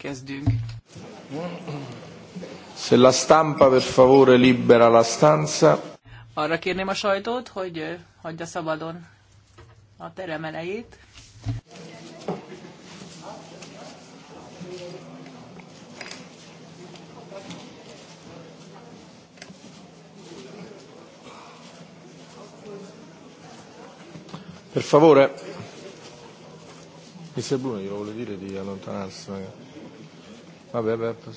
kezdünk. Se la stampa per favore libera la stanza. Arra kérném a sajtót, hogy hagyja szabadon a terem elejét. Per favore, Mr. Bruno io volevo dire di allontanarsi magari. Vabbè, vabbè.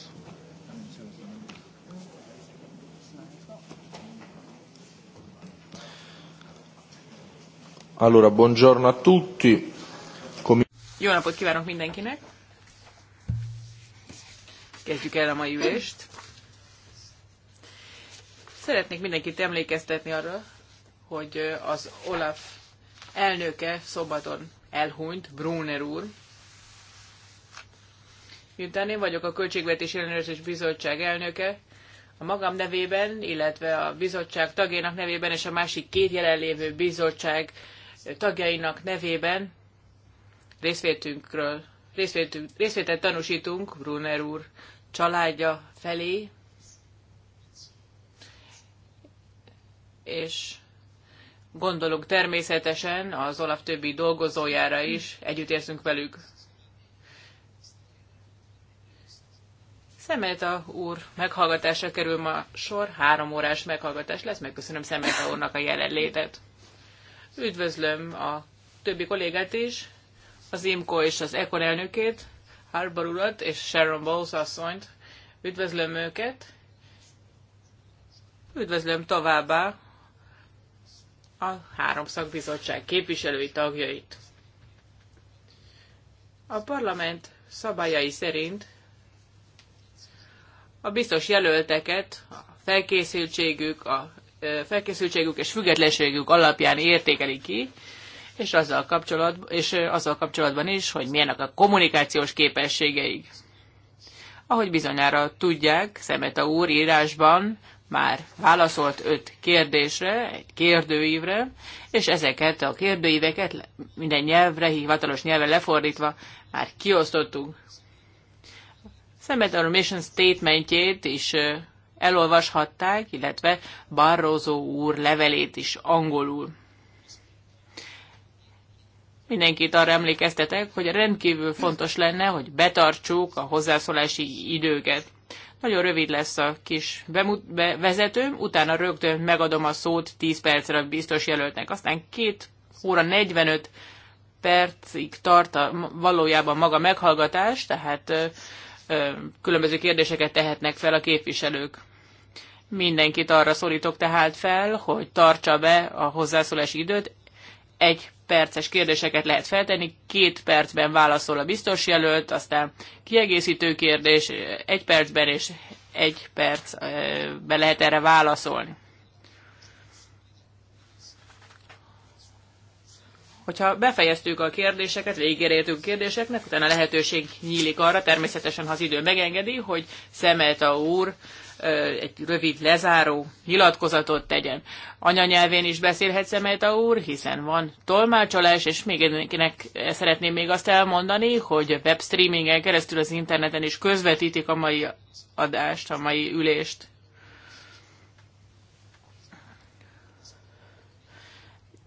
Allora, buongiorno a tutti. Comin- Jó napot kívánok mindenkinek. Kezdjük el a mai ülést. Szeretnék mindenkit emlékeztetni arra, hogy az Olaf elnöke szobaton elhunyt, Brunner úr, Miután én vagyok a Költségvetési Ellenőrzés Bizottság elnöke, a magam nevében, illetve a bizottság tagjainak nevében és a másik két jelenlévő bizottság tagjainak nevében részvétünkről, részvétünk, részvételt tanúsítunk Brunner úr családja felé, és gondolunk természetesen az Olaf többi dolgozójára is, együtt érzünk velük. Szemelta úr meghallgatásra kerül ma sor, három órás meghallgatás lesz, megköszönöm Szemelta úrnak a jelenlétet. Üdvözlöm a többi kollégát is, az IMCO és az EKON elnökét, Harbarulat urat és Sharon Bowles asszonyt. Üdvözlöm őket. Üdvözlöm továbbá a három szakbizottság képviselői tagjait. A parlament szabályai szerint a biztos jelölteket a felkészültségük, a felkészültségük és függetlenségük alapján értékelik ki, és azzal, kapcsolatban, és azzal kapcsolatban is, hogy milyenek a kommunikációs képességeik. Ahogy bizonyára tudják, Szemeta úr írásban már válaszolt öt kérdésre, egy kérdőívre, és ezeket a kérdőíveket minden nyelvre, hivatalos nyelven lefordítva már kiosztottuk. Szemetal Mission statementjét is elolvashatták, illetve Barroso úr levelét is angolul. Mindenkit arra emlékeztetek, hogy rendkívül fontos lenne, hogy betartsuk a hozzászólási időket. Nagyon rövid lesz a kis bevezetőm, utána rögtön megadom a szót 10 percre a biztos jelöltnek. Aztán 2 óra 45 percig tart a, valójában maga meghallgatás, tehát különböző kérdéseket tehetnek fel a képviselők. Mindenkit arra szólítok tehát fel, hogy tartsa be a hozzászólási időt. Egy perces kérdéseket lehet feltenni, két percben válaszol a biztos jelölt, aztán kiegészítő kérdés, egy percben és egy percben lehet erre válaszolni. hogyha befejeztük a kérdéseket, végére értünk kérdéseknek, utána lehetőség nyílik arra, természetesen, ha az idő megengedi, hogy Szemelta úr egy rövid lezáró nyilatkozatot tegyen. Anyanyelvén is beszélhet Szemelta úr, hiszen van tolmácsolás, és még egyébként szeretném még azt elmondani, hogy webstreamingen keresztül az interneten is közvetítik a mai adást, a mai ülést.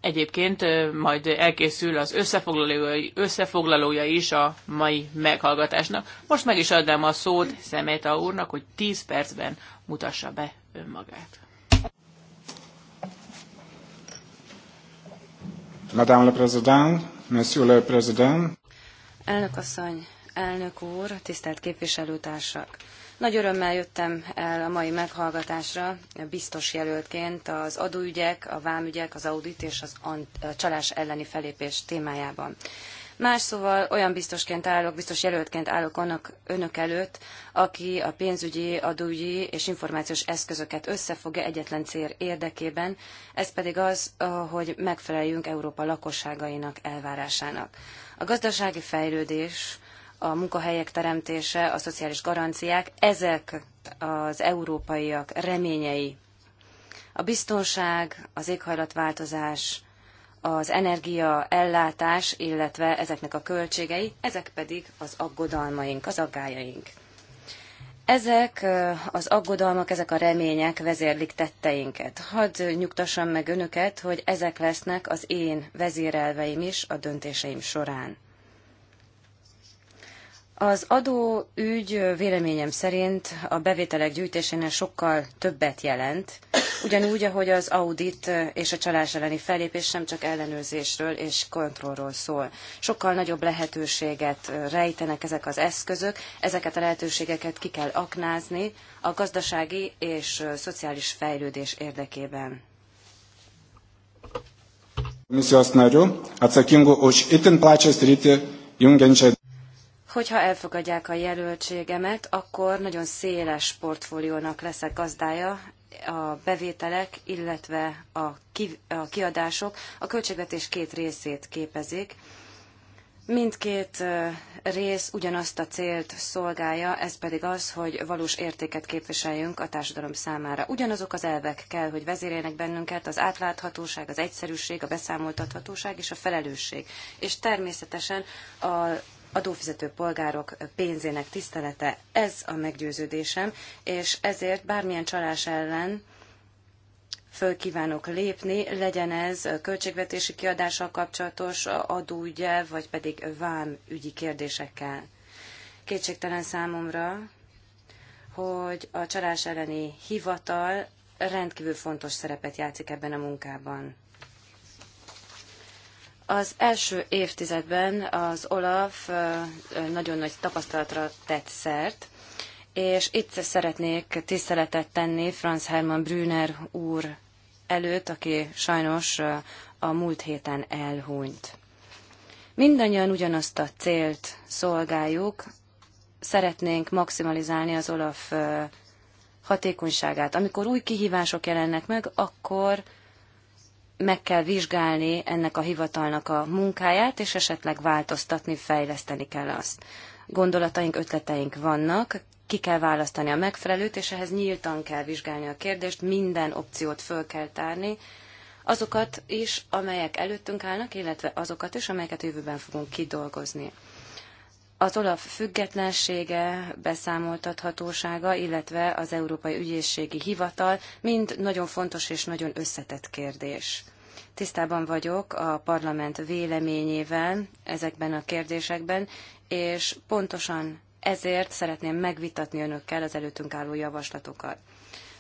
Egyébként majd elkészül az összefoglalója, összefoglalója is a mai meghallgatásnak. Most meg is adnám a szót Szemeta úrnak, hogy 10 percben mutassa be önmagát. Madame le Président, Monsieur le Président. Elnök asszony, elnök úr, tisztelt képviselőtársak! Nagy örömmel jöttem el a mai meghallgatásra biztos jelöltként az adóügyek, a vámügyek, az audit és az a csalás elleni felépés témájában. Más szóval olyan biztosként állok, biztos jelöltként állok annak önök előtt, aki a pénzügyi, adóügyi és információs eszközöket összefogja egyetlen cél érdekében, ez pedig az, hogy megfeleljünk Európa lakosságainak elvárásának. A gazdasági fejlődés, a munkahelyek teremtése, a szociális garanciák, ezek az európaiak reményei. A biztonság, az éghajlatváltozás, az energia ellátás, illetve ezeknek a költségei, ezek pedig az aggodalmaink, az aggájaink. Ezek az aggodalmak, ezek a remények vezérlik tetteinket. Hadd nyugtassam meg önöket, hogy ezek lesznek az én vezérelveim is a döntéseim során. Az adóügy véleményem szerint a bevételek gyűjtésénél sokkal többet jelent, ugyanúgy, ahogy az audit és a csalás elleni fellépés nem csak ellenőrzésről és kontrollról szól. Sokkal nagyobb lehetőséget rejtenek ezek az eszközök, ezeket a lehetőségeket ki kell aknázni a gazdasági és szociális fejlődés érdekében. Komisijos a atsakingu hogy itin plačią sritį jungiančią hogyha elfogadják a jelöltségemet, akkor nagyon széles portfóliónak leszek gazdája a bevételek, illetve a, ki, a kiadások a költségvetés két részét képezik. Mindkét rész ugyanazt a célt szolgálja, ez pedig az, hogy valós értéket képviseljünk a társadalom számára. Ugyanazok az elvek kell, hogy vezérjenek bennünket, az átláthatóság, az egyszerűség, a beszámoltathatóság és a felelősség. És természetesen a adófizető polgárok pénzének tisztelete, ez a meggyőződésem, és ezért bármilyen csalás ellen föl kívánok lépni, legyen ez költségvetési kiadással kapcsolatos adóügye, vagy pedig vám ügyi kérdésekkel. Kétségtelen számomra, hogy a csalás elleni hivatal rendkívül fontos szerepet játszik ebben a munkában. Az első évtizedben az Olaf nagyon nagy tapasztalatra tett szert, és itt szeretnék tiszteletet tenni Franz Hermann Brüner úr előtt, aki sajnos a múlt héten elhunyt. Mindannyian ugyanazt a célt szolgáljuk, szeretnénk maximalizálni az Olaf hatékonyságát. Amikor új kihívások jelennek meg, akkor meg kell vizsgálni ennek a hivatalnak a munkáját, és esetleg változtatni, fejleszteni kell azt. Gondolataink, ötleteink vannak, ki kell választani a megfelelőt, és ehhez nyíltan kell vizsgálni a kérdést, minden opciót föl kell tárni, azokat is, amelyek előttünk állnak, illetve azokat is, amelyeket jövőben fogunk kidolgozni. Az Olaf függetlensége, beszámoltathatósága, illetve az Európai Ügyészségi Hivatal mind nagyon fontos és nagyon összetett kérdés. Tisztában vagyok a parlament véleményével ezekben a kérdésekben, és pontosan ezért szeretném megvitatni önökkel az előttünk álló javaslatokat.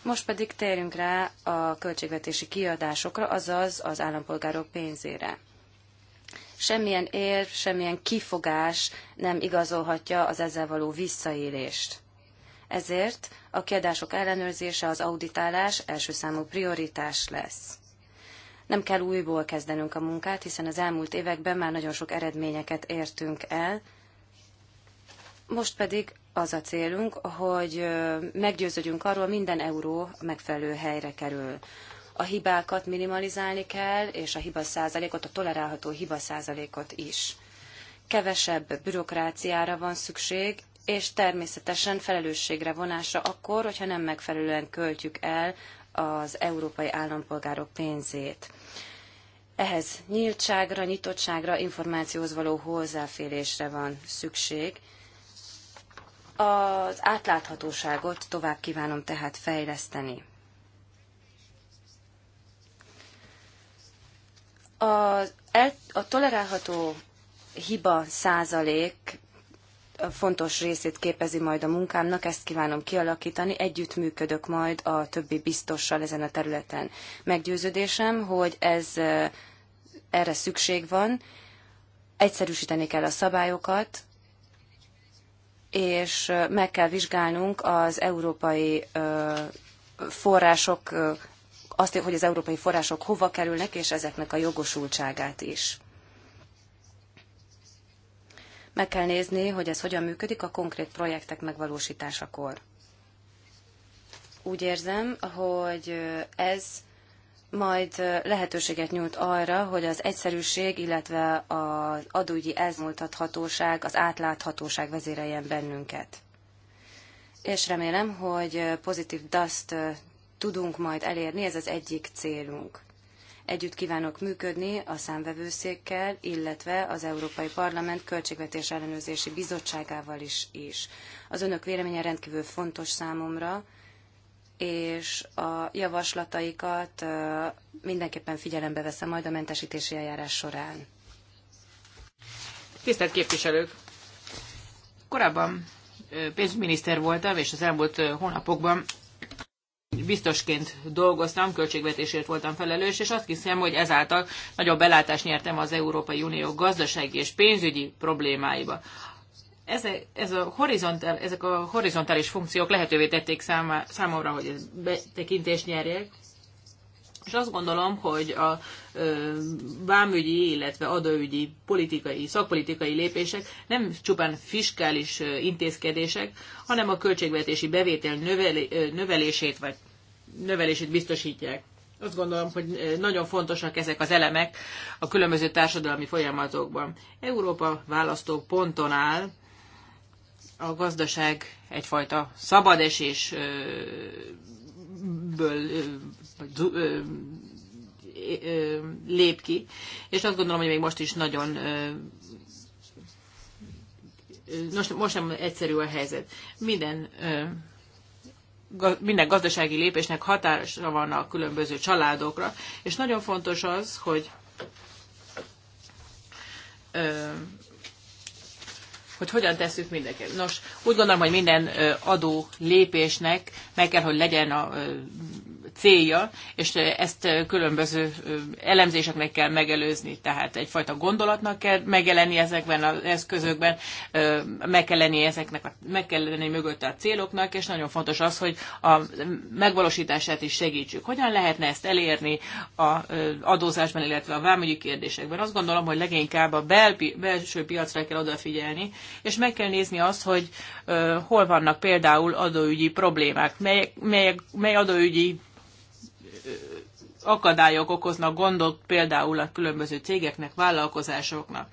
Most pedig térjünk rá a költségvetési kiadásokra, azaz az állampolgárok pénzére semmilyen érv, semmilyen kifogás nem igazolhatja az ezzel való visszaélést. Ezért a kiadások ellenőrzése, az auditálás első számú prioritás lesz. Nem kell újból kezdenünk a munkát, hiszen az elmúlt években már nagyon sok eredményeket értünk el. Most pedig az a célunk, hogy meggyőződjünk arról, minden euró megfelelő helyre kerül a hibákat minimalizálni kell, és a hiba százalékot, a tolerálható hiba százalékot is. Kevesebb bürokráciára van szükség, és természetesen felelősségre vonásra akkor, hogyha nem megfelelően költjük el az európai állampolgárok pénzét. Ehhez nyíltságra, nyitottságra, információhoz való hozzáférésre van szükség. Az átláthatóságot tovább kívánom tehát fejleszteni. A, el, a tolerálható hiba százalék fontos részét képezi majd a munkámnak, ezt kívánom kialakítani, együttműködök majd a többi biztossal ezen a területen. Meggyőződésem, hogy ez erre szükség van, egyszerűsíteni kell a szabályokat, és meg kell vizsgálnunk az európai források azt, hogy az európai források hova kerülnek, és ezeknek a jogosultságát is. Meg kell nézni, hogy ez hogyan működik a konkrét projektek megvalósításakor. Úgy érzem, hogy ez majd lehetőséget nyújt arra, hogy az egyszerűség, illetve az adógyi elmúltathatóság, az átláthatóság vezéreljen bennünket. És remélem, hogy pozitív DUST tudunk majd elérni, ez az egyik célunk. Együtt kívánok működni a számvevőszékkel, illetve az Európai Parlament Költségvetés Ellenőrzési Bizottságával is. is. Az önök véleménye rendkívül fontos számomra, és a javaslataikat mindenképpen figyelembe veszem majd a mentesítési eljárás során. Tisztelt képviselők! Korábban pénzminiszter voltam, és az elmúlt hónapokban biztosként dolgoztam, költségvetésért voltam felelős, és azt hiszem, hogy ezáltal nagyobb belátást nyertem az Európai Unió gazdasági és pénzügyi problémáiba. Ezek, ez a horizontál, ezek a horizontális funkciók lehetővé tették számá, számomra, hogy ez betekintést nyerjek, és azt gondolom, hogy a vámügyi, illetve adóügyi politikai, szakpolitikai lépések nem csupán fiskális intézkedések, hanem a költségvetési bevétel növeli, növelését vagy növelését biztosítják. Azt gondolom, hogy eh, nagyon fontosak ezek az elemek a különböző társadalmi folyamatokban. Európa választó ponton áll, a gazdaság egyfajta szabad esésből eh, eh, lép ki, és azt gondolom, hogy még most is nagyon most, most nem egyszerű a helyzet. Minden minden gazdasági lépésnek hatása van a különböző családokra, és nagyon fontos az, hogy hogy hogyan tesszük mindenkit. Nos, úgy gondolom, hogy minden adó lépésnek meg kell, hogy legyen a célja, és ezt különböző elemzéseknek kell megelőzni, tehát egyfajta gondolatnak kell megjelenni ezekben az eszközökben, meg kell lenni ezeknek, a, meg kell lenni mögött a céloknak, és nagyon fontos az, hogy a megvalósítását is segítsük. Hogyan lehetne ezt elérni a adózásban, illetve a vámügyi kérdésekben? Azt gondolom, hogy leginkább a belpi, belső piacra kell odafigyelni, és meg kell nézni azt, hogy hol vannak például adóügyi problémák, mely, mely, mely adóügyi akadályok okoznak gondot például a különböző cégeknek, vállalkozásoknak.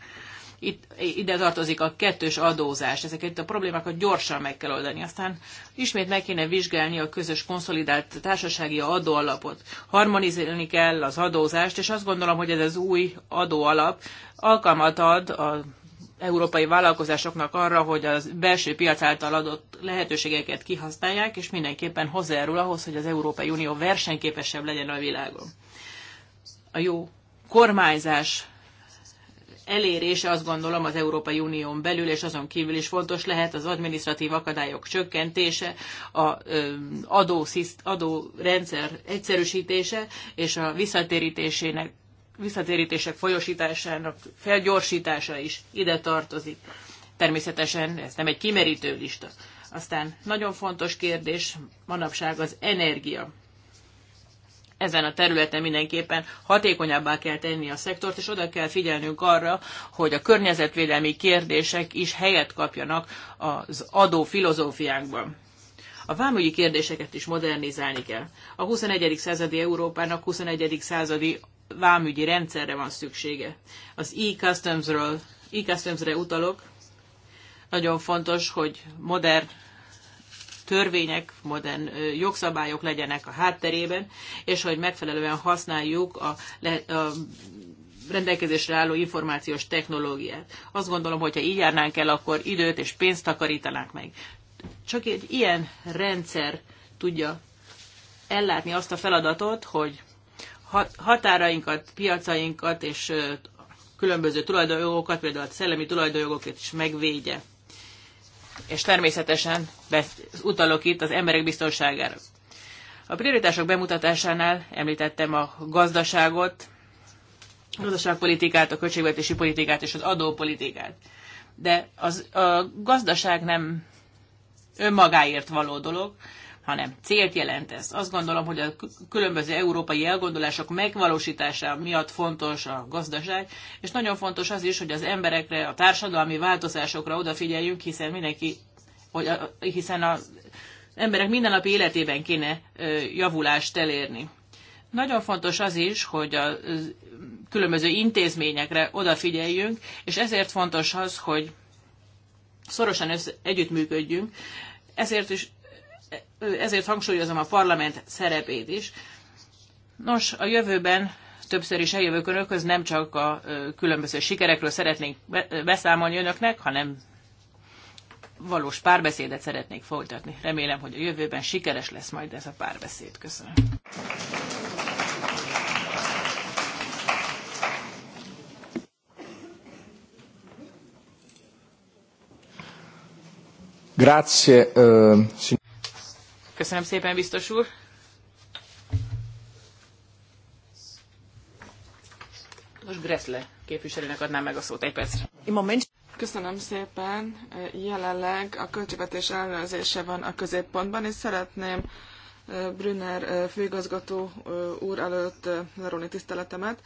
Itt, ide tartozik a kettős adózás. Ezeket a problémákat gyorsan meg kell oldani. Aztán ismét meg kéne vizsgálni a közös konszolidált társasági adóalapot. Harmonizálni kell az adózást, és azt gondolom, hogy ez az új adóalap alkalmat ad a európai vállalkozásoknak arra, hogy az belső piac által adott lehetőségeket kihasználják, és mindenképpen hozzájárul ahhoz, hogy az Európai Unió versenyképesebb legyen a világon. A jó kormányzás elérése azt gondolom az Európai Unión belül és azon kívül is fontos lehet az administratív akadályok csökkentése, a adó, adórendszer egyszerűsítése és a visszatérítésének visszatérítések folyosításának felgyorsítása is ide tartozik. Természetesen ez nem egy kimerítő lista. Aztán nagyon fontos kérdés manapság az energia. Ezen a területen mindenképpen hatékonyabbá kell tenni a szektort, és oda kell figyelnünk arra, hogy a környezetvédelmi kérdések is helyet kapjanak az adó filozófiánkban. A vámügyi kérdéseket is modernizálni kell. A 21. századi Európának 21. századi vámügyi rendszerre van szüksége. Az e-customsről, e utalok. Nagyon fontos, hogy modern törvények, modern jogszabályok legyenek a hátterében, és hogy megfelelően használjuk a, le, a rendelkezésre álló információs technológiát. Azt gondolom, hogyha így járnánk el, akkor időt és pénzt takarítanánk meg. Csak egy ilyen rendszer tudja ellátni azt a feladatot, hogy határainkat, piacainkat és különböző tulajdonjogokat, például a szellemi tulajdonjogokat is megvédje. És természetesen utalok itt az emberek biztonságára. A prioritások bemutatásánál említettem a gazdaságot, a gazdaságpolitikát, a költségvetési politikát és az adópolitikát. De az, a gazdaság nem önmagáért való dolog, hanem célt jelent ez. Azt gondolom, hogy a különböző európai elgondolások megvalósítása miatt fontos a gazdaság, és nagyon fontos az is, hogy az emberekre, a társadalmi változásokra odafigyeljünk, hiszen mindenki, hogy a, hiszen az emberek mindennapi életében kéne javulást elérni. Nagyon fontos az is, hogy a különböző intézményekre odafigyeljünk, és ezért fontos az, hogy szorosan össze, együttműködjünk, ezért is ezért hangsúlyozom a parlament szerepét is. Nos, a jövőben többször is eljövök önökhöz, nem csak a különböző sikerekről szeretnénk beszámolni önöknek, hanem valós párbeszédet szeretnék folytatni. Remélem, hogy a jövőben sikeres lesz majd ez a párbeszéd. Köszönöm. Grazie. Uh, Köszönöm szépen, biztos úr. Most Gressle képviselőnek adnám meg a szót egy percre. Köszönöm szépen. Jelenleg a költségvetés ellenőrzése van a középpontban, és szeretném Brünner főigazgató úr előtt lerolni tiszteletemet.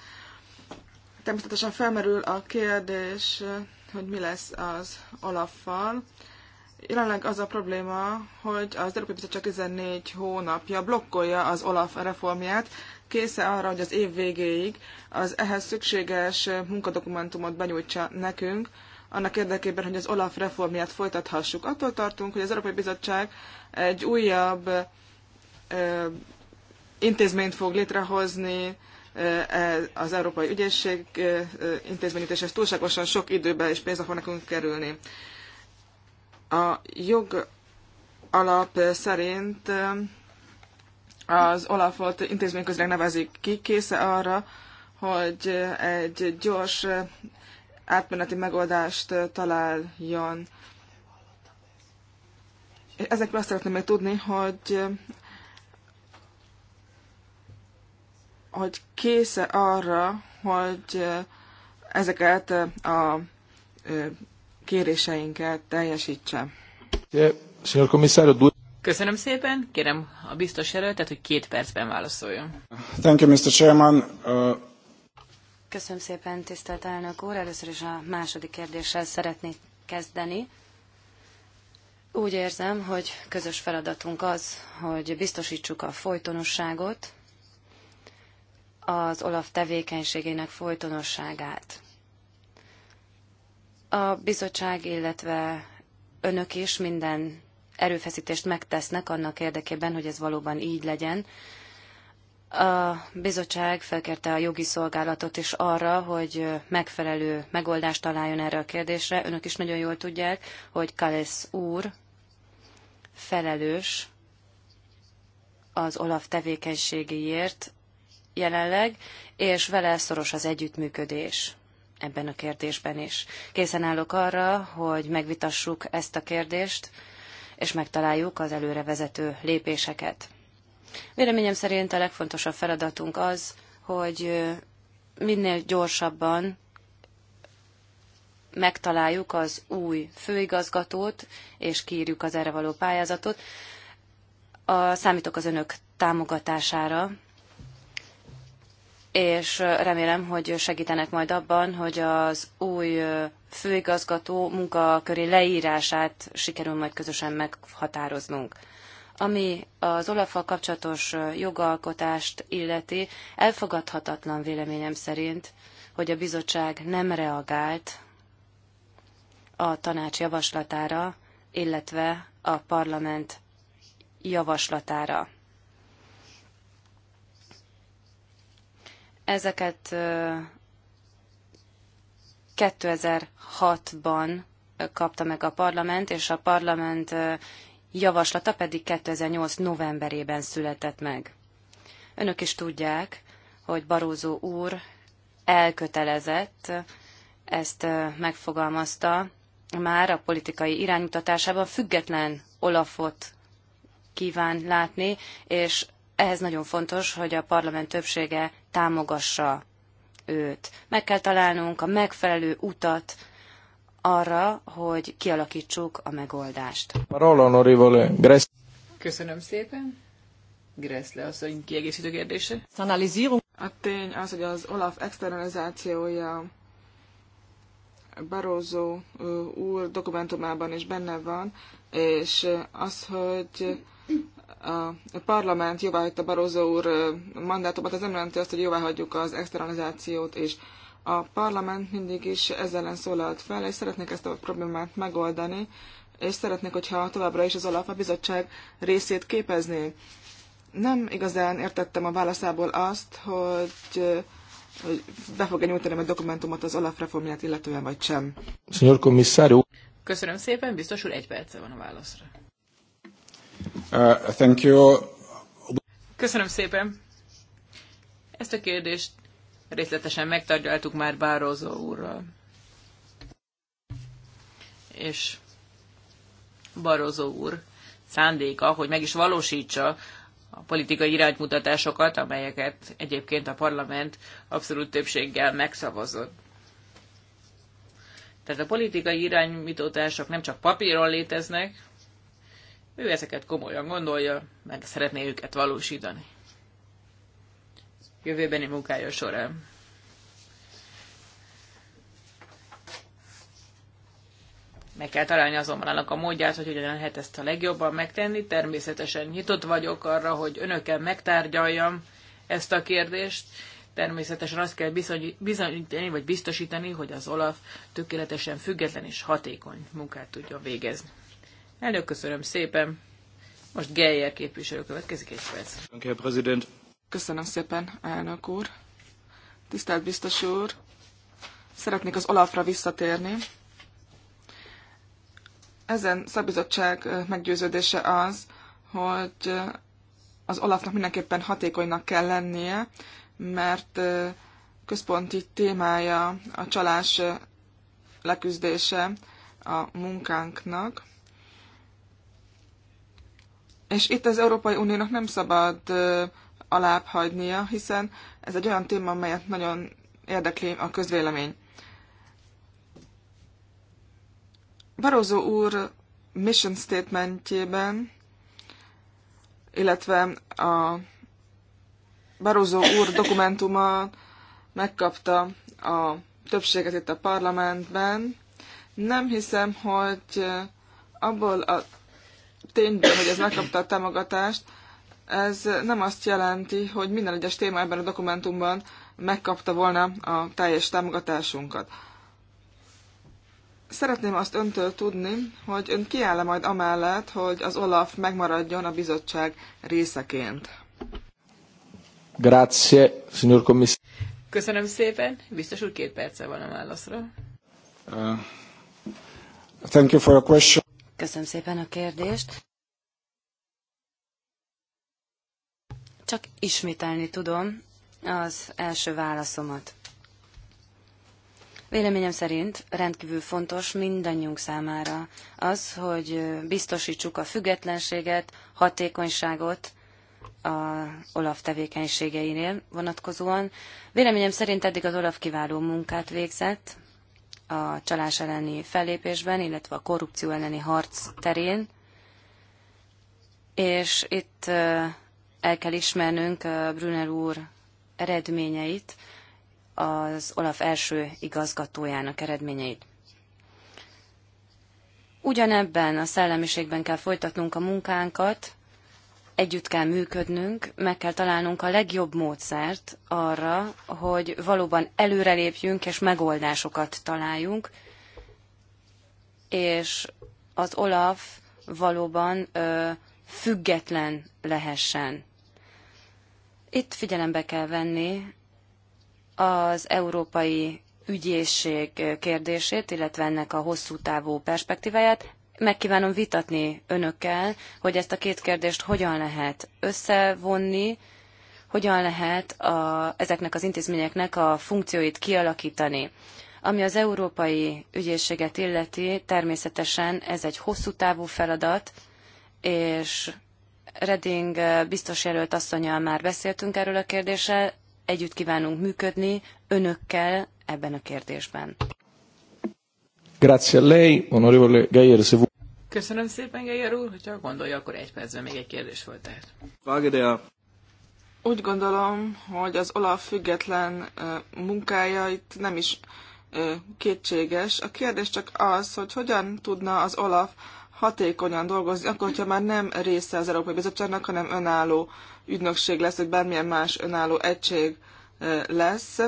Természetesen felmerül a kérdés, hogy mi lesz az Olaffal. Jelenleg az a probléma, hogy az Európai Bizottság 14 hónapja blokkolja az OLAF reformját, késze arra, hogy az év végéig az ehhez szükséges munkadokumentumot benyújtsa nekünk, annak érdekében, hogy az OLAF reformját folytathassuk. Attól tartunk, hogy az Európai Bizottság egy újabb ö, intézményt fog létrehozni, e, az Európai Ügyészség intézményítés, ez túlságosan sok időbe és pénzbe fog nekünk kerülni. A jog alap szerint um, az Olafot intézményközileg nevezik ki, késze arra, hogy egy gyors átmeneti megoldást találjon. Ezekről azt szeretném még tudni, hogy hogy késze arra, hogy ezeket a kéréseinket teljesítse. Köszönöm szépen, kérem a biztos jelöltet, hogy két percben válaszoljon. Thank you, Mr. Chairman. Uh, Köszönöm szépen, tisztelt elnök úr. Először is a második kérdéssel szeretnék kezdeni. Úgy érzem, hogy közös feladatunk az, hogy biztosítsuk a folytonosságot, az OLAF tevékenységének folytonosságát. A bizottság, illetve önök is minden erőfeszítést megtesznek annak érdekében, hogy ez valóban így legyen. A bizottság felkérte a jogi szolgálatot is arra, hogy megfelelő megoldást találjon erre a kérdésre. Önök is nagyon jól tudják, hogy Kalesz úr felelős az Olaf tevékenységéért jelenleg, és vele szoros az együttműködés ebben a kérdésben is. Készen állok arra, hogy megvitassuk ezt a kérdést, és megtaláljuk az előrevezető lépéseket. Véleményem szerint a legfontosabb feladatunk az, hogy minél gyorsabban megtaláljuk az új főigazgatót, és kiírjuk az erre való pályázatot. A, számítok az önök támogatására és remélem, hogy segítenek majd abban, hogy az új főigazgató munkaköré leírását sikerül majd közösen meghatároznunk. Ami az olaf kapcsolatos jogalkotást illeti, elfogadhatatlan véleményem szerint, hogy a bizottság nem reagált a tanács javaslatára, illetve a parlament javaslatára. Ezeket 2006-ban kapta meg a parlament, és a parlament javaslata pedig 2008. novemberében született meg. Önök is tudják, hogy Barózó úr elkötelezett, ezt megfogalmazta már a politikai iránymutatásában, független Olafot kíván látni, és ehhez nagyon fontos, hogy a parlament többsége támogassa őt. Meg kell találnunk a megfelelő utat arra, hogy kialakítsuk a megoldást. Köszönöm szépen. Gressle asszony kiegészítő kérdése. A tény az, hogy az Olaf externalizációja Barózó úr dokumentumában is benne van, és az, hogy a, parlament parlament jóváhagyta Barozó úr mandátumát, az nem jelenti azt, hogy jóváhagyjuk az externalizációt és A parlament mindig is ezzel ellen szólalt fel, és szeretnék ezt a problémát megoldani, és szeretnék, hogyha továbbra is az alap a bizottság részét képezné. Nem igazán értettem a válaszából azt, hogy, hogy be fogja nyújtani a dokumentumot az Olaf reformját illetően, vagy sem. Köszönöm szépen, biztosul egy perce van a válaszra. Uh, thank you. Köszönöm szépen. Ezt a kérdést részletesen megtárgyaltuk már Bározó úrral. És Barozó úr szándéka, hogy meg is valósítsa a politikai iránymutatásokat, amelyeket egyébként a parlament abszolút többséggel megszavazott. Tehát a politikai iránymutatások nem csak papíron léteznek, ő ezeket komolyan gondolja, meg szeretné őket valósítani. Jövőbeni munkája során. Meg kell találni azonban annak a módját, hogy hogyan lehet ezt a legjobban megtenni. Természetesen nyitott vagyok arra, hogy önökkel megtárgyaljam ezt a kérdést. Természetesen azt kell bizonyítani, vagy biztosítani, hogy az Olaf tökéletesen független és hatékony munkát tudja végezni. Elnök, szépen. Most Geyer képviselő következik egy perc. Köszönöm szépen, elnök úr. Tisztelt biztos úr, szeretnék az Olafra visszatérni. Ezen szabizottság meggyőződése az, hogy az Olafnak mindenképpen hatékonynak kell lennie, mert központi témája a csalás leküzdése a munkánknak. És itt az Európai Uniónak nem szabad alább hagynia, hiszen ez egy olyan téma, amelyet nagyon érdekli a közvélemény. Barozó úr mission statementjében, illetve a Barozó úr dokumentuma megkapta a többséget itt a parlamentben. Nem hiszem, hogy abból a tényben, hogy ez megkapta a támogatást, ez nem azt jelenti, hogy minden egyes téma ebben a dokumentumban megkapta volna a teljes támogatásunkat. Szeretném azt öntől tudni, hogy ön kiáll -e majd amellett, hogy az Olaf megmaradjon a bizottság részeként. Grazie, signor commissario. Köszönöm szépen. Biztos úr két perce van a válaszra. Uh, thank you for your question. Köszönöm szépen a kérdést. Csak ismételni tudom az első válaszomat. Véleményem szerint rendkívül fontos mindannyiunk számára az, hogy biztosítsuk a függetlenséget, hatékonyságot a Olaf tevékenységeinél vonatkozóan. Véleményem szerint eddig az Olaf kiváló munkát végzett a csalás elleni fellépésben, illetve a korrupció elleni harc terén, és itt el kell ismernünk Brunner úr eredményeit, az Olaf első igazgatójának eredményeit. Ugyanebben a szellemiségben kell folytatnunk a munkánkat, együtt kell működnünk, meg kell találnunk a legjobb módszert arra, hogy valóban előrelépjünk és megoldásokat találjunk, és az Olaf valóban ö, független lehessen. Itt figyelembe kell venni az európai ügyészség kérdését, illetve ennek a hosszú távú perspektíváját. Megkívánom vitatni önökkel, hogy ezt a két kérdést hogyan lehet összevonni, hogyan lehet a, ezeknek az intézményeknek a funkcióit kialakítani. Ami az európai ügyészséget illeti, természetesen ez egy hosszú távú feladat, és Reding eh, biztos jelölt asszonyal már beszéltünk erről a kérdéssel, együtt kívánunk működni önökkel ebben a kérdésben. Grazie a lei, onorevole Gayer, se Köszönöm szépen, Geyer úr, hogyha gondolja, akkor egy percben még egy kérdés volt tehát. Úgy gondolom, hogy az Olaf független munkája itt nem is kétséges. A kérdés csak az, hogy hogyan tudna az Olaf hatékonyan dolgozni, akkor, hogyha már nem része az Európai Bizottságnak, hanem önálló ügynökség lesz, vagy bármilyen más önálló egység lesz.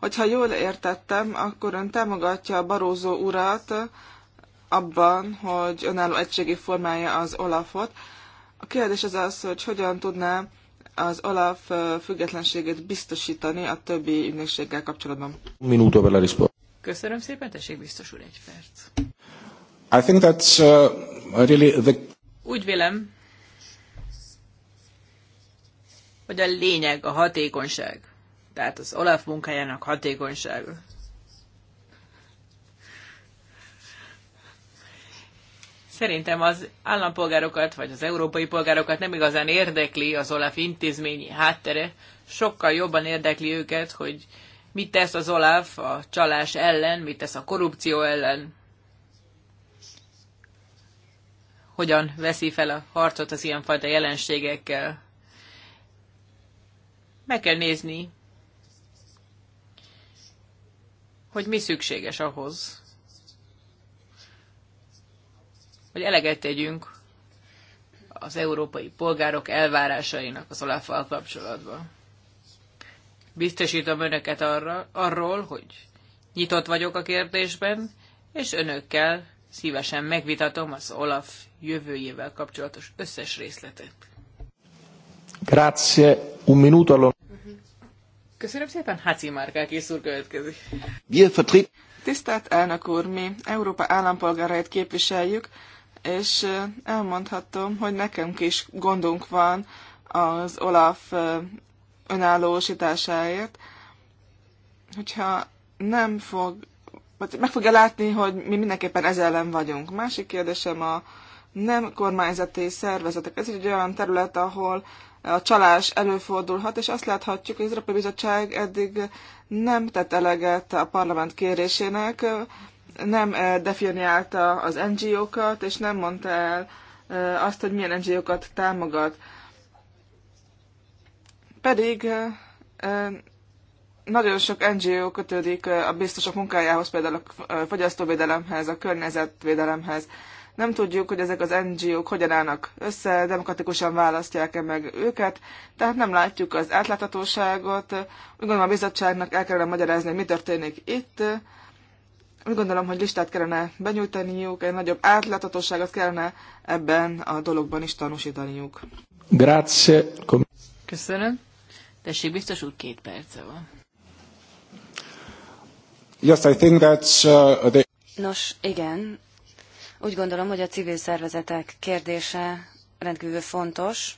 Hogyha jól értettem, akkor ön támogatja a Barózó urat abban, hogy önálló egységi formája az Olafot. A kérdés az az, hogy hogyan tudná az Olaf függetlenségét biztosítani a többi ügynökséggel kapcsolatban. Minúta per Köszönöm szépen, tessék biztos úr egy perc. I think that uh, really the... Úgy vélem, hogy a lényeg a hatékonyság. Tehát az Olaf munkájának hatékonysága. Szerintem az állampolgárokat, vagy az európai polgárokat nem igazán érdekli az Olaf intézményi háttere, sokkal jobban érdekli őket, hogy mit tesz az Olaf a csalás ellen, mit tesz a korrupció ellen. hogyan veszi fel a harcot az ilyenfajta jelenségekkel. Meg kell nézni, hogy mi szükséges ahhoz, hogy eleget tegyünk az európai polgárok elvárásainak az olaf kapcsolatban. Biztosítom önöket arra, arról, hogy nyitott vagyok a kérdésben, és önökkel szívesen megvitatom az Olaf jövőjével kapcsolatos összes részletet. Grazie. Un minuto allo... Köszönöm szépen, Háci Márkák és úr következik. Tisztelt elnök úr, mi Európa állampolgárait képviseljük, és elmondhatom, hogy nekünk is gondunk van az Olaf önállósításáért, hogyha nem fog, vagy meg fogja látni, hogy mi mindenképpen ez ellen vagyunk. Másik kérdésem a nem kormányzati szervezetek. Ez egy olyan terület, ahol a csalás előfordulhat, és azt láthatjuk, hogy az Európai Bizottság eddig nem tett eleget a parlament kérésének, nem eh, definiálta az NGO-kat, és nem mondta el eh, azt, hogy milyen NGO-kat támogat. Pedig eh, nagyon sok NGO kötődik a biztosok munkájához, például a fogyasztóvédelemhez, a környezetvédelemhez. Nem tudjuk, hogy ezek az NGO-k hogyan állnak össze, demokratikusan választják-e meg őket, tehát nem látjuk az átláthatóságot. Úgy gondolom a bizottságnak el kellene magyarázni, hogy mi történik itt. Úgy gondolom, hogy listát kellene benyújtaniuk, egy nagyobb átláthatóságot kellene ebben a dologban is tanúsítaniuk. Grazie. Köszönöm. Tessék, biztos úr, két perce van. Yes, I think that's, uh, the... Nos, igen, úgy gondolom, hogy a civil szervezetek kérdése rendkívül fontos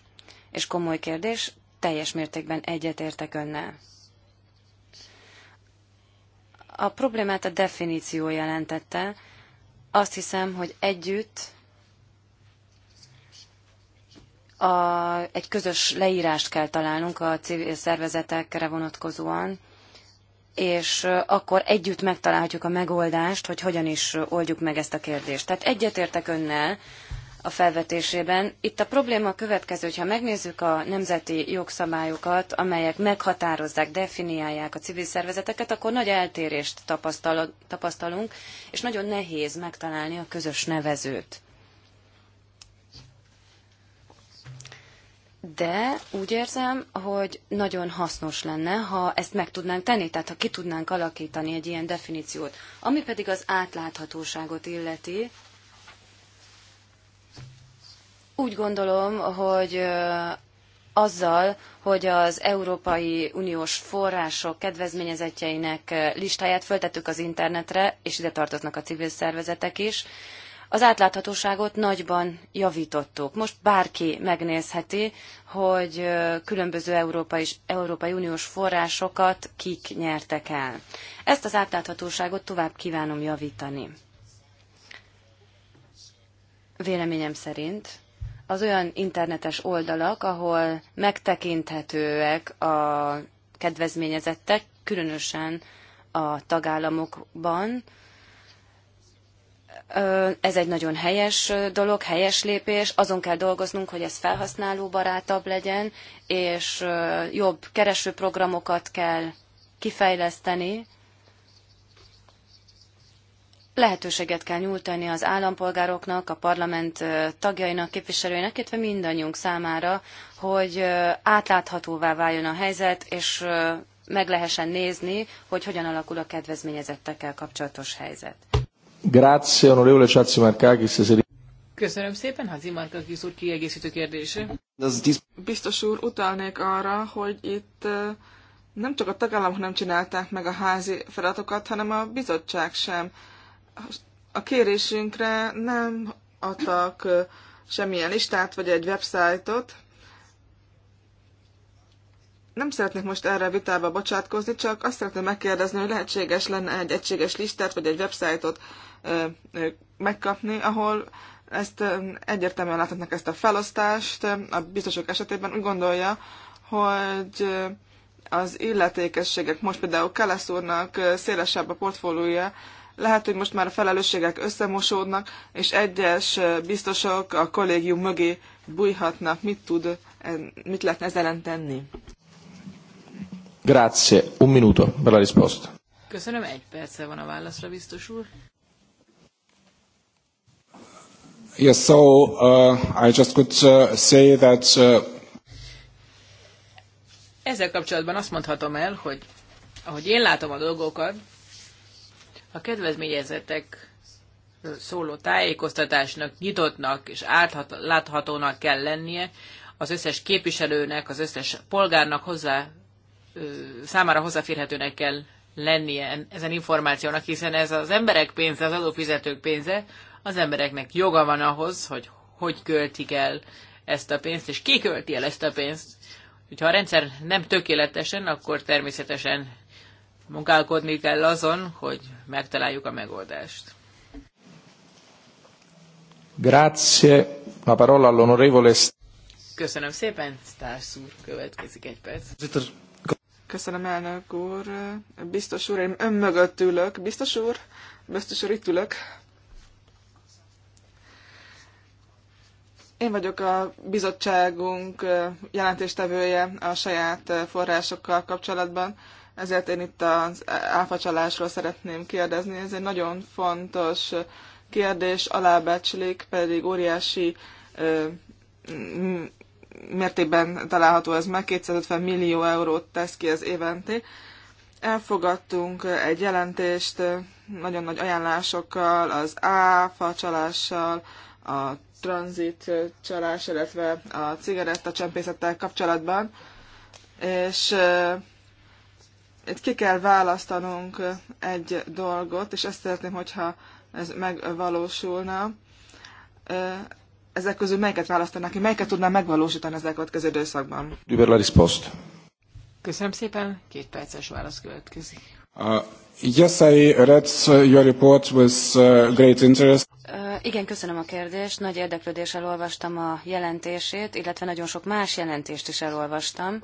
és komoly kérdés, teljes mértékben egyetértek önnel. A problémát a definíció jelentette. Azt hiszem, hogy együtt a, egy közös leírást kell találnunk a civil szervezetekre vonatkozóan, és akkor együtt megtalálhatjuk a megoldást, hogy hogyan is oldjuk meg ezt a kérdést. Tehát egyetértek önnel a felvetésében. Itt a probléma a következő, hogyha megnézzük a nemzeti jogszabályokat, amelyek meghatározzák, definiálják a civil szervezeteket, akkor nagy eltérést tapasztalunk, és nagyon nehéz megtalálni a közös nevezőt. de úgy érzem, hogy nagyon hasznos lenne, ha ezt meg tudnánk tenni, tehát ha ki tudnánk alakítani egy ilyen definíciót. Ami pedig az átláthatóságot illeti, úgy gondolom, hogy azzal, hogy az Európai Uniós források kedvezményezetjeinek listáját föltettük az internetre, és ide tartoznak a civil szervezetek is, az átláthatóságot nagyban javítottuk. Most bárki megnézheti, hogy különböző európai, európai uniós forrásokat kik nyertek el. Ezt az átláthatóságot tovább kívánom javítani. Véleményem szerint az olyan internetes oldalak, ahol megtekinthetőek a kedvezményezettek, különösen a tagállamokban, ez egy nagyon helyes dolog, helyes lépés, azon kell dolgoznunk, hogy ez felhasználóbarátabb legyen, és jobb keresőprogramokat kell kifejleszteni, lehetőséget kell nyújtani az állampolgároknak, a parlament tagjainak, képviselőinek, illetve mindannyiunk számára, hogy átláthatóvá váljon a helyzet, és meg lehessen nézni, hogy hogyan alakul a kedvezményezettekkel kapcsolatos helyzet. Grazie, onorevole Köszönöm szépen, Hazi Markakis úr kiegészítő kérdése. Biztos úr, utalnék arra, hogy itt nem csak a tagállamok nem csinálták meg a házi feladatokat, hanem a bizottság sem. A kérésünkre nem adtak semmilyen listát vagy egy websájtot. Nem szeretnék most erre a vitába bocsátkozni, csak azt szeretném megkérdezni, hogy lehetséges lenne egy egységes listát vagy egy websájtot megkapni, ahol ezt egyértelműen láthatnak ezt a felosztást. A biztosok esetében úgy gondolja, hogy az illetékességek most például Kelesz úrnak szélesebb a portfóliója, lehet, hogy most már a felelősségek összemosódnak, és egyes biztosok a kollégium mögé bújhatnak. Mit tud, e, mit lehetne ezzel tenni? Grazie. Un minuto per la risposta. Köszönöm, egy perce van a válaszra, biztos úr. Yes, so uh, I just could uh, say that. Uh... Ezzel kapcsolatban azt mondhatom el, hogy ahogy én látom a dolgokat, a kedvezményezettek szóló tájékoztatásnak nyitottnak és láthatónak kell lennie, az összes képviselőnek, az összes polgárnak hozzá, számára hozzáférhetőnek kell lennie ezen információnak, hiszen ez az emberek pénze, az adófizetők pénze, az embereknek joga van ahhoz, hogy hogy költik el ezt a pénzt, és ki költi el ezt a pénzt. Hogyha a rendszer nem tökéletesen, akkor természetesen munkálkodni kell azon, hogy megtaláljuk a megoldást. Grazie. La parola all'onorevole Köszönöm szépen, Stárs úr, következik egy perc. Köszönöm, elnök úr. Biztos úr, én ön mögött ülök. Biztos úr, biztos úr, itt ülök. Én vagyok a bizottságunk jelentéstevője a saját forrásokkal kapcsolatban, ezért én itt az áfacsalásról szeretném kérdezni. Ez egy nagyon fontos kérdés, alábecslik, pedig óriási mértékben található ez meg, 250 millió eurót tesz ki ez évente. Elfogadtunk egy jelentést nagyon nagy ajánlásokkal, az áfacsalással a tranzit csalás, illetve a cigaretta csempészettel kapcsolatban, és itt ki kell választanunk egy dolgot, és ezt szeretném, hogyha ez megvalósulna. Ezek közül melyiket választanak ki, melyiket tudnám megvalósítani ezek a következő időszakban? Über Köszönöm szépen, két perces válasz következik. Uh, yes, I read your report with uh, great interest. Uh, igen, köszönöm a kérdést. Nagy érdeklődéssel olvastam a jelentését, illetve nagyon sok más jelentést is elolvastam,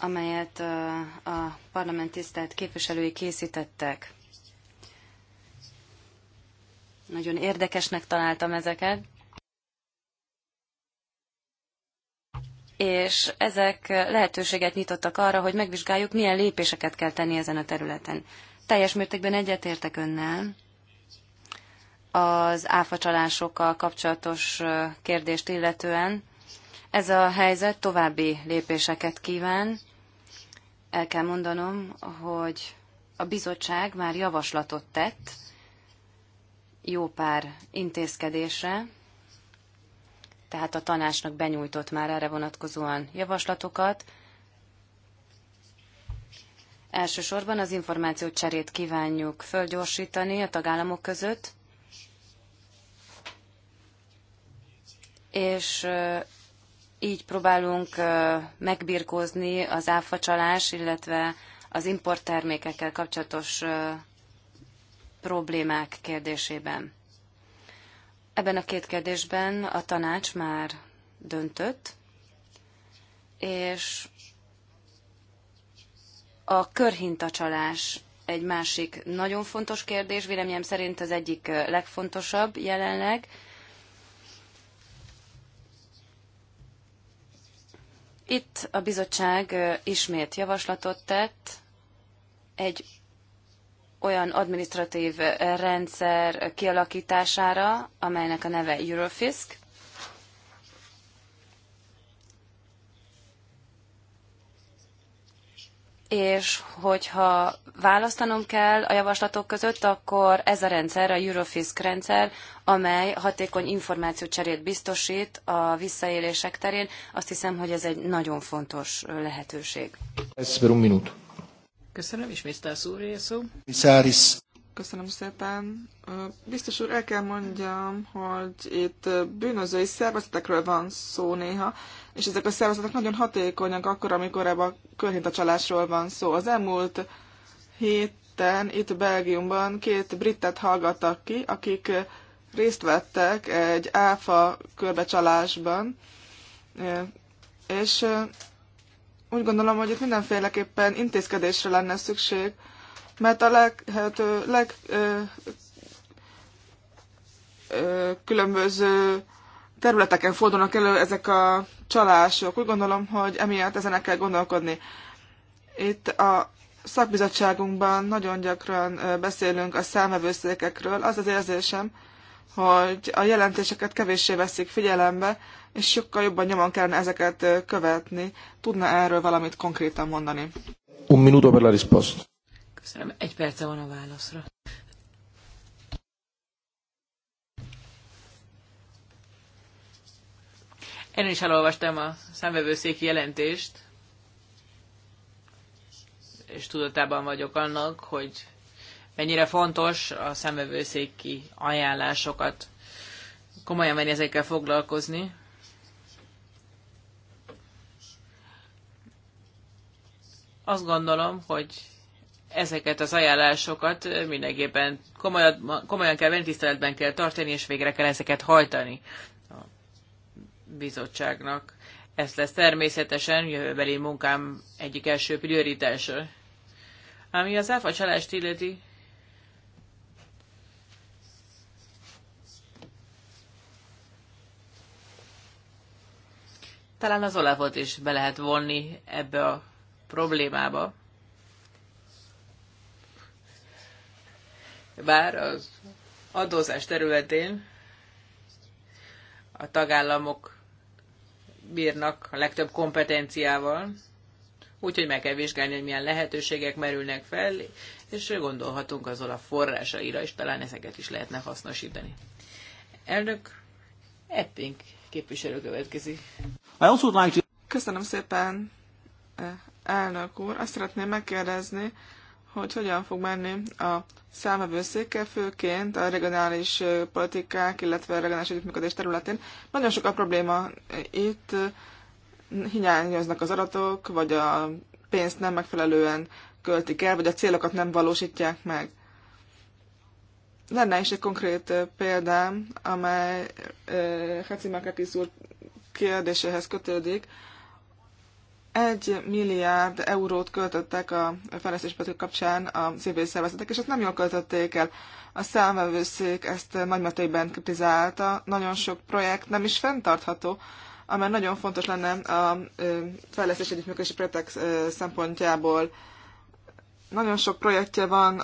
amelyet a parlament tisztelt képviselői készítettek. Nagyon érdekesnek találtam ezeket. És ezek lehetőséget nyitottak arra, hogy megvizsgáljuk, milyen lépéseket kell tenni ezen a területen. Teljes mértékben egyetértek önnel, az áfacsalásokkal kapcsolatos kérdést illetően. Ez a helyzet további lépéseket kíván. El kell mondanom, hogy a bizottság már javaslatot tett jó pár intézkedésre, tehát a tanácsnak benyújtott már erre vonatkozóan javaslatokat. Elsősorban az információt cserét kívánjuk fölgyorsítani a tagállamok között, és így próbálunk megbirkózni az áfacsalás, illetve az importtermékekkel kapcsolatos problémák kérdésében. Ebben a két kérdésben a tanács már döntött, és a körhintacsalás egy másik nagyon fontos kérdés, véleményem szerint az egyik legfontosabb jelenleg, Itt a bizottság ismét javaslatot tett egy olyan administratív rendszer kialakítására, amelynek a neve Eurofisk. és hogyha választanom kell a javaslatok között, akkor ez a rendszer, a Eurofisk rendszer, amely hatékony információcserét biztosít a visszaélések terén, azt hiszem, hogy ez egy nagyon fontos lehetőség. Ez minut. Köszönöm, és Mr. Szúré szó. Köszönöm szépen. Biztos úr, el kell mondjam, hogy itt bűnözői szervezetekről van szó néha, és ezek a szervezetek nagyon hatékonyak akkor, amikor ebben a körhintacsalásról van szó. Az elmúlt héten itt Belgiumban két britet hallgattak ki, akik részt vettek egy áfa körbecsalásban, és úgy gondolom, hogy itt mindenféleképpen intézkedésre lenne szükség, mert a lehető leg, ö, ö, különböző területeken fordulnak elő ezek a csalások. Úgy gondolom, hogy emiatt ezen kell gondolkodni. Itt a szakbizottságunkban nagyon gyakran beszélünk a számvevőszékekről. Az az érzésem, hogy a jelentéseket kevéssé veszik figyelembe, és sokkal jobban nyomon kellene ezeket követni. Tudna erről valamit konkrétan mondani? Un minuto per la risposta. Köszönöm, egy perce van a válaszra. Én is elolvastam a számvevőszéki jelentést, és tudatában vagyok annak, hogy mennyire fontos a számvevőszéki ajánlásokat komolyan menni ezekkel foglalkozni. Azt gondolom, hogy ezeket az ajánlásokat mindenképpen komolyan, komolyan kell venni, tiszteletben kell tartani, és végre kell ezeket hajtani a bizottságnak. Ez lesz természetesen jövőbeli munkám egyik első prioritása. Ami az áfa csalást illeti, talán az olafot is be lehet vonni ebbe a problémába. bár az adózás területén a tagállamok bírnak a legtöbb kompetenciával, úgyhogy meg kell vizsgálni, hogy milyen lehetőségek merülnek fel, és gondolhatunk azon a forrásaira, és talán ezeket is lehetne hasznosítani. Elnök Epping képviselő következik. Köszönöm szépen, eh, elnök úr. Azt szeretném megkérdezni, hogy hogyan fog menni a számvevőszékkel, főként a regionális politikák, illetve a regionális együttműködés területén. Nagyon sok a probléma itt, hiányoznak az adatok, vagy a pénzt nem megfelelően költik el, vagy a célokat nem valósítják meg. Lenne is egy konkrét példám, amely Hacimakakis úr kérdéséhez kötődik. Egy milliárd eurót költöttek a fejlesztéspolitik kapcsán a civil szervezetek, és ezt nem jól költötték el. A számvevőszék ezt nagymértékben kritizálta, nagyon sok projekt nem is fenntartható, amely nagyon fontos lenne a fejlesztés együttműködési projektek szempontjából. Nagyon sok projektje van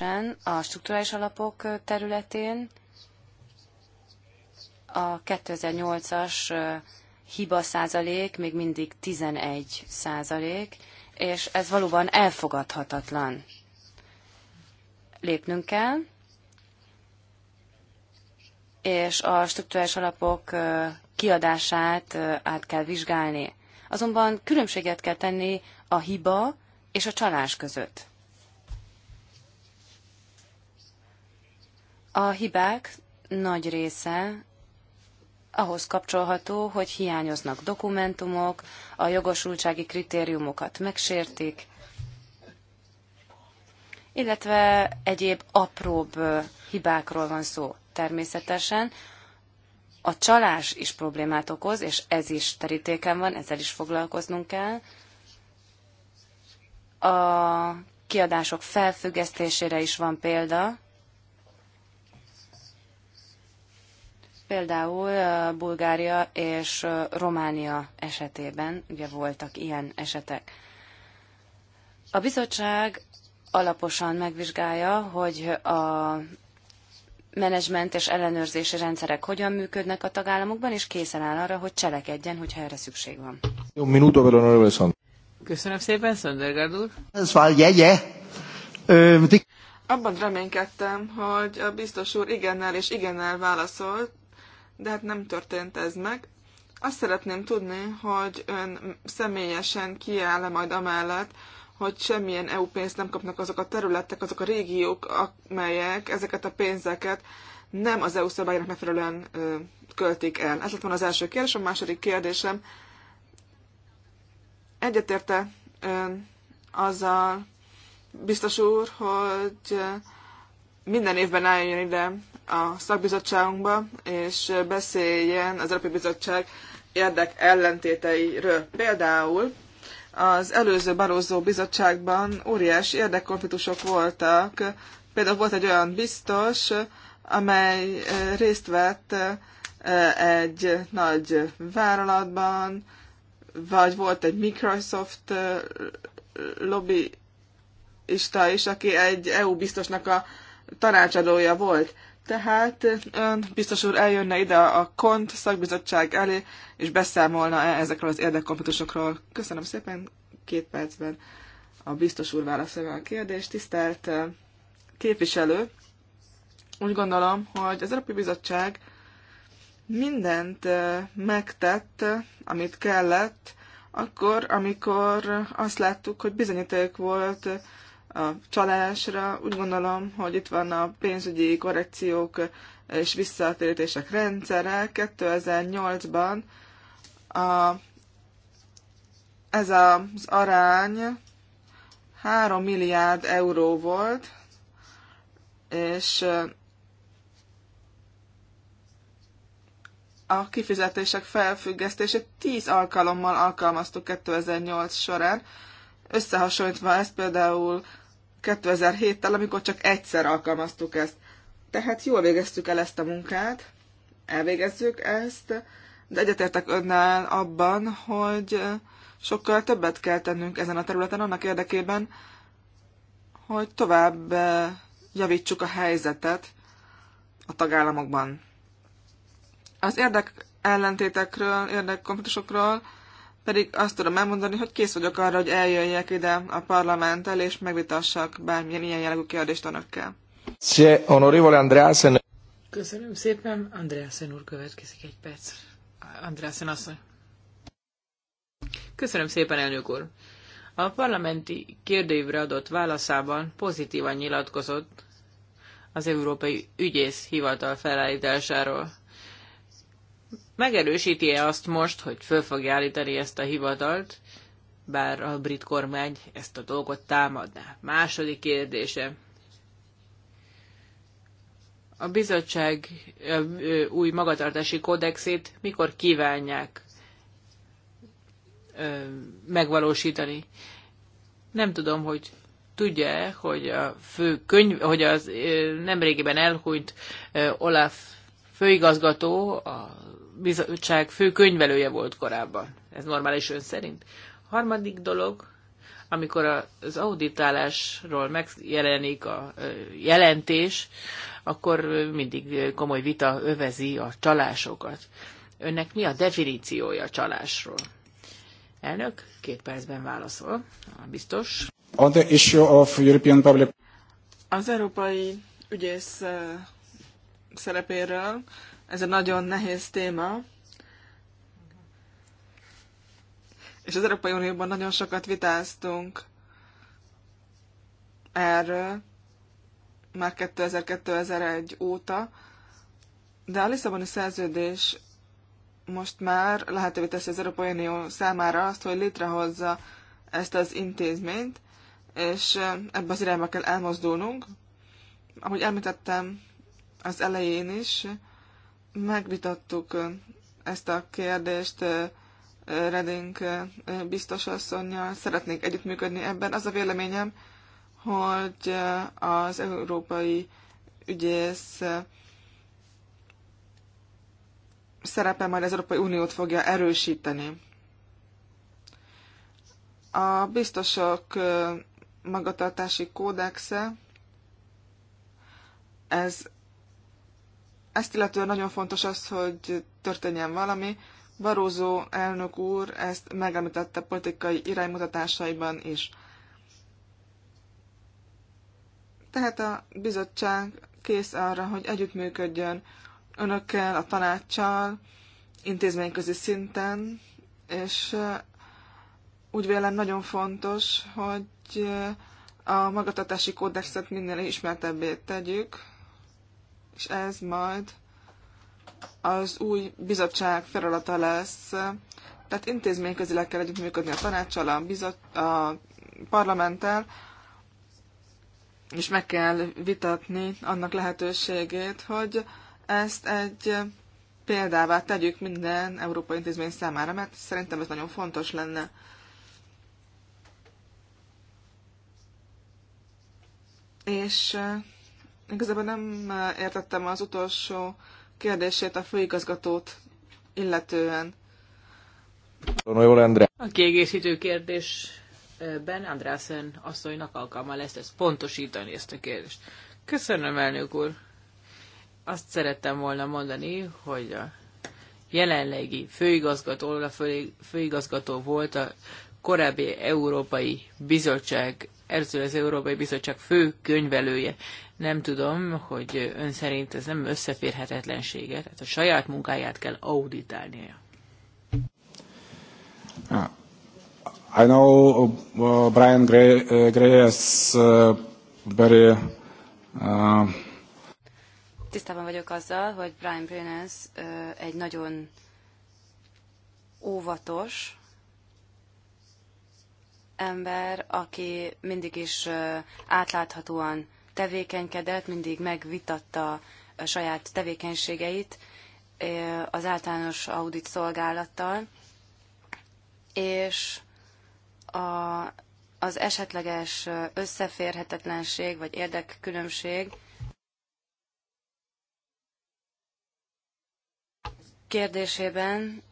kapcsán a strukturális alapok területén a 2008-as hiba százalék még mindig 11 százalék, és ez valóban elfogadhatatlan. Lépnünk kell, és a struktúrás alapok kiadását át kell vizsgálni. Azonban különbséget kell tenni a hiba és a csalás között. A hibák nagy része ahhoz kapcsolható, hogy hiányoznak dokumentumok, a jogosultsági kritériumokat megsértik, illetve egyéb apróbb hibákról van szó természetesen. A csalás is problémát okoz, és ez is terítéken van, ezzel is foglalkoznunk kell. A kiadások felfüggesztésére is van példa, Például Bulgária és Románia esetében ugye voltak ilyen esetek. A bizottság alaposan megvizsgálja, hogy a menedzsment és ellenőrzési rendszerek hogyan működnek a tagállamokban, és készen áll arra, hogy cselekedjen, hogyha erre szükség van. Jó, minuto per onorevole Köszönöm szépen, Szöndergárd úr. Ez van, jegye. Abban reménykedtem, hogy a biztos úr igennel és igennel válaszolt, de hát nem történt ez meg. Azt szeretném tudni, hogy ön személyesen kiáll-e majd amellett, hogy semmilyen EU pénzt nem kapnak azok a területek, azok a régiók, amelyek ezeket a pénzeket nem az EU szabályának megfelelően ö, költik el. Ez lett van az első kérdés, a második kérdésem. Egyetérte ön azzal, biztos úr, hogy minden évben álljon ide a szakbizottságunkba, és beszéljen az Európai Bizottság érdek ellentéteiről. Például az előző Barózó bizottságban óriási érdekkonfliktusok voltak. Például volt egy olyan biztos, amely eh, részt vett eh, egy nagy vállalatban, vagy volt egy Microsoft eh, lobbyista is, aki egy EU biztosnak a tanácsadója volt. Tehát ön biztos úr eljönne ide a KONT szakbizottság elé, és beszámolna -e ezekről az érdekkonfliktusokról. Köszönöm szépen, két percben a biztos úr válaszolja a kérdést. Tisztelt képviselő, úgy gondolom, hogy az Európai Bizottság mindent megtett, amit kellett, akkor, amikor azt láttuk, hogy bizonyíték volt a csalásra. Úgy gondolom, hogy itt van a pénzügyi korrekciók és visszatérítések rendszere. 2008-ban a, ez az arány 3 milliárd euró volt, és a kifizetések felfüggesztését 10 alkalommal alkalmaztuk 2008 során, összehasonlítva ezt például 2007-tel, amikor csak egyszer alkalmaztuk ezt. Tehát jól végeztük el ezt a munkát, elvégezzük ezt, de egyetértek önnel abban, hogy sokkal többet kell tennünk ezen a területen annak érdekében, hogy tovább eh, javítsuk a helyzetet a tagállamokban. Az érdek ellentétekről, érdekkonfliktusokról pedig azt tudom elmondani, hogy kész vagyok arra, hogy eljöjjek ide a parlamenttel, és megvitassak bármilyen ilyen jellegű kérdést önökkel. Köszönöm szépen. Andreasen úr következik egy perc. Andreasen asszony. Köszönöm szépen, elnök úr. A parlamenti kérdőívre adott válaszában pozitívan nyilatkozott az Európai Ügyész Hivatal felállításáról. Megerősíti-e azt most, hogy föl fogja állítani ezt a hivatalt, bár a brit kormány ezt a dolgot támadná? Második kérdése. A bizottság új magatartási kódexét mikor kívánják megvalósítani? Nem tudom, hogy tudja-e, hogy a fő könyv, hogy az nemrégiben elhunyt Olaf főigazgató a bizottság fő könyvelője volt korábban. Ez normális ön szerint. harmadik dolog, amikor az auditálásról megjelenik a jelentés, akkor mindig komoly vita övezi a csalásokat. Önnek mi a definíciója a csalásról? Elnök, két percben válaszol, biztos. On the issue of European Public... Az európai ügyész szerepéről ez egy nagyon nehéz téma. És az Európai Unióban nagyon sokat vitáztunk erről, már 2000-2001 óta, de a Lisszaboni szerződés most már lehetővé teszi az Európai Unió számára azt, hogy létrehozza ezt az intézményt, és ebbe az irányba kell elmozdulnunk. Ahogy említettem az elején is, Megvitattuk ezt a kérdést Redink biztos asszonynal. Szeretnék együttműködni ebben. Az a véleményem, hogy az európai ügyész szerepe majd az Európai Uniót fogja erősíteni. A biztosok magatartási kódexe, ez ezt illetően nagyon fontos az, hogy történjen valami. Barózó elnök úr ezt megemlítette politikai iránymutatásaiban is. Tehát a bizottság kész arra, hogy együttműködjön önökkel, a tanácssal, intézményközi szinten, és uh, úgy vélem nagyon fontos, hogy uh, a magatartási kódexet minél ismertebbé tegyük, és ez majd az új bizottság feladata lesz. Tehát intézményközileg kell együttműködni a tanácssal, a, bizot, a parlamenttel, és meg kell vitatni annak lehetőségét, hogy ezt egy példává tegyük minden európai intézmény számára, mert szerintem ez nagyon fontos lenne. És Igazából nem eh, értettem az utolsó kérdését a főigazgatót illetően. A kiegészítő kérdésben Andrásen asszonynak alkalma lesz ezt pontosítani ezt a kérdést. Köszönöm, elnök úr. Azt szerettem volna mondani, hogy a jelenlegi főigazgató, a főigazgató volt a korábbi Európai Bizottság, először az Európai Bizottság fő könyvelője. Nem tudom, hogy ön szerint ez nem összeférhetetlensége, tehát a saját munkáját kell auditálnia. Ah. I know uh, Brian Gray, uh, Gray is uh, very uh, Tisztában vagyok azzal, hogy Brian Brunens uh, egy nagyon óvatos ember, aki mindig is uh, átláthatóan tevékenykedett, mindig megvitatta a saját tevékenységeit az általános audit szolgálattal, és a, az esetleges összeférhetetlenség vagy érdekkülönbség kérdésében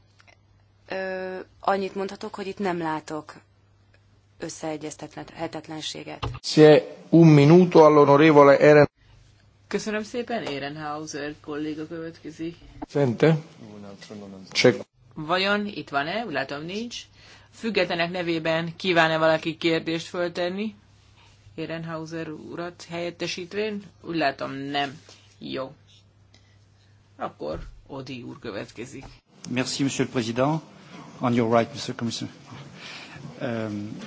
ö, annyit mondhatok, hogy itt nem látok összeegyeztethetetlenséget. Un minuto Eren. Köszönöm szépen, Ehrenhauser kolléga következik. Szente? Vajon itt van-e? látom nincs. Függetlenek nevében kíván-e valaki kérdést föltenni? Ehrenhauser urat helyettesítvén? Úgy látom nem. Jó. Akkor Odi úr következik. Merci, Monsieur le Président. On your right, Monsieur le Um,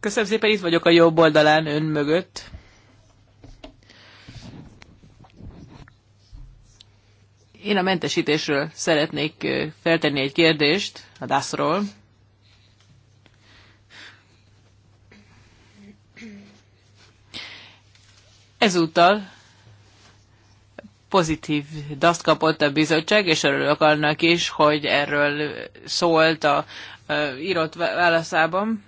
Köszönöm szépen, itt vagyok a jobb oldalán, ön mögött. Én a mentesítésről szeretnék feltenni egy kérdést, a DASZ-ról. Ezúttal pozitív DASZ kapott a bizottság, és örülök annak is, hogy erről szólt a, a írott válaszában.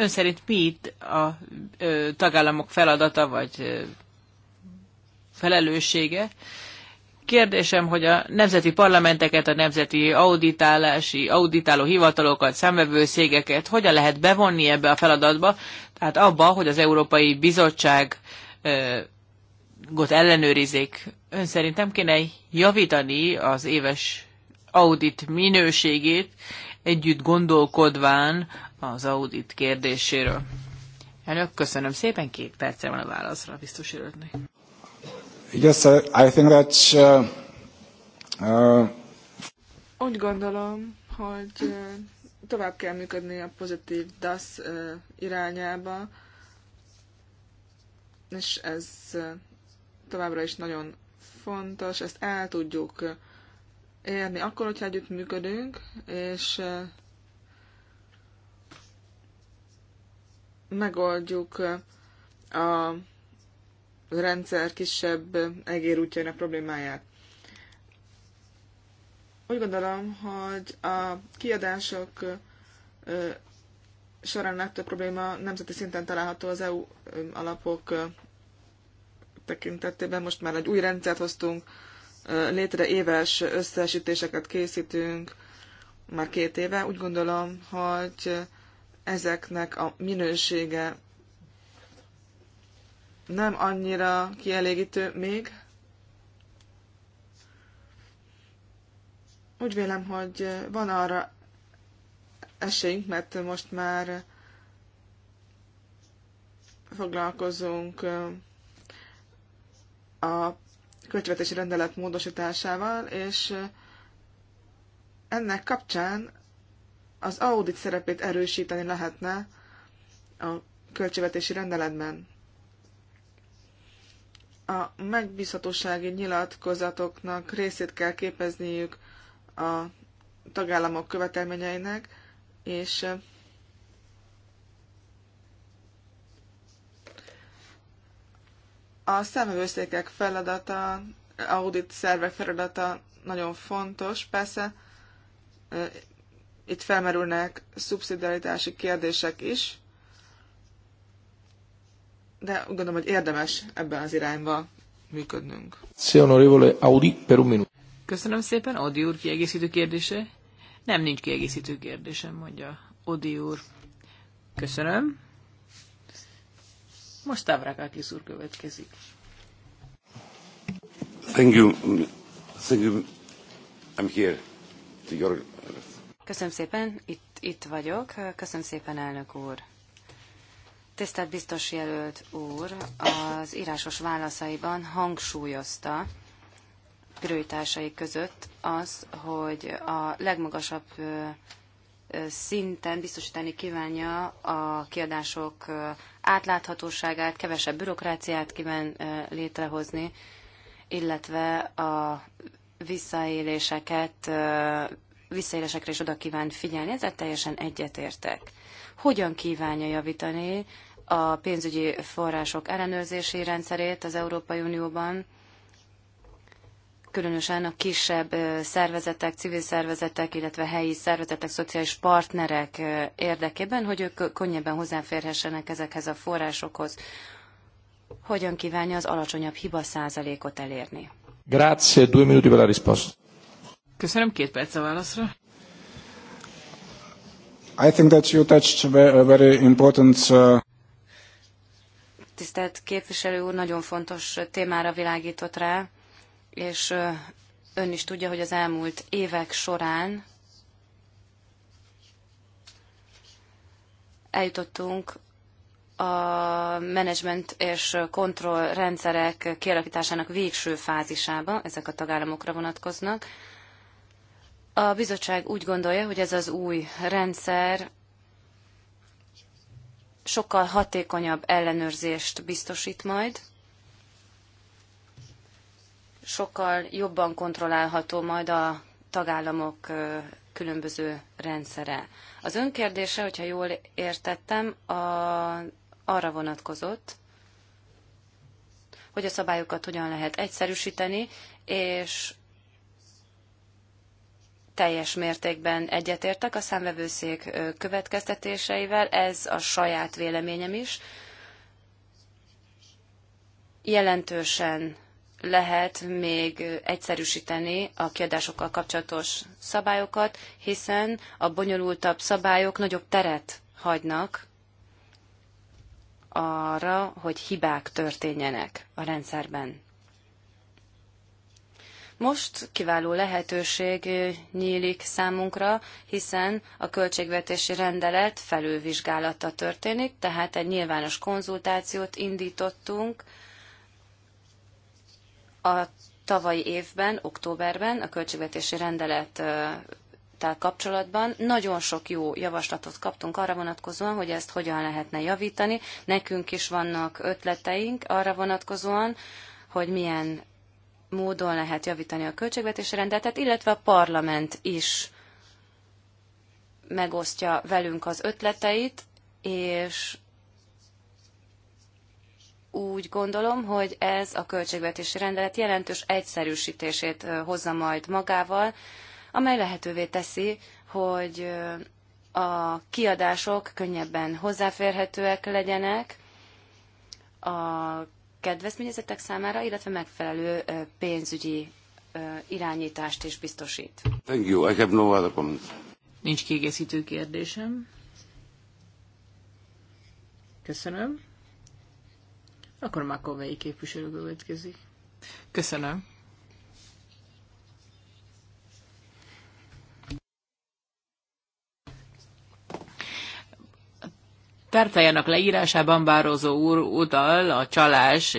Ön szerint mi itt a ö, tagállamok feladata, vagy ö, felelőssége? Kérdésem, hogy a nemzeti parlamenteket, a nemzeti auditálási, auditáló hivatalokat, szégeket, hogyan lehet bevonni ebbe a feladatba, tehát abba, hogy az Európai bizottságot ellenőrizik. Ön szerintem kéne javítani az éves audit minőségét, együtt gondolkodván az audit kérdéséről. Elnök, köszönöm szépen, két percre van a válaszra, biztos örültnek. Yes, I think that... Uh, uh... Úgy gondolom, hogy uh, tovább kell működni a pozitív DAS uh, irányába, és ez uh, továbbra is nagyon fontos, ezt el tudjuk érni akkor, hogyha együtt működünk, és megoldjuk a rendszer kisebb egérútjainak problémáját. Úgy gondolom, hogy a kiadások során legtöbb probléma nemzeti szinten található az EU alapok tekintetében. Most már egy új rendszert hoztunk létre éves összeesítéseket készítünk már két éve. Úgy gondolom, hogy ezeknek a minősége nem annyira kielégítő még. Úgy vélem, hogy van arra esélyünk, mert most már foglalkozunk a költségvetési rendelet módosításával, és ennek kapcsán az audit szerepét erősíteni lehetne a költségvetési rendeletben. A megbízhatósági nyilatkozatoknak részét kell képezniük a tagállamok követelményeinek, és A szemüvőszékek feladata, audit szervek feladata nagyon fontos. Persze itt felmerülnek szubszidiaritási kérdések is, de gondolom, hogy érdemes ebben az irányba működnünk. Audi per un minuto. Köszönöm szépen. Odi úr kiegészítő kérdése? Nem, nincs kiegészítő kérdésem, mondja Odi úr. Köszönöm. Most Tavrakakis úr következik. Thank you. Thank you. I'm here. To your... Köszönöm szépen, itt, itt vagyok. Köszönöm szépen, elnök úr. Tisztelt biztos jelölt úr, az írásos válaszaiban hangsúlyozta prioritásai között az, hogy a legmagasabb szinten biztosítani kívánja a kiadások átláthatóságát, kevesebb bürokráciát kíván létrehozni, illetve a visszaéléseket, visszaélésekre is oda kíván figyelni, ezzel teljesen egyetértek. Hogyan kívánja javítani a pénzügyi források ellenőrzési rendszerét az Európai Unióban, különösen a kisebb szervezetek, civil szervezetek, illetve helyi szervezetek, szociális partnerek érdekében, hogy ők könnyebben hozzáférhessenek ezekhez a forrásokhoz. Hogyan kívánja az alacsonyabb hiba százalékot elérni? Grazie, due minuti per la risposta. Köszönöm, két perc a válaszra. I think that you touched a very important uh... Tisztelt képviselő úr, nagyon fontos témára világított rá és ön is tudja, hogy az elmúlt évek során eljutottunk a menedzsment és kontroll rendszerek kialakításának végső fázisába, ezek a tagállamokra vonatkoznak. A bizottság úgy gondolja, hogy ez az új rendszer sokkal hatékonyabb ellenőrzést biztosít majd, sokkal jobban kontrollálható majd a tagállamok különböző rendszere. Az önkérdése, hogyha jól értettem, a, arra vonatkozott, hogy a szabályokat hogyan lehet egyszerűsíteni, és teljes mértékben egyetértek a számvevőszék következtetéseivel, ez a saját véleményem is. Jelentősen lehet még egyszerűsíteni a kiadásokkal kapcsolatos szabályokat, hiszen a bonyolultabb szabályok nagyobb teret hagynak arra, hogy hibák történjenek a rendszerben. Most kiváló lehetőség nyílik számunkra, hiszen a költségvetési rendelet felülvizsgálata történik, tehát egy nyilvános konzultációt indítottunk, a tavalyi évben, októberben a költségvetési rendelet kapcsolatban. Nagyon sok jó javaslatot kaptunk arra vonatkozóan, hogy ezt hogyan lehetne javítani. Nekünk is vannak ötleteink arra vonatkozóan, hogy milyen módon lehet javítani a költségvetési rendeletet, illetve a parlament is megosztja velünk az ötleteit, és úgy gondolom, hogy ez a költségvetési rendelet jelentős egyszerűsítését hozza majd magával, amely lehetővé teszi, hogy a kiadások könnyebben hozzáférhetőek legyenek a kedvezményezetek számára, illetve megfelelő pénzügyi irányítást is biztosít. Thank you. I have no other comments. Nincs kiegészítő kérdésem. Köszönöm. Akkor Makovei képviselő következik. Köszönöm. Tárcájának leírásában Bározó úr utal a csalás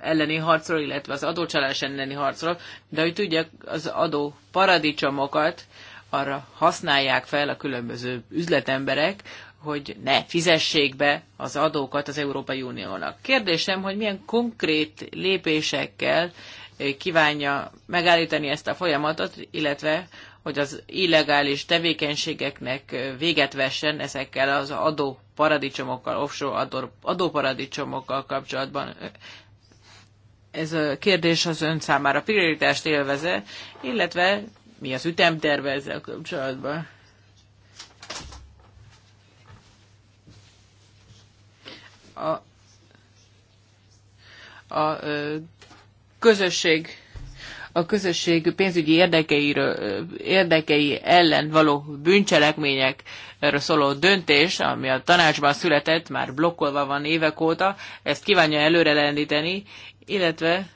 elleni harcról, illetve az adócsalás elleni harcról, de hogy tudják, az adó paradicsomokat arra használják fel a különböző üzletemberek, hogy ne fizessék be az adókat az Európai Uniónak. Kérdésem, hogy milyen konkrét lépésekkel eh, kívánja megállítani ezt a folyamatot, illetve hogy az illegális tevékenységeknek eh, véget vessen ezekkel az adó paradicsomokkal, offshore adó, adóparadicsomokkal kapcsolatban. Ez a kérdés az ön számára prioritást élveze, illetve mi az ütemterve ezzel kapcsolatban? a, a közösség a közösség pénzügyi érdekeiről, érdekei ellen való bűncselekmények erről szóló döntés, ami a tanácsban született, már blokkolva van évek óta, ezt kívánja előre lendíteni, illetve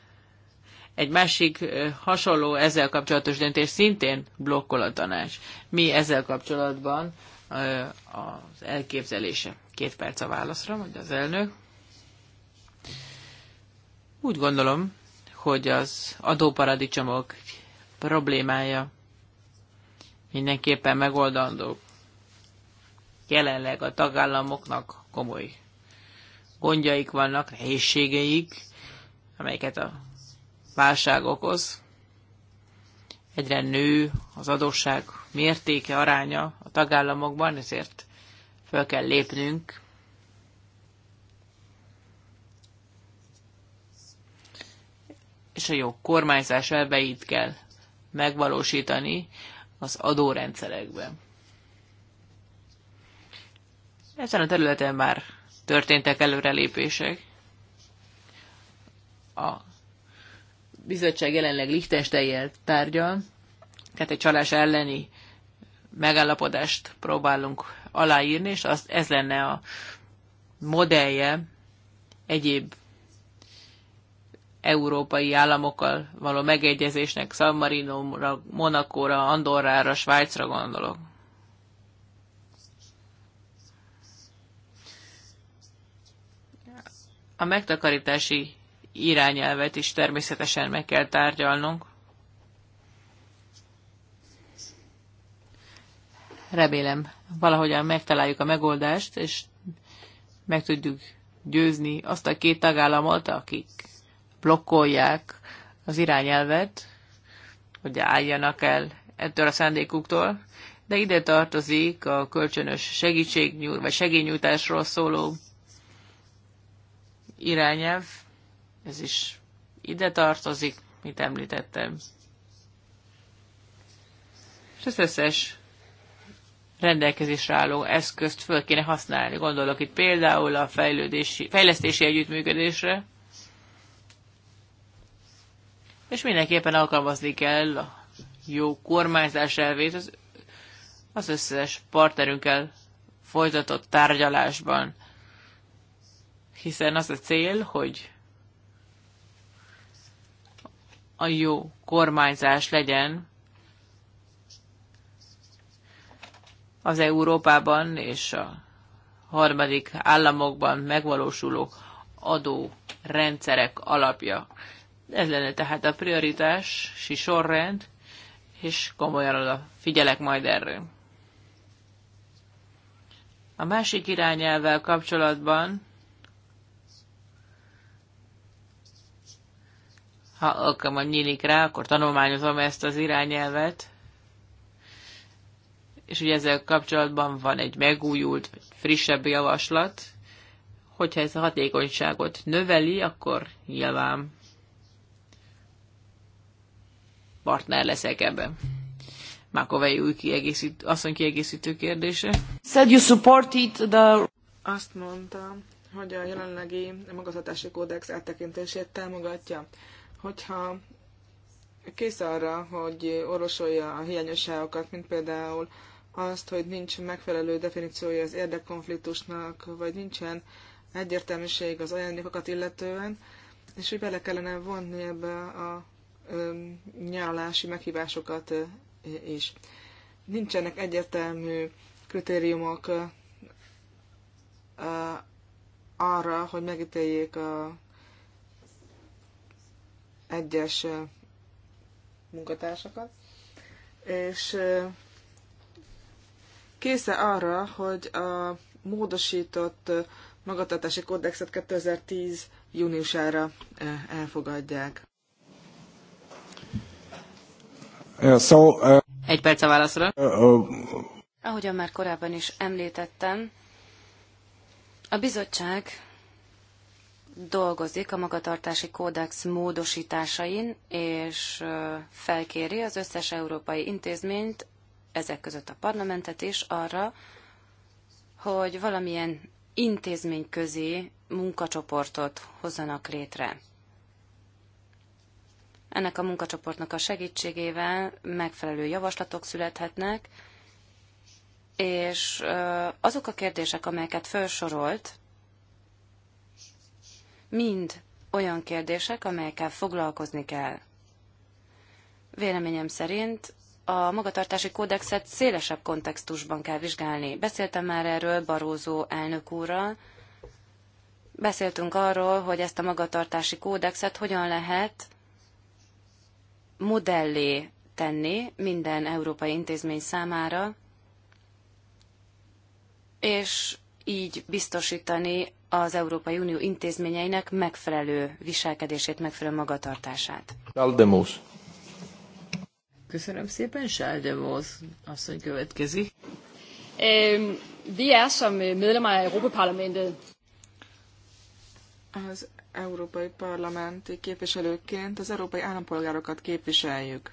egy másik hasonló ezzel kapcsolatos döntés szintén blokkol a tanács. Mi ezzel kapcsolatban az elképzelése. Két perc a válaszra, mondja az elnök. Úgy gondolom, hogy az adóparadicsomok problémája mindenképpen megoldandó. Jelenleg a tagállamoknak komoly gondjaik vannak, nehézségeik, amelyeket a válság okoz egyre nő az adósság mértéke, aránya a tagállamokban, ezért föl kell lépnünk. És a jó kormányzás elveit kell megvalósítani az adórendszerekben. Ezen a területen már történtek előrelépések. A bizottság jelenleg Liechtenstein tárgyal, tehát egy csalás elleni megállapodást próbálunk aláírni, és az, ez lenne a modellje egyéb európai államokkal való megegyezésnek, San Marino-ra, Monakóra, Andorrára, Svájcra gondolok. A megtakarítási irányelvet is természetesen meg kell tárgyalnunk. Remélem, valahogyan megtaláljuk a megoldást, és meg tudjuk győzni azt a két tagállamot, akik blokkolják az irányelvet, hogy álljanak el ettől a szándékuktól, de ide tartozik a kölcsönös segítség, vagy segélynyújtásról szóló irányelv, ez is ide tartozik, mit említettem. És az összes rendelkezésre álló eszközt föl kéne használni. Gondolok itt például a fejlődési, fejlesztési együttműködésre, és mindenképpen alkalmazni kell a jó kormányzás elvét az, az összes partnerünkkel folytatott tárgyalásban. Hiszen az a cél, hogy a jó kormányzás legyen az Európában és a harmadik államokban megvalósuló adó rendszerek alapja. Ez lenne tehát a prioritás, si sorrend, és komolyan oda figyelek majd erre. A másik irányelvvel kapcsolatban ha alkalmam nyílik rá, akkor tanulmányozom ezt az irányelvet, és ugye ezzel kapcsolatban van egy megújult, frissebb javaslat, hogyha ez a hatékonyságot növeli, akkor nyilván partner leszek ebben. Mákovei új kiegészít, asszony kiegészítő kérdése. Said you supported the... Azt mondta, hogy a jelenlegi magatartási kódex áttekintését támogatja. Hogyha kész arra, hogy orvosolja a hiányosságokat, mint például azt, hogy nincs megfelelő definíciója az érdekkonfliktusnak, vagy nincsen egyértelműség az ajándékokat illetően, és hogy bele kellene vonni ebbe a ö, nyaralási meghívásokat ö, is. Nincsenek egyértelmű kritériumok ö, ö, arra, hogy megítéljék a egyes munkatársakat, és késze arra, hogy a módosított magatartási kódexet 2010 júniusára elfogadják. Yeah, so, uh, Egy perc a válaszra. Uh, uh, Ahogyan már korábban is említettem, a bizottság dolgozik a magatartási kódex módosításain, és felkéri az összes európai intézményt, ezek között a parlamentet is arra, hogy valamilyen intézményközi munkacsoportot hozzanak létre. Ennek a munkacsoportnak a segítségével megfelelő javaslatok születhetnek, és azok a kérdések, amelyeket felsorolt, mind olyan kérdések, amelyekkel foglalkozni kell. Véleményem szerint a magatartási kódexet szélesebb kontextusban kell vizsgálni. Beszéltem már erről Barózó elnök úrral. Beszéltünk arról, hogy ezt a magatartási kódexet hogyan lehet modellé tenni minden európai intézmény számára, és így biztosítani az Európai Unió intézményeinek megfelelő viselkedését, megfelelő magatartását. Aldemus. Köszönöm szépen, Sáldemóz asszony következik. Vi er som øh, medlemmer af Europaparlamentet. Az Európai Parlamenti képviselőként az európai állampolgárokat képviseljük.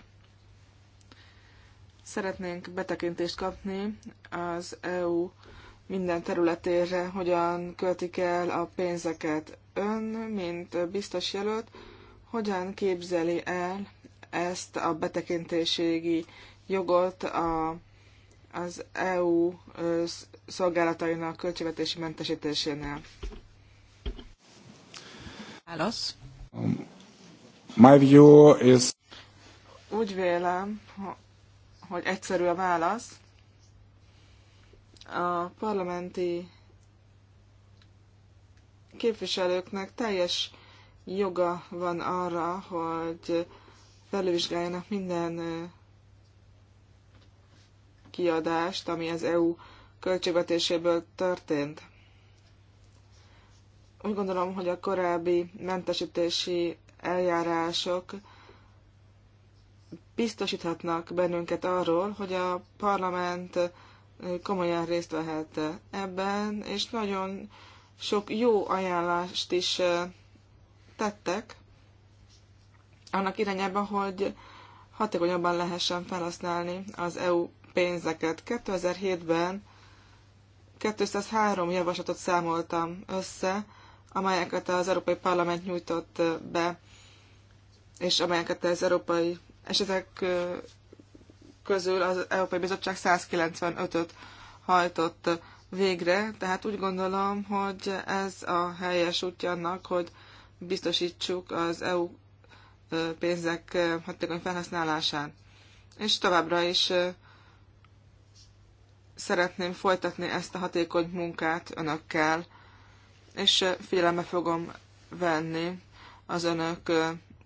Szeretnénk betekintést kapni az EU minden területére hogyan költik el a pénzeket. Ön, mint biztos jelölt, hogyan képzeli el ezt a betekintéségi jogot a, az EU szolgálatainak költségvetési mentesítésénél? Válasz. Um, my view is... Úgy vélem, hogy egyszerű a válasz a parlamenti képviselőknek teljes joga van arra, hogy felülvizsgáljanak minden kiadást, ami az EU költségvetéséből történt. Úgy gondolom, hogy a korábbi mentesítési eljárások biztosíthatnak bennünket arról, hogy a parlament komolyan részt vehet ebben, és nagyon sok jó ajánlást is tettek annak irányába, hogy hatékonyabban lehessen felhasználni az EU pénzeket. 2007-ben 203 javaslatot számoltam össze, amelyeket az Európai Parlament nyújtott be, és amelyeket az Európai, és ezek közül az Európai Bizottság 195-öt hajtott végre, tehát úgy gondolom, hogy ez a helyes útja annak, hogy biztosítsuk az EU pénzek hatékony felhasználását. És továbbra is szeretném folytatni ezt a hatékony munkát önökkel, és figyelembe fogom venni az önök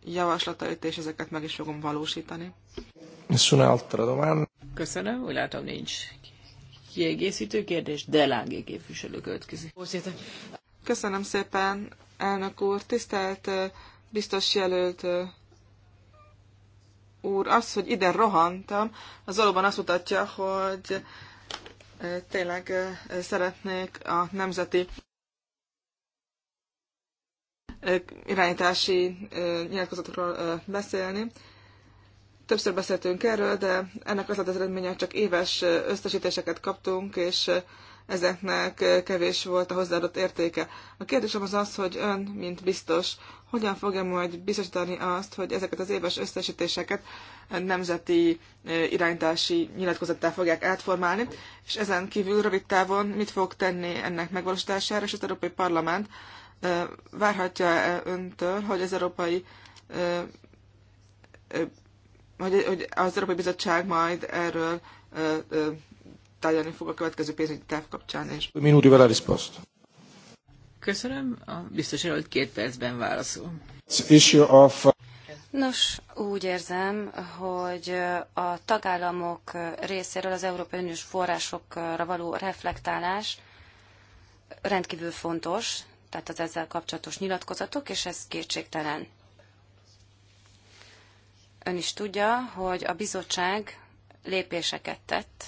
javaslatait, és ezeket meg is fogom valósítani. Nessun'altra domanda. Köszönöm, úgy látom nincs kiegészítő kérdés, de lángé képviselő következik. Köszönöm szépen, elnök úr. Tisztelt biztos jelölt úr, az, hogy ide rohantam, az valóban azt mutatja, hogy tényleg szeretnék a nemzeti irányítási nyilatkozatokról beszélni. Többször beszéltünk erről, de ennek az az eredménye, hogy csak éves összesítéseket kaptunk, és ezeknek kevés volt a hozzáadott értéke. A kérdésem az az, hogy ön, mint biztos, hogyan fogja majd biztosítani azt, hogy ezeket az éves összesítéseket nemzeti irányítási nyilatkozattá fogják átformálni, és ezen kívül rövid távon mit fog tenni ennek megvalósítására, és az Európai Parlament várhatja -e öntől, hogy az Európai hogy, hogy az Európai Bizottság majd erről ö, ö, tárgyalni fog a következő pénzügyi terv kapcsán És... Minuti vele rispost. Köszönöm. A biztos hogy két percben válaszol. Uh, Nos, úgy érzem, hogy a tagállamok részéről az Európai Uniós forrásokra való reflektálás rendkívül fontos, tehát az ezzel kapcsolatos nyilatkozatok, és ez kétségtelen. Ön is tudja, hogy a bizottság lépéseket tett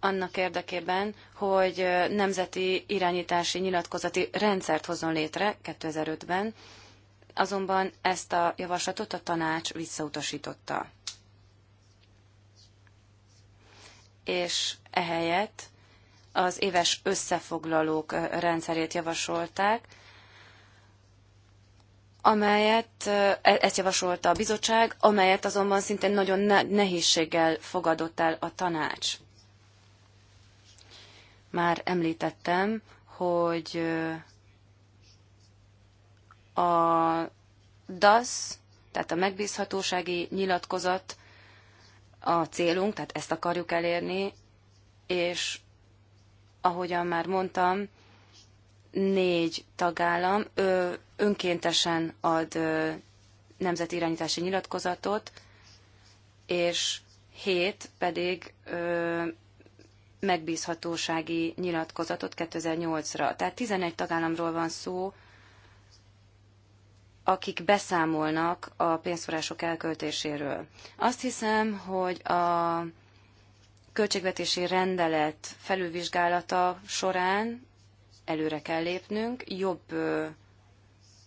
annak érdekében, hogy nemzeti irányítási nyilatkozati rendszert hozzon létre 2005-ben, azonban ezt a javaslatot a tanács visszautasította. És ehelyett az éves összefoglalók rendszerét javasolták, amelyet, e, ezt javasolta a bizottság, amelyet azonban szintén nagyon nehézséggel fogadott el a tanács. Már említettem, hogy a DAS, tehát a megbízhatósági nyilatkozat a célunk, tehát ezt akarjuk elérni, és ahogyan már mondtam, négy tagállam, ö, önkéntesen ad nemzeti irányítási nyilatkozatot, és hét pedig ö, megbízhatósági nyilatkozatot 2008-ra. Tehát 11 tagállamról van szó, akik beszámolnak a pénzforrások elköltéséről. Azt hiszem, hogy a költségvetési rendelet felülvizsgálata során előre kell lépnünk, jobb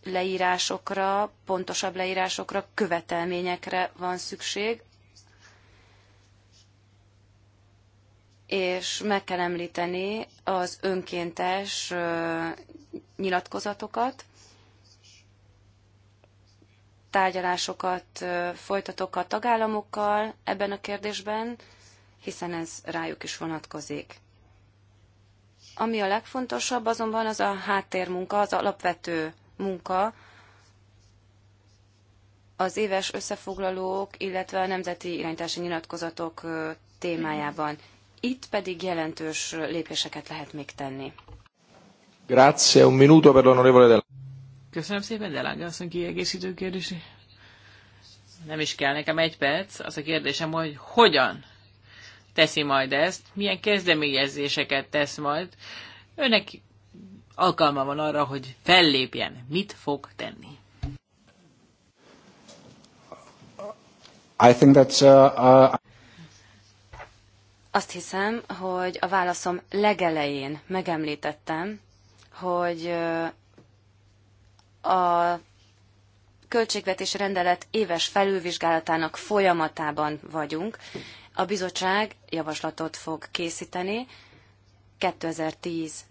leírásokra, pontosabb leírásokra, követelményekre van szükség, és meg kell említeni az önkéntes nyilatkozatokat, tárgyalásokat folytatok a tagállamokkal ebben a kérdésben, hiszen ez rájuk is vonatkozik. Ami a legfontosabb azonban az a háttérmunka, az alapvető munka az éves összefoglalók, illetve a nemzeti irányítási nyilatkozatok témájában. Itt pedig jelentős lépéseket lehet még tenni. Grazie, un minuto per l'onorevole Della. Köszönöm szépen, DeLange. azt kiegészítő kérdési. Nem is kell nekem egy perc. Az a kérdésem, hogy hogyan teszi majd ezt, milyen kezdeményezéseket tesz majd. Önnek alkalma van arra, hogy fellépjen. Mit fog tenni? I think that, uh, uh... Azt hiszem, hogy a válaszom legelején megemlítettem, hogy uh, a költségvetés rendelet éves felülvizsgálatának folyamatában vagyunk. A bizottság javaslatot fog készíteni 2010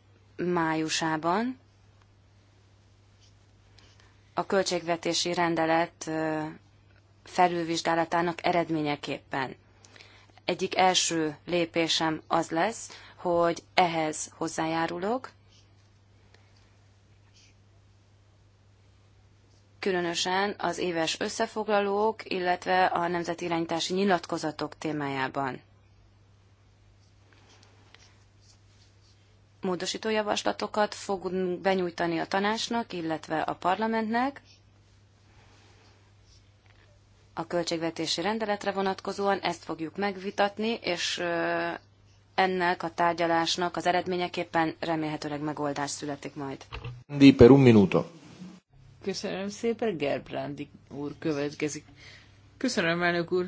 májusában a költségvetési rendelet felülvizsgálatának eredményeképpen. Egyik első lépésem az lesz, hogy ehhez hozzájárulok, különösen az éves összefoglalók, illetve a nemzeti irányítási nyilatkozatok témájában. módosító javaslatokat fogunk benyújtani a tanácsnak, illetve a parlamentnek a költségvetési rendeletre vonatkozóan. Ezt fogjuk megvitatni, és ennek a tárgyalásnak az eredményeképpen remélhetőleg megoldás születik majd. Díper, per un minuto. Köszönöm szépen, Gerbrandi úr következik. Köszönöm, elnök úr.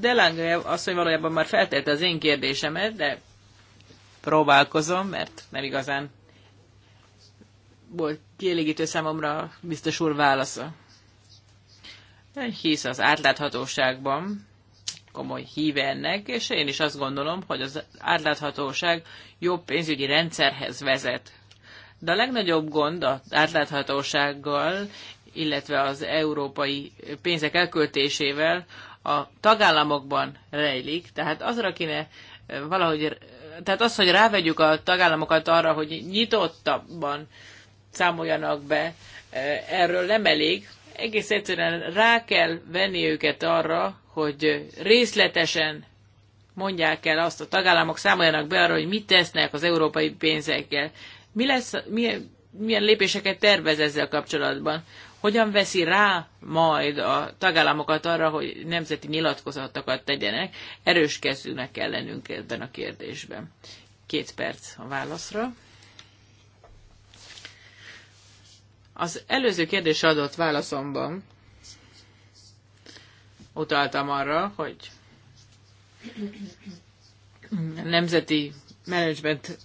De azt, hogy valójában már feltette az én kérdésemet, de próbálkozom, mert nem igazán volt kielégítő számomra biztos úr válasza. hisz az átláthatóságban, komoly híve ennek, és én is azt gondolom, hogy az átláthatóság jobb pénzügyi rendszerhez vezet. De a legnagyobb gond az átláthatósággal, illetve az európai pénzek elköltésével a tagállamokban rejlik, tehát azra kéne eh, valahogy, tehát az, hogy rávegyük a tagállamokat arra, hogy nyitottabban számoljanak be, eh, erről nem elég. Egész egyszerűen rá kell venni őket arra, hogy részletesen mondják el azt, a tagállamok számoljanak be arra, hogy mit tesznek az európai pénzekkel. Mi lesz, milyen, milyen lépéseket tervez ezzel kapcsolatban? hogyan veszi rá majd a tagállamokat arra, hogy nemzeti nyilatkozatokat tegyenek, erős kezdőnek kell lennünk ebben a kérdésben. Két perc a válaszra. Az előző kérdés adott válaszomban utaltam arra, hogy nemzeti menedzsment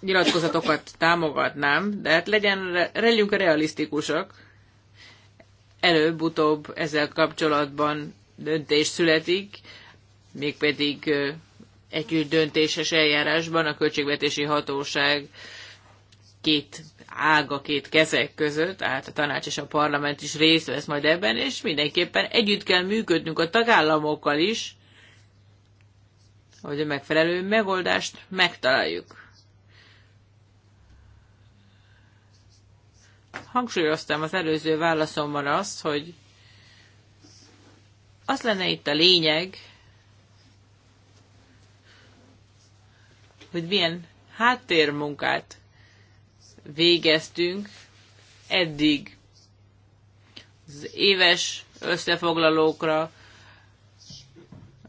nyilatkozatokat támogatnám, de hát legyen, legyünk realisztikusak előbb-utóbb ezzel kapcsolatban döntés születik, mégpedig együtt döntéses eljárásban a költségvetési hatóság két ága, két kezek között, hát a tanács és a parlament is részt vesz majd ebben, és mindenképpen együtt kell működnünk a tagállamokkal is, hogy a megfelelő megoldást megtaláljuk. hangsúlyoztam az előző válaszomban azt, hogy az lenne itt a lényeg, hogy milyen háttérmunkát végeztünk eddig az éves összefoglalókra,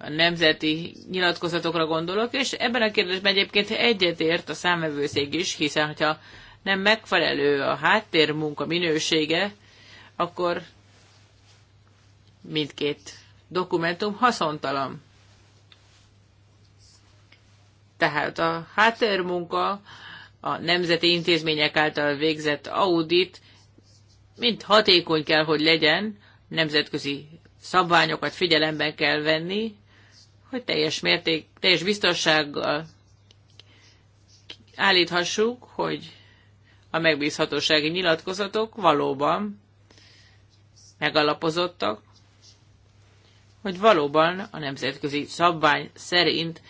a nemzeti nyilatkozatokra gondolok, és ebben a kérdésben egyébként egyetért a számvevőszék is, hiszen hogyha nem megfelelő a háttérmunka minősége, akkor mindkét dokumentum haszontalan. Tehát a háttérmunka, a nemzeti intézmények által végzett audit mint hatékony kell, hogy legyen, nemzetközi szabványokat figyelembe kell venni, hogy teljes mérték, teljes biztonsággal állíthassuk, hogy a megbízhatósági nyilatkozatok valóban megalapozottak, hogy valóban a nemzetközi szabvány szerint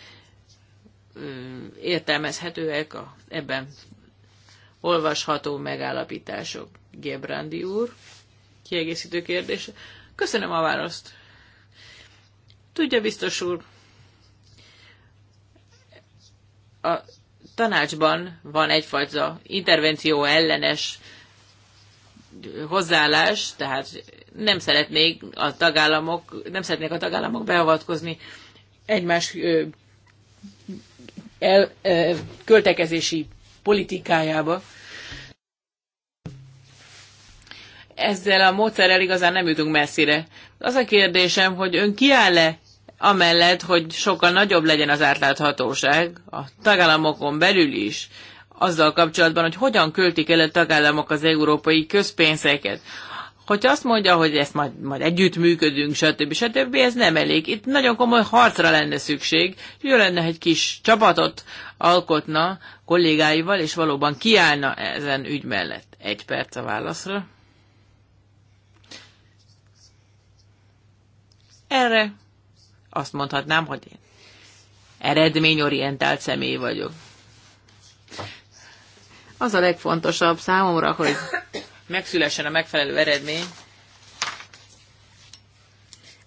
értelmezhetőek a, ebben olvasható megállapítások. Gebrandi úr, kiegészítő kérdés. Köszönöm a választ. Tudja, biztos úr, a tanácsban van egyfajta intervenció ellenes hozzáállás, tehát nem szeretnék a tagállamok, nem szeretnék a tagállamok beavatkozni egymás ö, el, ö, költekezési politikájába. Ezzel a módszerrel igazán nem jutunk messzire. Az a kérdésem, hogy ön kiáll-e amellett, hogy sokkal nagyobb legyen az átláthatóság a tagállamokon belül is, azzal kapcsolatban, hogy hogyan költik el a tagállamok az európai közpénzeket. Hogyha azt mondja, hogy ezt majd, majd együttműködünk, stb. stb., ez nem elég. Itt nagyon komoly harcra lenne szükség. Jó lenne, egy kis csapatot alkotna kollégáival, és valóban kiállna ezen ügy mellett. Egy perc a válaszra. Erre azt mondhatnám, hogy én eredményorientált személy vagyok. Az a legfontosabb számomra, hogy megszülessen a megfelelő eredmény,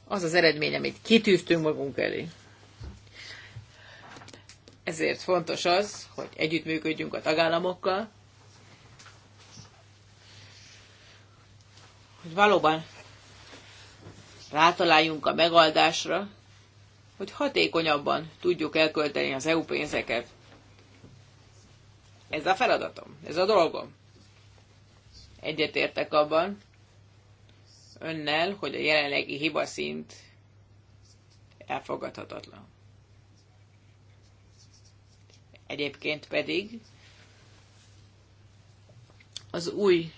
az az eredmény, amit kitűztünk magunk elé. Ezért fontos az, hogy együttműködjünk a tagállamokkal, hogy valóban rátaláljunk a megoldásra, hogy hatékonyabban tudjuk elkölteni az EU pénzeket. Ez a feladatom, ez a dolgom. Egyetértek abban önnel, hogy a jelenlegi hibaszint elfogadhatatlan. Egyébként pedig az új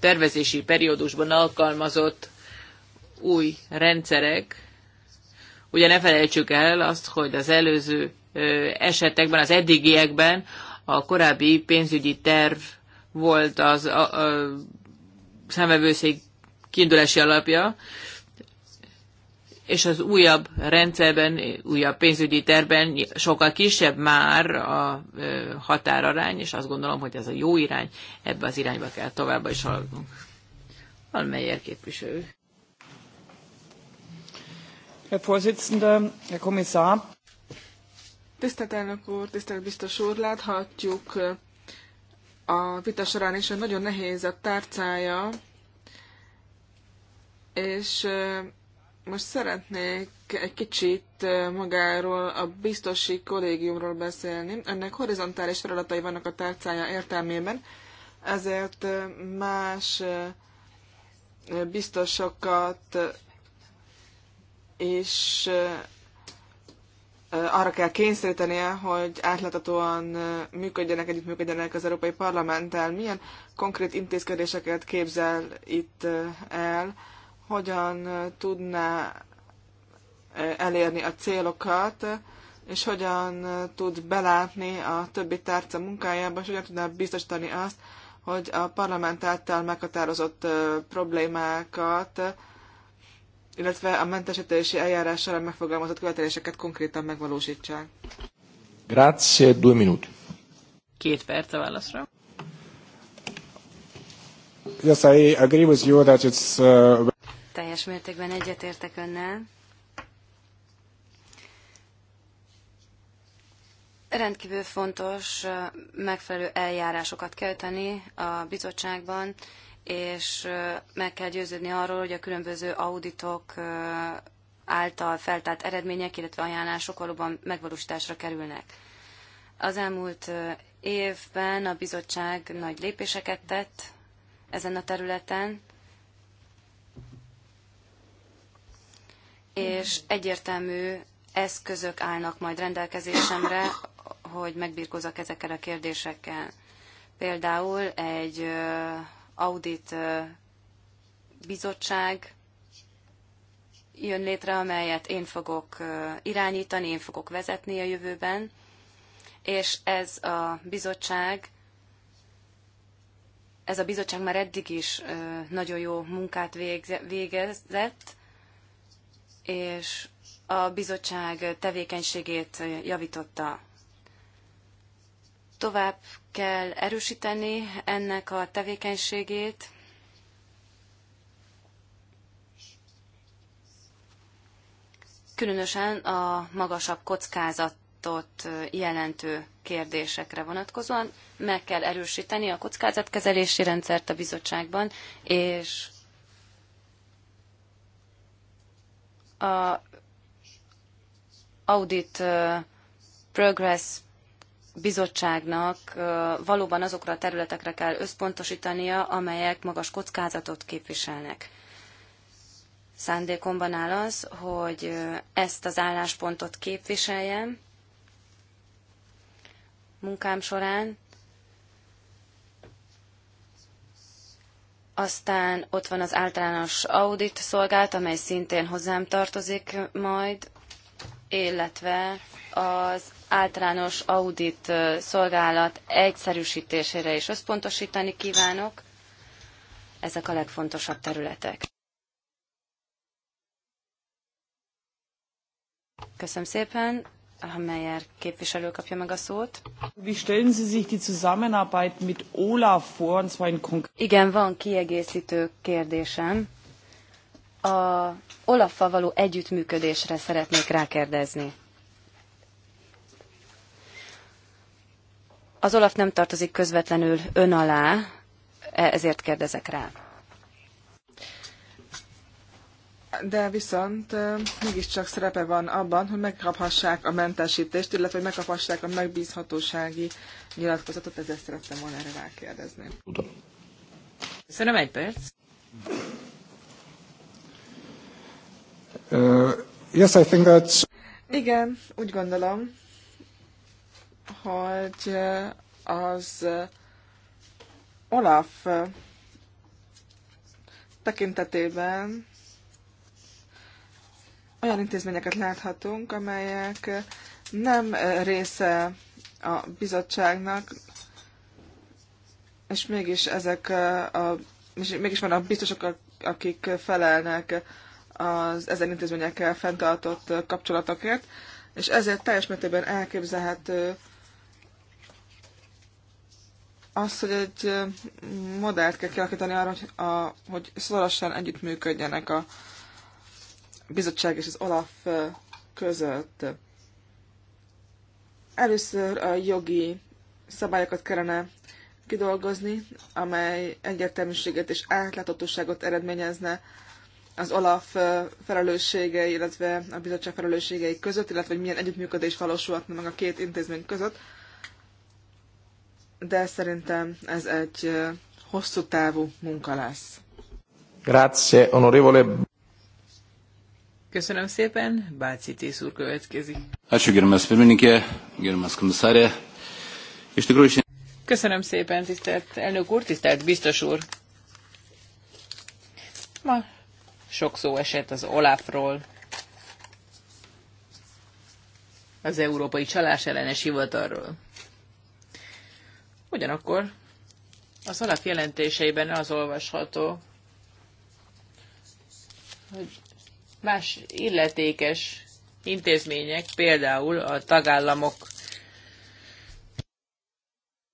tervezési periódusban alkalmazott új rendszerek Ugye ne felejtsük el azt, hogy az előző esetekben, az eddigiekben a korábbi pénzügyi terv volt az a, a szemvevőszék kiindulási alapja, és az újabb rendszerben, újabb pénzügyi terben sokkal kisebb már a határarány, és azt gondolom, hogy ez a jó irány, ebbe az irányba kell továbbra is haladnunk. melyek képviselő. Herr Vorsitzender, Herr Kommissar! Tisztelt elnök úr, tisztelt biztos úr, láthatjuk uh, a vita során is, hogy nagyon nehéz a tárcája, és uh, most szeretnék egy kicsit uh, magáról a biztosi kollégiumról beszélni. Ennek horizontális feladatai vannak a tárcája értelmében, ezért más biztosokat és arra kell kényszerítenie, hogy átláthatóan működjenek, működjenek az Európai Parlamenttel. Milyen konkrét intézkedéseket képzel itt el? Hogyan tudná elérni a célokat, és hogyan tud belátni a többi tárca munkájába, és hogyan tudná biztosítani azt, hogy a parlament által meghatározott problémákat illetve a mentesítési eljárás során megfogalmazott követeléseket konkrétan megvalósítsák. Grazie, due minuti. Két perc a válaszra. Yes, I agree with you that it's, uh... Teljes mértékben egyetértek önnel. Rendkívül fontos uh, megfelelő eljárásokat kell tenni a bizottságban, és meg kell győződni arról, hogy a különböző auditok által feltárt eredmények, illetve ajánlások valóban megvalósításra kerülnek. Az elmúlt évben a bizottság nagy lépéseket tett ezen a területen, és egyértelmű eszközök állnak majd rendelkezésemre, hogy megbírkozak ezekkel a kérdésekkel. Például egy audit bizottság jön létre, amelyet én fogok irányítani, én fogok vezetni a jövőben, és ez a bizottság ez a bizottság már eddig is nagyon jó munkát végezett, és a bizottság tevékenységét javította. Tovább kell erősíteni ennek a tevékenységét. Különösen a magasabb kockázatot jelentő kérdésekre vonatkozóan meg kell erősíteni a kockázatkezelési rendszert a bizottságban, és a audit progress bizottságnak valóban azokra a területekre kell összpontosítania, amelyek magas kockázatot képviselnek. Szándékomban áll az, hogy ezt az álláspontot képviseljem munkám során. Aztán ott van az általános audit szolgált, amely szintén hozzám tartozik majd, illetve az általános audit szolgálat egyszerűsítésére is összpontosítani kívánok. Ezek a legfontosabb területek. Köszönöm szépen. Meyer képviselő kapja meg a szót. Igen, van kiegészítő kérdésem. A Olaffal való együttműködésre szeretnék rákérdezni. Az Olaf nem tartozik közvetlenül ön alá, e- ezért kérdezek rá. De viszont mégiscsak szerepe van abban, hogy megkaphassák a mentesítést, illetve hogy megkaphassák a megbízhatósági nyilatkozatot, ezért szerettem volna erre rákérdezni. Tudom. Köszönöm egy perc. Uh, yes, I think that's... Igen, úgy gondolom, hogy az Olaf tekintetében olyan intézményeket láthatunk, amelyek nem része a bizottságnak, és mégis ezek a, mégis vannak biztosok, akik felelnek az ezen intézményekkel fenntartott kapcsolatokért, és ezért teljes mértékben elképzelhető az, hogy egy modellt kell kialakítani arra, hogy, a, hogy szorosan együttműködjenek a bizottság és az OLAF között. Először a jogi szabályokat kellene kidolgozni, amely egyértelműséget és átláthatóságot eredményezne az OLAF felelősségei, illetve a bizottság felelősségei között, illetve hogy milyen együttműködés valósulhatna meg a két intézmény között de szerintem ez egy hosszú távú munka lesz. Grazie, onorevole. Köszönöm szépen, Báci Tész úr következik. Köszönöm szépen, tisztelt elnök úr, tisztelt biztos úr. Ma sok szó esett az Olafról, az Európai Csalás ellenes hivatalról. Ugyanakkor az jelentéseiben az olvasható, hogy más illetékes intézmények, például a tagállamok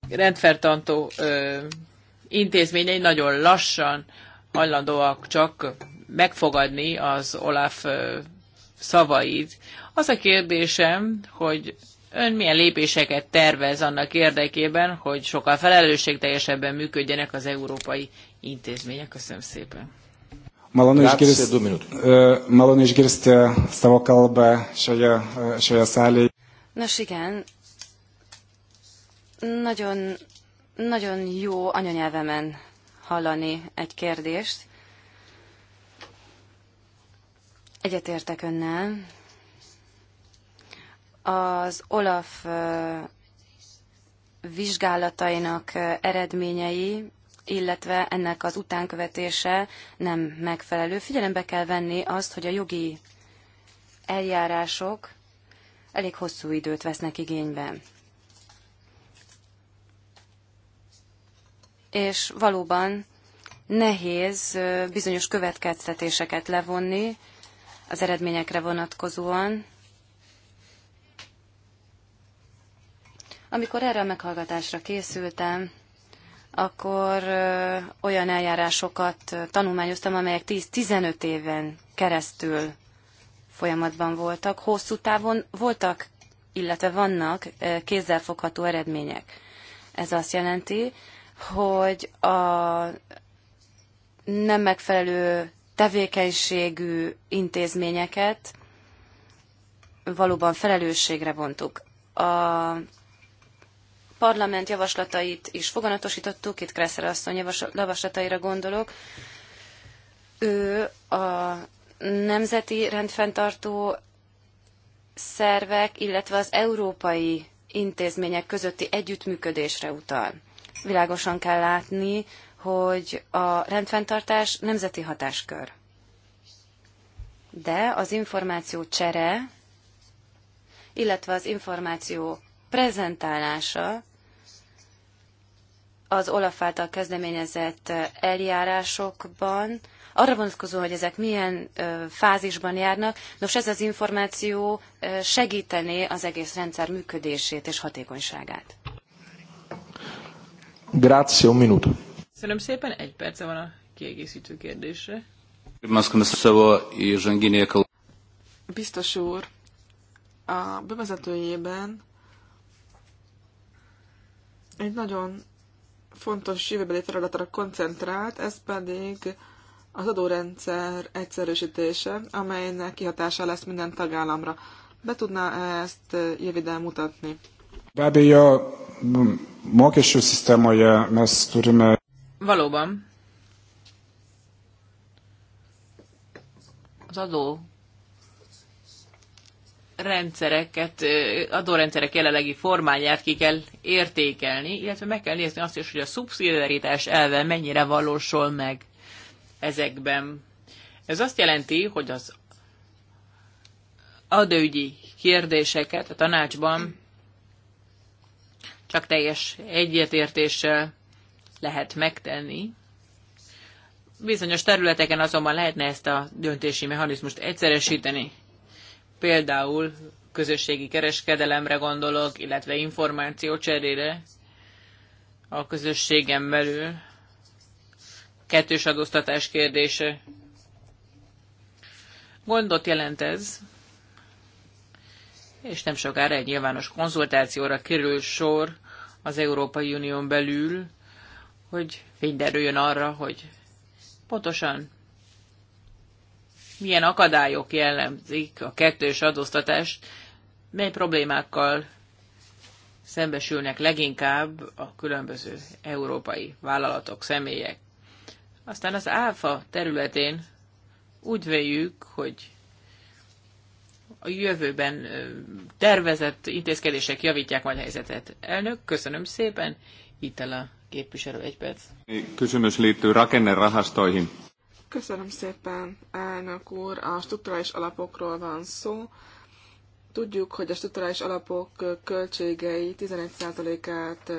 rendfertantó ö, intézményei nagyon lassan hajlandóak csak megfogadni az Olaf szavait. Az a kérdésem, hogy Ön milyen lépéseket tervez annak érdekében, hogy sokkal felelősségteljesebben működjenek az európai intézmények? Köszönöm szépen. Malonu išgirsti, malonu išgirsti savo szállé. Nos igen, nagyon, nagyon jó anyanyelvemen hallani egy kérdést. Egyetértek önnel, az Olaf vizsgálatainak eredményei, illetve ennek az utánkövetése nem megfelelő. Figyelembe kell venni azt, hogy a jogi eljárások elég hosszú időt vesznek igénybe. És valóban nehéz bizonyos következtetéseket levonni az eredményekre vonatkozóan, Amikor erre a meghallgatásra készültem, akkor olyan eljárásokat tanulmányoztam, amelyek 10-15 éven keresztül folyamatban voltak. Hosszú távon voltak, illetve vannak kézzelfogható eredmények. Ez azt jelenti, hogy a nem megfelelő tevékenységű intézményeket valóban felelősségre vontuk. A parlament javaslatait is foganatosítottuk, itt Kresszer asszony javaslataira gondolok. Ő a nemzeti rendfenntartó szervek, illetve az európai intézmények közötti együttműködésre utal. Világosan kell látni, hogy a rendfenntartás nemzeti hatáskör. De az információ csere, illetve az információ prezentálása az Olaf által kezdeményezett eljárásokban, arra vonatkozó, hogy ezek milyen fázisban járnak, nos ez az információ segítené az egész rendszer működését és hatékonyságát. Grazie, un minuto. Köszönöm szépen, egy perce van a kiegészítő kérdésre. Biztos úr, a bevezetőjében egy nagyon fontos jövőbeli feladatra koncentrált, ez pedig az adórendszer egyszerűsítése, amelynek kihatása lesz minden tagállamra. Be tudná ezt jövőben mutatni? a Valóban. Az adó rendszereket, adórendszerek jelenlegi formáját ki kell értékelni, illetve meg kell nézni azt is, hogy a szubszidiaritás elve mennyire valósul meg ezekben. Ez azt jelenti, hogy az adőgyi kérdéseket a tanácsban csak teljes egyetértéssel lehet megtenni. Bizonyos területeken azonban lehetne ezt a döntési mechanizmust egyszeresíteni. Például közösségi kereskedelemre gondolok, illetve információ cserére a közösségen belül. Kettős adóztatás kérdése. Gondot jelent ez, és nem sokára egy nyilvános konzultációra kerül sor az Európai Unión belül, hogy fényderüljön arra, hogy pontosan milyen akadályok jellemzik a kettős adóztatást, mely problémákkal szembesülnek leginkább a különböző európai vállalatok, személyek. Aztán az ÁFA területén úgy véljük, hogy a jövőben tervezett intézkedések javítják majd a helyzetet. Elnök, köszönöm szépen. Itt a képviselő egy perc. Kysymys liittyy rakennerahastoihin. Köszönöm szépen, elnök úr. A strukturális alapokról van szó. Tudjuk, hogy a strukturális alapok költségei 11%-át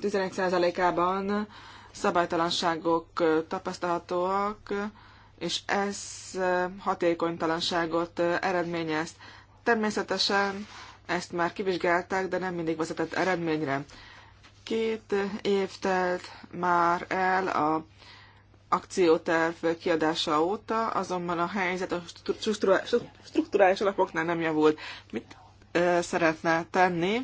11%-ában szabálytalanságok tapasztalhatóak, és ez hatékonytalanságot eredményez. Természetesen ezt már kivizsgálták, de nem mindig vezetett eredményre. Két év telt már el a akcióterv kiadása óta, azonban a helyzet a strukturális alapoknál nem javult. Mit szeretne tenni,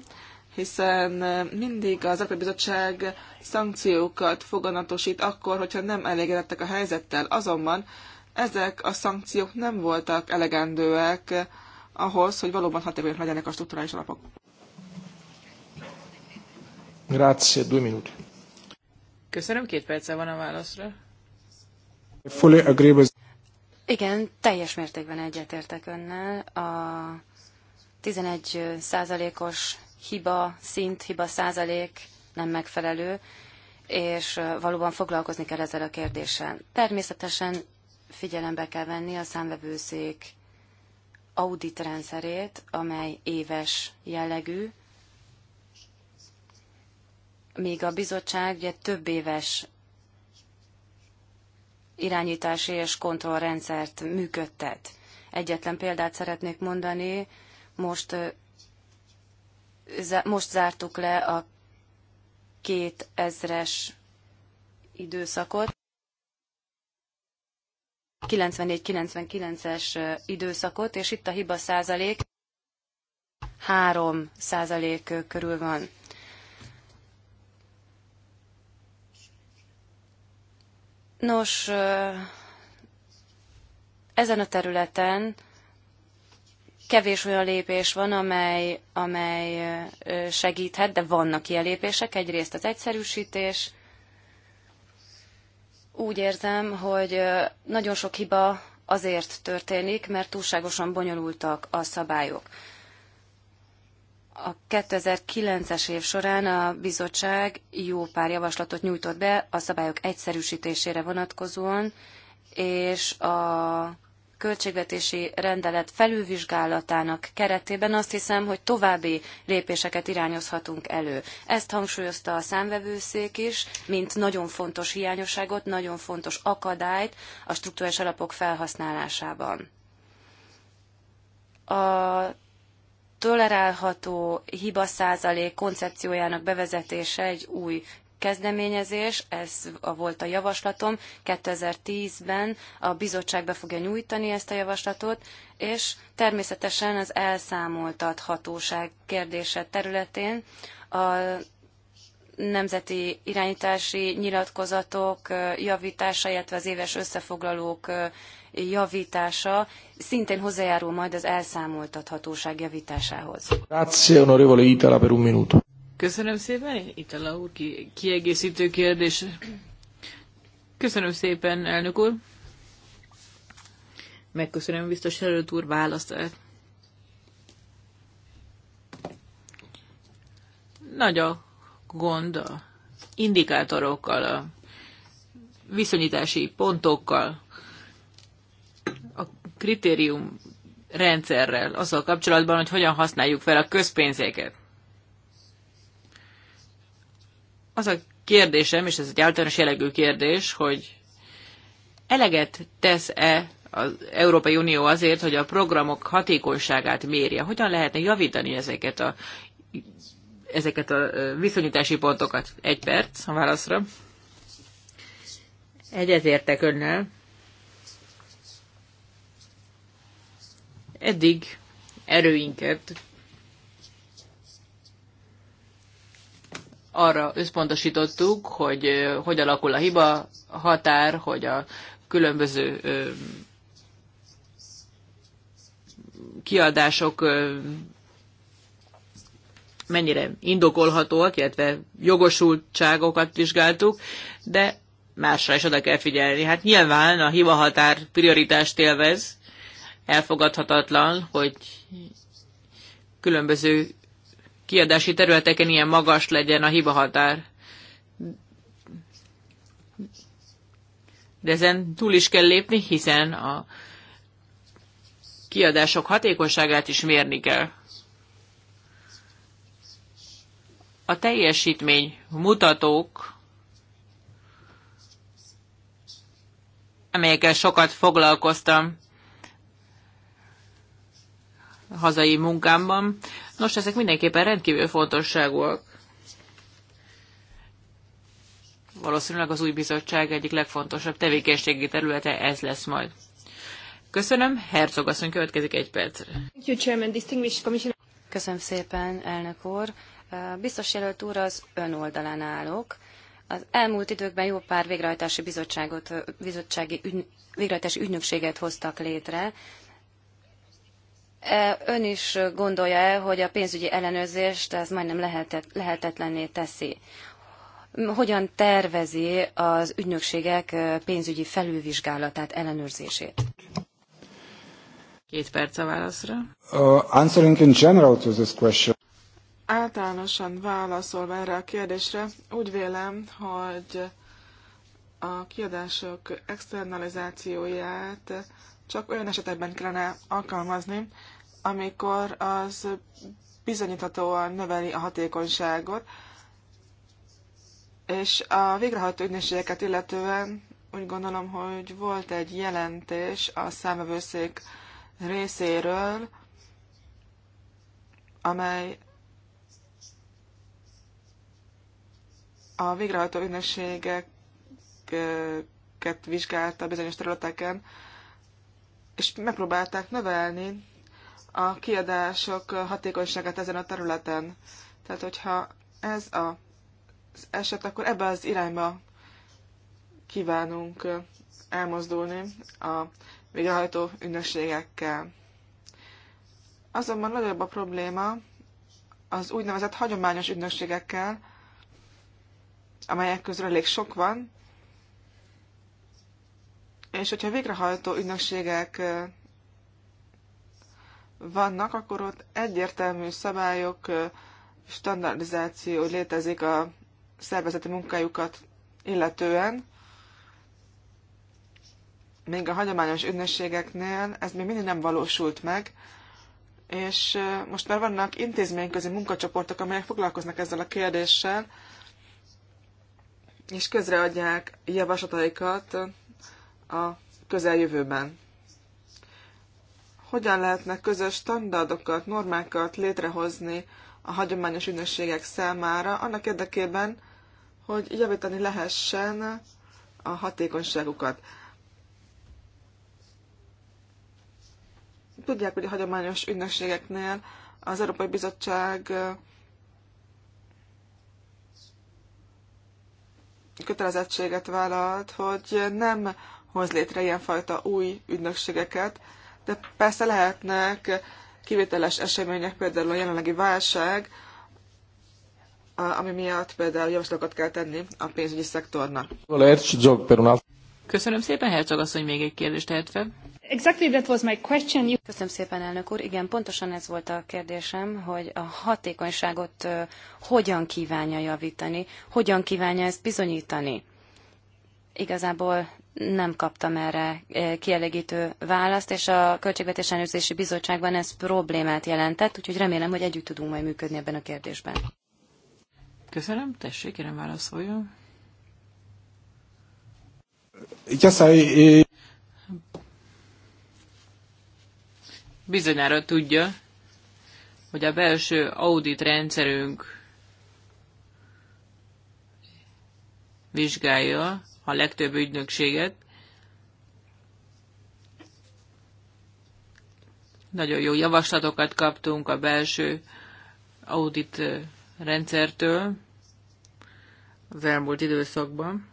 hiszen mindig az Európai Bizottság szankciókat foganatosít akkor, hogyha nem elégedettek a helyzettel. Azonban ezek a szankciók nem voltak elegendőek ahhoz, hogy valóban hatékonyak legyenek a strukturális alapok. Grazie, due minuti. Köszönöm, két perce van a válaszra. Igen, teljes mértékben egyetértek önnel. A 11 százalékos hiba szint, hiba százalék nem megfelelő, és valóban foglalkozni kell ezzel a kérdéssel. Természetesen figyelembe kell venni a számvevőszék auditrendszerét, amely éves jellegű, míg a bizottság ugye több éves irányítási és kontrollrendszert működtet. Egyetlen példát szeretnék mondani, most, most zártuk le a 2000-es időszakot, 94-99-es időszakot, és itt a hiba százalék 3 százalék körül van. Nos, ezen a területen kevés olyan lépés van, amely, amely segíthet, de vannak ilyen lépések. Egyrészt az egyszerűsítés. Úgy érzem, hogy nagyon sok hiba azért történik, mert túlságosan bonyolultak a szabályok a 2009-es év során a bizottság jó pár javaslatot nyújtott be a szabályok egyszerűsítésére vonatkozóan, és a költségvetési rendelet felülvizsgálatának keretében azt hiszem, hogy további lépéseket irányozhatunk elő. Ezt hangsúlyozta a számvevőszék is, mint nagyon fontos hiányosságot, nagyon fontos akadályt a struktúrás alapok felhasználásában. A tolerálható hibaszázalék koncepciójának bevezetése egy új kezdeményezés, ez a volt a javaslatom, 2010-ben a bizottság be fogja nyújtani ezt a javaslatot, és természetesen az elszámoltathatóság kérdése területén a nemzeti irányítási nyilatkozatok javítása, illetve az éves összefoglalók javítása szintén hozzájárul majd az elszámoltathatóság javításához. Grazie, onorevole Itala, per un minuto. Köszönöm szépen, Itala úr, ki, kiegészítő kérdés. Köszönöm szépen, elnök úr. Megköszönöm biztos előtt úr választát. Nagy gond a indikátorokkal, a viszonyítási pontokkal, a kritérium rendszerrel, azzal kapcsolatban, hogy hogyan használjuk fel a közpénzeket. Az a kérdésem, és ez egy általános jellegű kérdés, hogy eleget tesz-e az Európai Unió azért, hogy a programok hatékonyságát mérje? Hogyan lehetne javítani ezeket a ezeket a viszonyítási pontokat. Egy perc a válaszra. Egyetértek önnel. Eddig erőinket arra összpontosítottuk, hogy hogy alakul a hiba határ, hogy a különböző kiadások mennyire indokolhatóak, illetve jogosultságokat vizsgáltuk, de másra is oda kell figyelni. Hát nyilván a hivahatár prioritást élvez, elfogadhatatlan, hogy különböző kiadási területeken ilyen magas legyen a hibahatár. De ezen túl is kell lépni, hiszen a kiadások hatékonyságát is mérni kell. a teljesítmény mutatók, amelyekkel sokat foglalkoztam hazai munkámban. Nos, ezek mindenképpen rendkívül fontosságúak. Valószínűleg az új bizottság egyik legfontosabb tevékenységi területe ez lesz majd. Köszönöm, Herzog asszony következik egy percre. Köszönöm szépen, elnök úr. Biztos jelölt úr, az ön oldalán állok. Az elmúlt időkben jó pár végrehajtási bizottságot, bizottsági ügy, végrehajtási ügynökséget hoztak létre. E, ön is gondolja el, hogy a pénzügyi ellenőrzést ez majdnem lehetet, lehetetlenné teszi. Hogyan tervezi az ügynökségek pénzügyi felülvizsgálatát, ellenőrzését? Két perc a válaszra. Uh, answering in general to this question. Általánosan válaszolva erre a kérdésre, úgy vélem, hogy a kiadások externalizációját csak olyan esetekben kellene alkalmazni, amikor az bizonyíthatóan növeli a hatékonyságot, és a végrehajtó ügynökségeket illetően úgy gondolom, hogy volt egy jelentés a számövőszék részéről, amely A végrehajtó ügynökségeket vizsgálta bizonyos területeken, és megpróbálták növelni a kiadások hatékonyságát ezen a területen. Tehát, hogyha ez a, az eset, akkor ebbe az irányba kívánunk elmozdulni a végrehajtó ünnepségekkel Azonban nagyobb a probléma az úgynevezett hagyományos ünnepségekkel amelyek közül elég sok van, és hogyha végrehajtó ügynökségek vannak, akkor ott egyértelmű szabályok, standardizáció létezik a szervezeti munkájukat illetően. Még a hagyományos ügynökségeknél ez még mindig nem valósult meg, és most már vannak intézményközi munkacsoportok, amelyek foglalkoznak ezzel a kérdéssel, és közreadják javaslataikat a közeljövőben. Hogyan lehetnek közös standardokat, normákat létrehozni a hagyományos ügynökségek számára, annak érdekében, hogy javítani lehessen a hatékonyságukat. Tudják, hogy a hagyományos ügynökségeknél az Európai Bizottság kötelezettséget vállalt, hogy nem hoz létre ilyenfajta új ügynökségeket, de persze lehetnek kivételes események, például a jelenlegi válság, ami miatt például javaslatokat kell tenni a pénzügyi szektornak. Köszönöm szépen, Herzog asszony, még egy kérdést tehet fel. Köszönöm szépen, elnök úr. Igen, pontosan ez volt a kérdésem, hogy a hatékonyságot hogyan kívánja javítani, hogyan kívánja ezt bizonyítani. Igazából nem kaptam erre kielégítő választ, és a Költségvetés Ellenőrzési Bizottságban ez problémát jelentett, úgyhogy remélem, hogy együtt tudunk majd működni ebben a kérdésben. Köszönöm, tessék, kérem válaszoljon. Köszönöm. bizonyára tudja, hogy a belső audit rendszerünk vizsgálja a legtöbb ügynökséget. Nagyon jó javaslatokat kaptunk a belső audit rendszertől az elmúlt időszakban.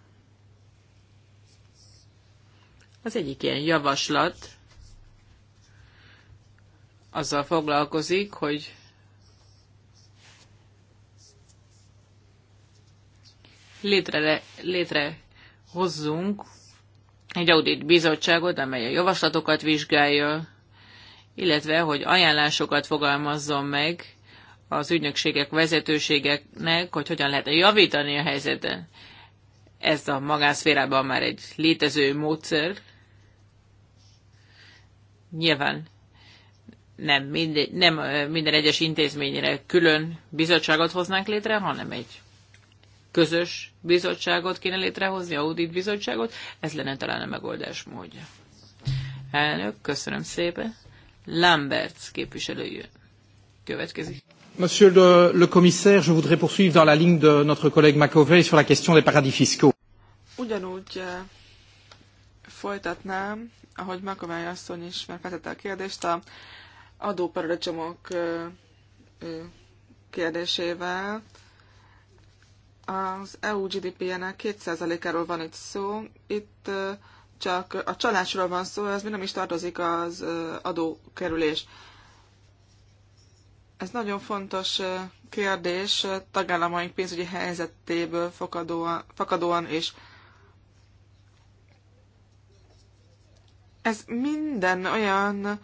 Az egyik ilyen javaslat azzal foglalkozik, hogy létre, létre hozzunk egy audit bizottságot, amely a javaslatokat vizsgálja, illetve hogy ajánlásokat fogalmazzon meg az ügynökségek vezetőségeknek, hogy hogyan lehet javítani a helyzeten. Ez a magánszférában már egy létező módszer. Nyilván nem, mind, nem minden egyes intézményre külön bizottságot hoznánk létre, hanem egy közös bizottságot kéne létrehozni, audit bizottságot, ez lenne talán a megoldás módja. Elnök, köszönöm szépen. Lamberts képviselőjön. Következik. Monsieur le, le commissaire, je voudrais poursuivre dans la ligne de notre collègue McAvey sur la question des paradis fiscaux. Ugyanúgy eh, folytatnám, ahogy McAvey asszony is feltette a kérdést, a adóparadicsomok kérdésével. Az EU GDP-jének 2%-áról van itt szó. Itt csak a csalásról van szó, ez nem is tartozik az adókerülés. Ez nagyon fontos kérdés tagállamaink pénzügyi helyzetéből fakadóan, fakadóan és ez minden olyan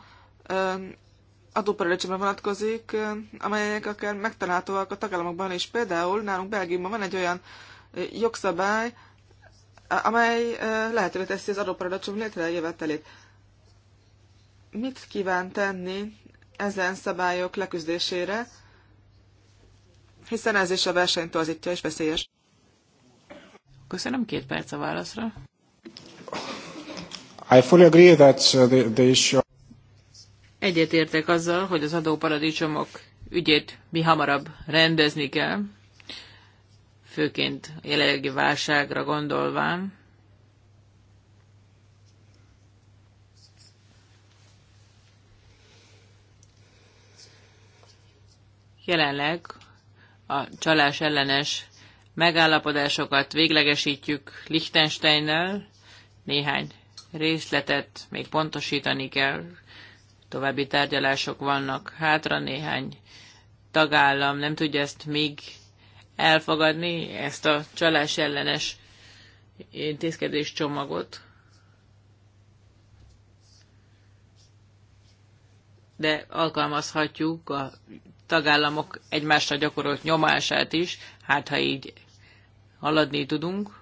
adóparadicsomra vonatkozik, amelyek akár megtalálhatóak a tagállamokban is. Például nálunk Belgiumban van egy olyan jogszabály, amely lehetővé teszi az adóparadicsom létrejövetelét. Mit kíván tenni ezen szabályok leküzdésére, hiszen ez is a versenyt torzítja és veszélyes. Köszönöm két perc a válaszra. I fully agree that uh, the, the issue Egyetértek azzal, hogy az adóparadicsomok ügyét mi hamarabb rendezni kell, főként a jelenlegi válságra gondolván. Jelenleg a csalás ellenes megállapodásokat véglegesítjük Liechtensteinnel, néhány részletet még pontosítani kell, további tárgyalások vannak hátra, néhány tagállam nem tudja ezt még elfogadni, ezt a csalás ellenes intézkedés csomagot. De alkalmazhatjuk a tagállamok egymásra gyakorolt nyomását is, hát ha így haladni tudunk.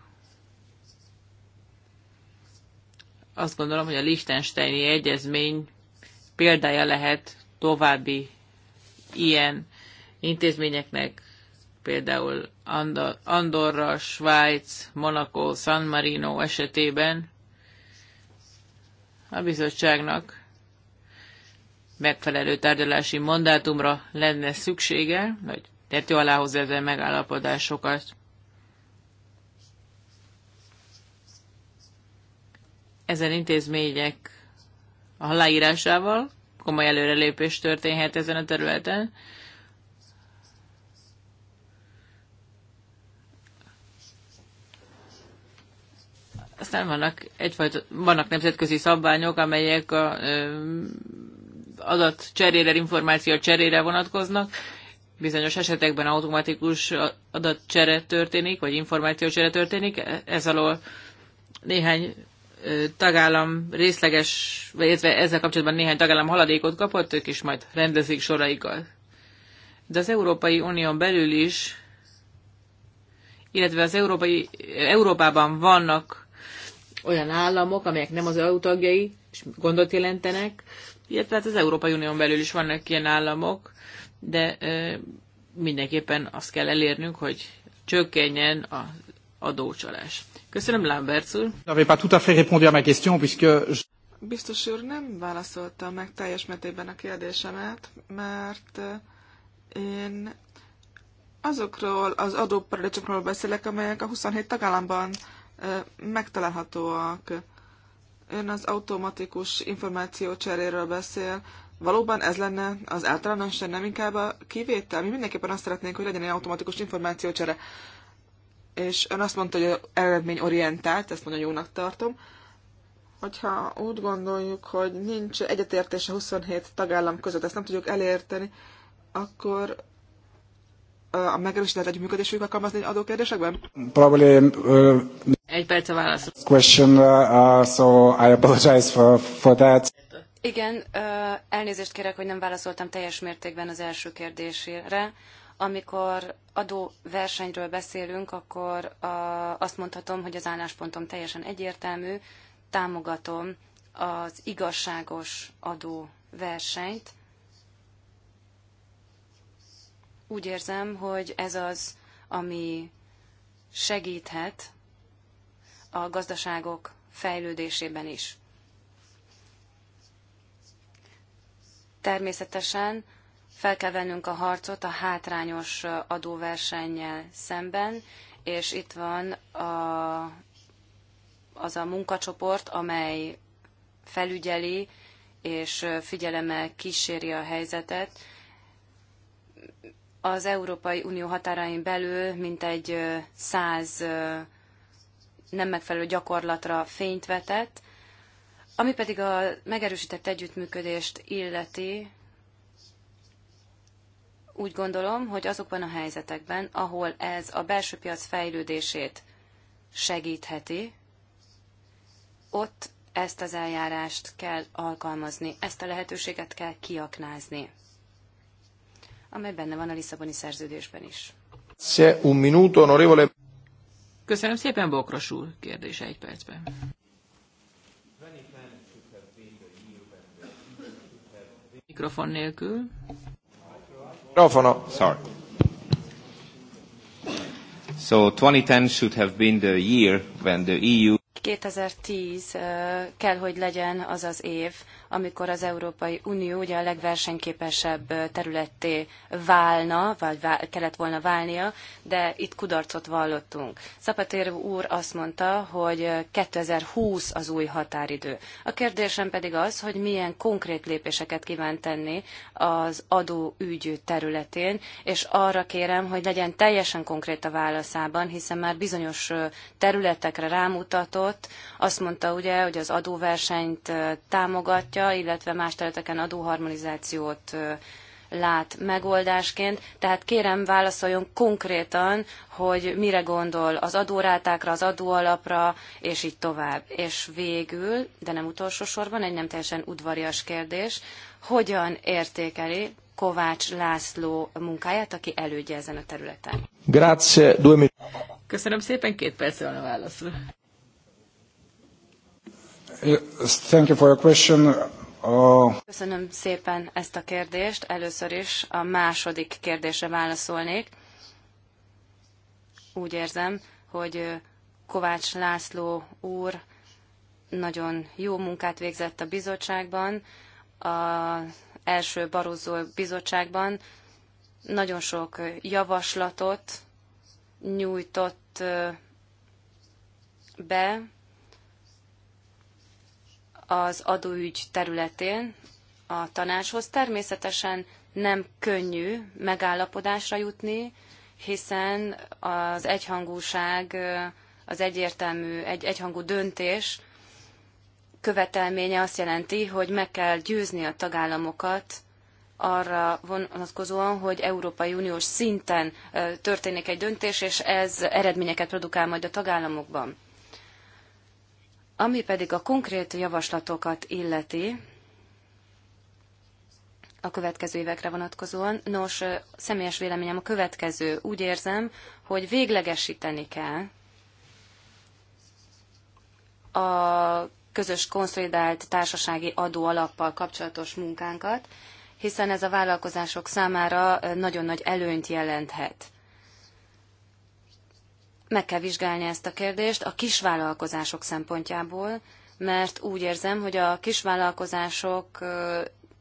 Azt gondolom, hogy a Liechtensteini egyezmény példája lehet további ilyen intézményeknek, például Andorra, Svájc, Monaco, San Marino esetében a bizottságnak megfelelő tárgyalási mandátumra lenne szüksége, vagy tető alához ezen megállapodásokat. Ezen intézmények leírásával. komoly előrelépés történhet ezen a területen. Aztán vannak, egyfajta, vannak nemzetközi szabványok, amelyek a ö, adat cserére, információ cserére vonatkoznak. Bizonyos esetekben automatikus adatcsere történik, vagy információcsere történik. Ez alól néhány tagállam részleges, vagy ezzel kapcsolatban néhány tagállam haladékot kapott, ők is majd rendezik soraikat. De az Európai Unión belül is, illetve az Európai, Európában vannak olyan államok, amelyek nem az EU tagjai, és gondot jelentenek, illetve hát az Európai Unión belül is vannak ilyen államok, de ö, mindenképpen azt kell elérnünk, hogy csökkenjen az adócsalás. Köszönöm, Lambert úr. Pas tout à fait répondu à ma question, puisque... Biztos úr nem válaszolta meg teljes mértékben a kérdésemet, mert eh, én azokról az adóparadicsokról beszélek, amelyek a 27 tagállamban eh, megtalálhatóak. Ön az automatikus információ cseréről beszél. Valóban ez lenne az általános, nem inkább a kivétel? Mi mindenképpen azt szeretnénk, hogy legyen egy automatikus információcsere és ön azt mondta, hogy orientált, ezt nagyon jónak tartom, hogyha úgy gondoljuk, hogy nincs egyetértés a 27 tagállam között, ezt nem tudjuk elérteni, akkor a megerősített egy működésük alkalmazni adókérdésekben? Probably, uh, Egy perc a válasz. Question, uh, uh, so I apologize for, for that. Igen, uh, elnézést kérek, hogy nem válaszoltam teljes mértékben az első kérdésére. Amikor adóversenyről beszélünk, akkor a, azt mondhatom, hogy az álláspontom teljesen egyértelmű, támogatom az igazságos adóversenyt. Úgy érzem, hogy ez az, ami segíthet a gazdaságok fejlődésében is. Természetesen fel kell vennünk a harcot a hátrányos adóversennyel szemben, és itt van a, az a munkacsoport, amely felügyeli és figyelemmel kíséri a helyzetet. Az Európai Unió határain belül mintegy száz nem megfelelő gyakorlatra fényt vetett, ami pedig a megerősített együttműködést illeti, úgy gondolom, hogy azokban a helyzetekben, ahol ez a belső piac fejlődését segítheti, ott ezt az eljárást kell alkalmazni, ezt a lehetőséget kell kiaknázni, amely benne van a Lisszaboni szerződésben is. Un minuto, onorevole. Köszönöm szépen, Bokros úr. Kérdése egy percben. Mikrofon nélkül. Microfono, sorry. So 2010 should have been the year when the EU 2010 kell, hogy legyen az az év, amikor az Európai Unió ugye a legversenyképesebb területté válna, vagy vál, kellett volna válnia, de itt kudarcot vallottunk. Szapatérő úr azt mondta, hogy 2020 az új határidő. A kérdésem pedig az, hogy milyen konkrét lépéseket kíván tenni az adóügy területén, és arra kérem, hogy legyen teljesen konkrét a válaszában, hiszen már bizonyos területekre rámutatott, alatt. Azt mondta ugye, hogy az adóversenyt támogatja, illetve más területeken adóharmonizációt lát megoldásként. Tehát kérem válaszoljon konkrétan, hogy mire gondol az adórátákra, az adóalapra, és így tovább. És végül, de nem utolsó sorban, egy nem teljesen udvarias kérdés, hogyan értékeli Kovács László munkáját, aki elődje ezen a területen. Grazie, Köszönöm szépen, két perc van a válaszra. Thank you for your question. Uh, Köszönöm szépen ezt a kérdést. Először is a második kérdésre válaszolnék. Úgy érzem, hogy Kovács László úr nagyon jó munkát végzett a bizottságban, a első Barozó bizottságban nagyon sok javaslatot nyújtott be az adóügy területén a tanácshoz. Természetesen nem könnyű megállapodásra jutni, hiszen az egyhangúság, az egyértelmű, egy egyhangú döntés követelménye azt jelenti, hogy meg kell győzni a tagállamokat arra vonatkozóan, hogy Európai Uniós szinten történik egy döntés, és ez eredményeket produkál majd a tagállamokban. Ami pedig a konkrét javaslatokat illeti, a következő évekre vonatkozóan. Nos, személyes véleményem a következő. Úgy érzem, hogy véglegesíteni kell a közös konszolidált társasági adó alappal kapcsolatos munkánkat, hiszen ez a vállalkozások számára nagyon nagy előnyt jelenthet meg kell vizsgálni ezt a kérdést a kisvállalkozások szempontjából, mert úgy érzem, hogy a kisvállalkozások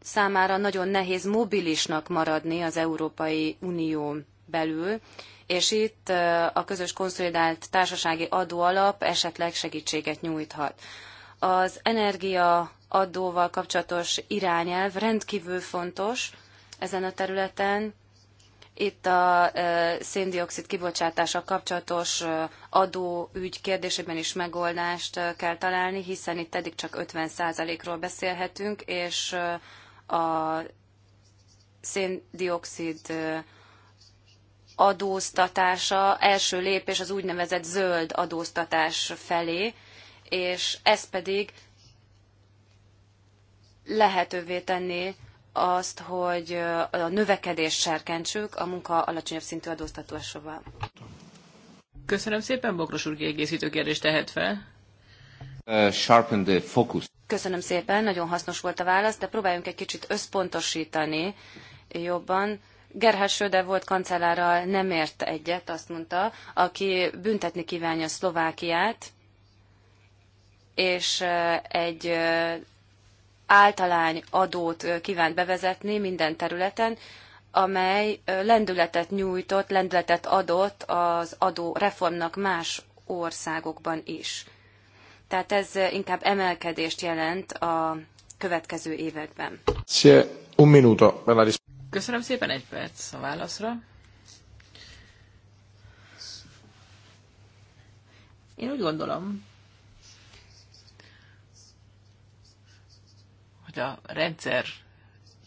számára nagyon nehéz mobilisnak maradni az Európai Unió belül, és itt a közös konszolidált társasági adóalap esetleg segítséget nyújthat. Az energia adóval kapcsolatos irányelv rendkívül fontos ezen a területen, itt a széndiokszid kibocsátása kapcsolatos adóügy kérdésében is megoldást kell találni, hiszen itt eddig csak 50%-ról beszélhetünk, és a széndiokszid adóztatása első lépés az úgynevezett zöld adóztatás felé, és ez pedig lehetővé tenni azt, hogy a növekedés serkentsük a munka alacsonyabb szintű adóztatásával. Köszönöm szépen, Bokros úr kiegészítő kérdést tehet fel. Uh, sharpen the focus. Köszönöm szépen, nagyon hasznos volt a válasz, de próbáljunk egy kicsit összpontosítani jobban. Gerhard Schröder volt kancellára, nem ért egyet, azt mondta, aki büntetni kívánja Szlovákiát, és egy általány adót kívánt bevezetni minden területen, amely lendületet nyújtott, lendületet adott az adó reformnak más országokban is. Tehát ez inkább emelkedést jelent a következő években. Köszönöm szépen egy perc a válaszra. Én úgy gondolom, hogy a rendszer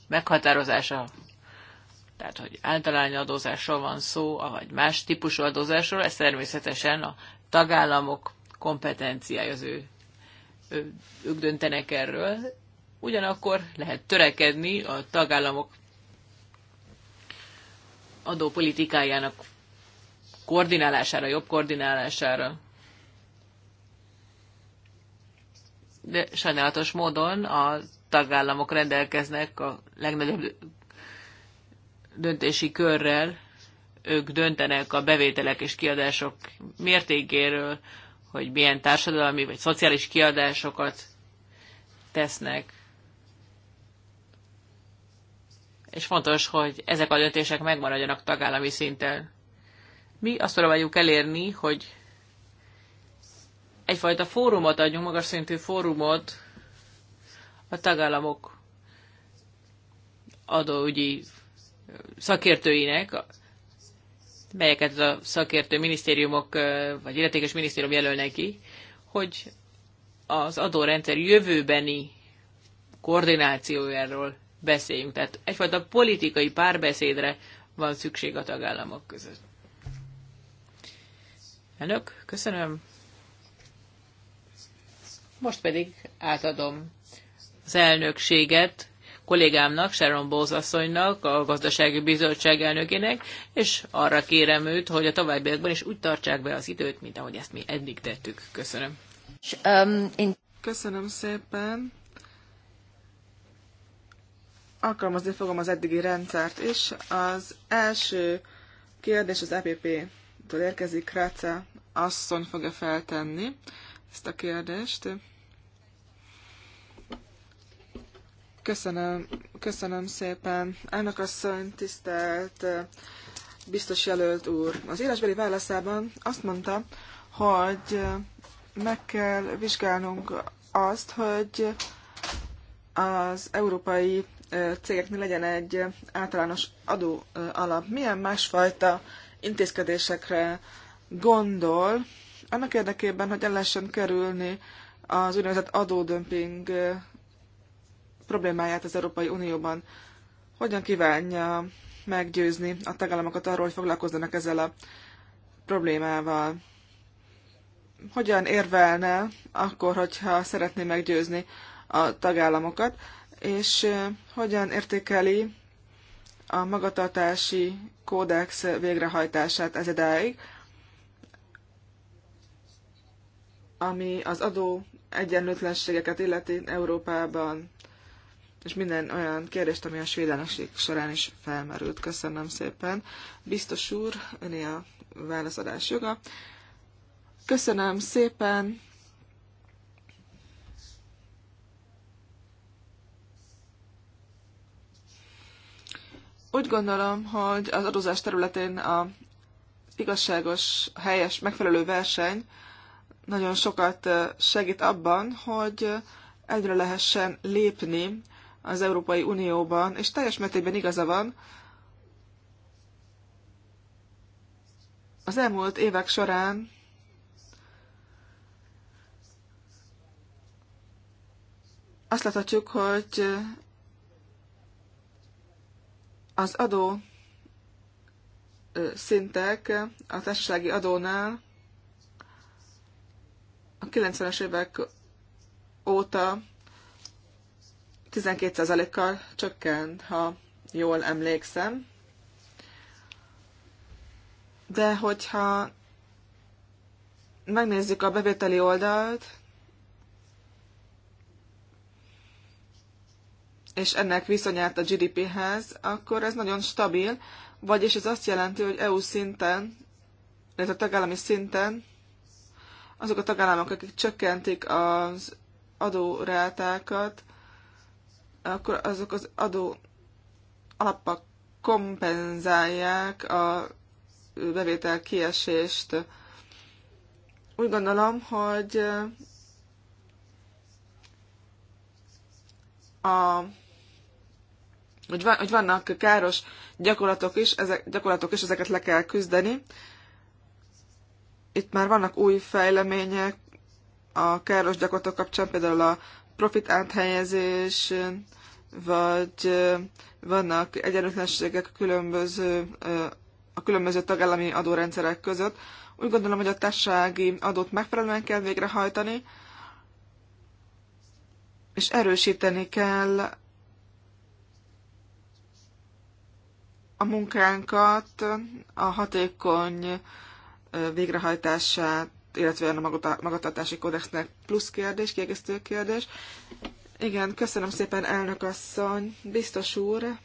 meghatározása, tehát hogy általány adózásról van szó, vagy más típusú adózásról, ez természetesen a tagállamok kompetenciája, az ő, ő, ők döntenek erről. Ugyanakkor lehet törekedni a tagállamok adópolitikájának koordinálására, jobb koordinálására. De sajnálatos módon az tagállamok rendelkeznek a legnagyobb döntési körrel, ők döntenek a bevételek és kiadások mértékéről, hogy milyen társadalmi vagy szociális kiadásokat tesznek. És fontos, hogy ezek a döntések megmaradjanak tagállami szinten. Mi azt próbáljuk elérni, hogy egyfajta fórumot adjunk, magas szintű fórumot a tagállamok adóügyi szakértőinek, melyeket a szakértő minisztériumok vagy illetékes minisztérium jelölnek neki, hogy az adórendszer jövőbeni koordinációjáról beszéljünk. Tehát egyfajta politikai párbeszédre van szükség a tagállamok között. Elnök, köszönöm. Most pedig átadom az elnökséget kollégámnak, Sharon Bowles asszonynak, a gazdasági bizottság elnökének, és arra kérem őt, hogy a továbbiakban is úgy tartsák be az időt, mint ahogy ezt mi eddig tettük. Köszönöm. Um, Köszönöm szépen. Alkalmazni fogom az eddigi rendszert is. Az első kérdés az EPP-től érkezik, Kráca asszony fogja feltenni ezt a kérdést. Köszönöm, köszönöm szépen. Elnök asszony, tisztelt biztos jelölt úr. Az élesbeli válaszában azt mondta, hogy meg kell vizsgálnunk azt, hogy az európai cégeknél legyen egy általános adó alap. Milyen másfajta intézkedésekre gondol, annak érdekében, hogy el lehessen kerülni az úgynevezett adódömping problémáját az Európai Unióban. Hogyan kívánja meggyőzni a tagállamokat arról, hogy foglalkozzanak ezzel a problémával? Hogyan érvelne akkor, hogyha szeretné meggyőzni a tagállamokat, és hogyan értékeli a magatartási kódex végrehajtását ez idáig, ami az adó egyenlőtlenségeket illeti Európában és minden olyan kérdést, ami a svéd elnökség során is felmerült. Köszönöm szépen. Biztos úr, öné a válaszadás joga. Köszönöm szépen. Úgy gondolom, hogy az adózás területén a igazságos, helyes, megfelelő verseny nagyon sokat segít abban, hogy egyre lehessen lépni az Európai Unióban, és teljes mértékben igaza van. Az elmúlt évek során azt láthatjuk, hogy az adó szintek a társasági adónál a 90-es évek óta 12%-kal csökkent, ha jól emlékszem. De hogyha megnézzük a bevételi oldalt, és ennek viszonyát a GDP-hez, akkor ez nagyon stabil, vagyis ez azt jelenti, hogy EU szinten, illetve tagállami szinten azok a tagállamok, akik csökkentik az adórátákat, akkor azok az adó alappak kompenzálják a bevétel kiesést. Úgy gondolom, hogy a, hogy, van, hogy vannak káros gyakorlatok is, ezek, gyakorlatok is, ezeket le kell küzdeni. Itt már vannak új fejlemények a káros gyakorlatok kapcsán, például a profit áthelyezés, vagy vannak egyenlőtlenségek a különböző, a különböző tagállami adórendszerek között. Úgy gondolom, hogy a társasági adót megfelelően kell végrehajtani, és erősíteni kell a munkánkat, a hatékony végrehajtását, illetve a magatartási kódexnek plusz kérdés, kiegészítő kérdés. Igen, köszönöm szépen, elnök asszony. Biztos úr,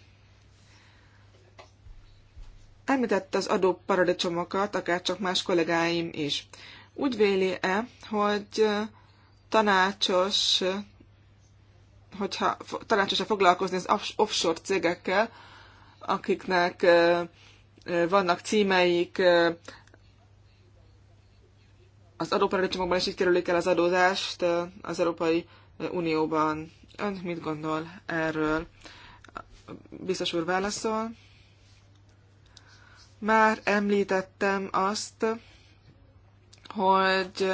említette az adóparadicsomokat, akár csak más kollégáim is. Úgy véli-e, hogy tanácsos, hogyha tanácsos a foglalkozni az offshore cégekkel, akiknek vannak címeik, az adóparadicsomokban is így kerülik el az adózást az Európai Unióban. Ön mit gondol erről? Biztos úr válaszol. Már említettem azt, hogy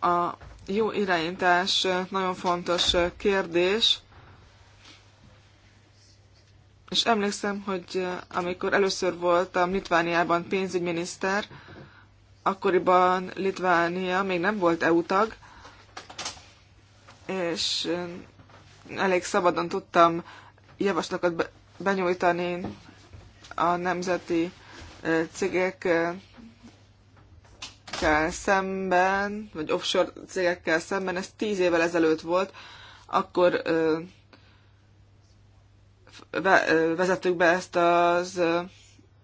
a jó irányítás nagyon fontos kérdés, és emlékszem, hogy amikor először voltam Litvániában pénzügyminiszter, akkoriban Litvánia még nem volt EU tag, és elég szabadon tudtam javaslatokat benyújtani a nemzeti cégekkel szemben, vagy offshore cégekkel szemben, ez tíz évvel ezelőtt volt, akkor vezettük be ezt az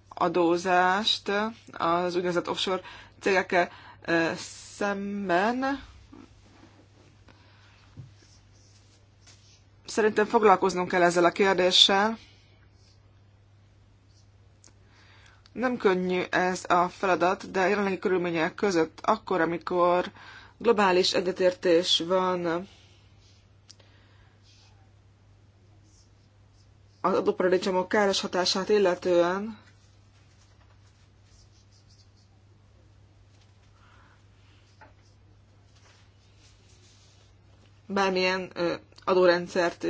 adózást az úgynevezett offshore cégekkel szemben, Szerintem foglalkoznunk kell ezzel a kérdéssel. Nem könnyű ez a feladat, de jelenlegi körülmények között, akkor, amikor globális egyetértés van az adóparadicsomok káros hatását illetően, bármilyen adórendszert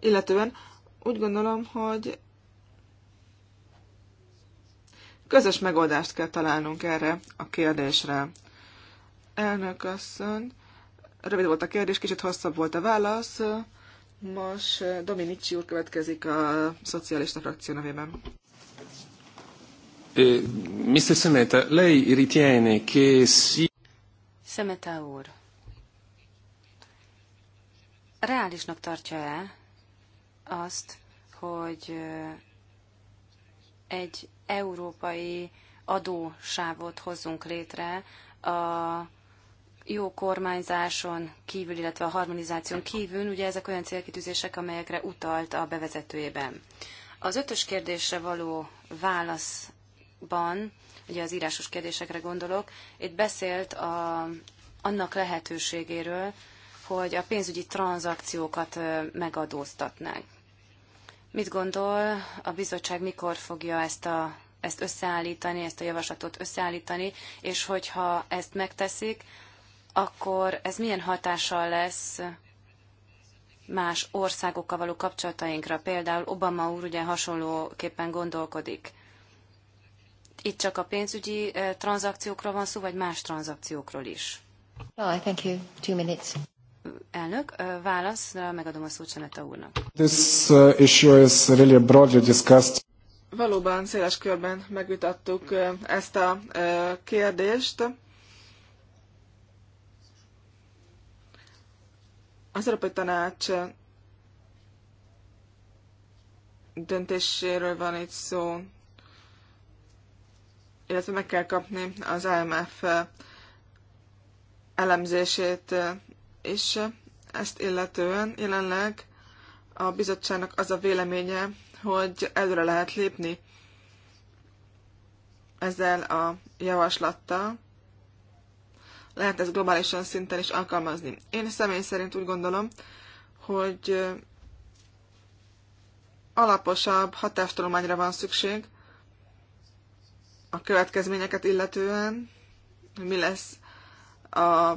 illetően, úgy gondolom, hogy közös megoldást kell találnunk erre a kérdésre. Elnök asszony, rövid volt a kérdés, kicsit hosszabb volt a válasz. Most Dominici úr következik a szocialista frakció nevében. Eh, Mr. Semeta, lei ritiene che si... Semeta úr, reálisnak tartja-e azt, hogy egy európai adósávot hozzunk létre a jó kormányzáson kívül, illetve a harmonizáción kívül, ugye ezek olyan célkitűzések, amelyekre utalt a bevezetőjében. Az ötös kérdésre való válaszban, ugye az írásos kérdésekre gondolok, itt beszélt a, annak lehetőségéről, hogy a pénzügyi tranzakciókat megadóztatnánk. Mit gondol a bizottság, mikor fogja ezt a ezt összeállítani, ezt a javaslatot összeállítani, és hogyha ezt megteszik, akkor ez milyen hatással lesz más országokkal való kapcsolatainkra? Például Obama úr ugye hasonlóképpen gondolkodik. Itt csak a pénzügyi tranzakciókról van szó, vagy más tranzakciókról is? Well, thank you. Two minutes. Elnök, válaszra megadom a szót Seneta úrnak. This uh, issue is really broadly discussed. Valóban széles körben megvitattuk ezt a kérdést. Az Európai Tanács döntéséről van itt szó, illetve meg kell kapni az IMF elemzését és ezt illetően jelenleg a bizottságnak az a véleménye, hogy előre lehet lépni ezzel a javaslattal. Lehet ezt globálisan szinten is alkalmazni. Én személy szerint úgy gondolom, hogy alaposabb hatástolományra van szükség a következményeket illetően, mi lesz a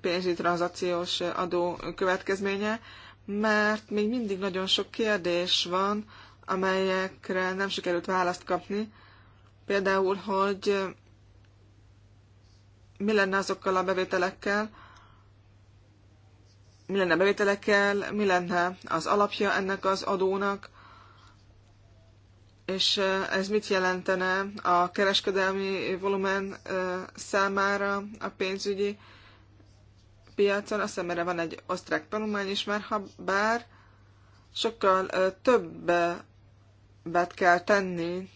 pénzügyi tranzakciós adó következménye, mert még mindig nagyon sok kérdés van, amelyekre nem sikerült választ kapni. Például, hogy mi lenne azokkal a bevételekkel, mi lenne a bevételekkel, mi lenne az alapja ennek az adónak, és ez mit jelentene a kereskedelmi volumen számára, a pénzügyi piacon. Azt hiszem, erre van egy osztrák tanulmány is már, ha bár sokkal többet kell tenni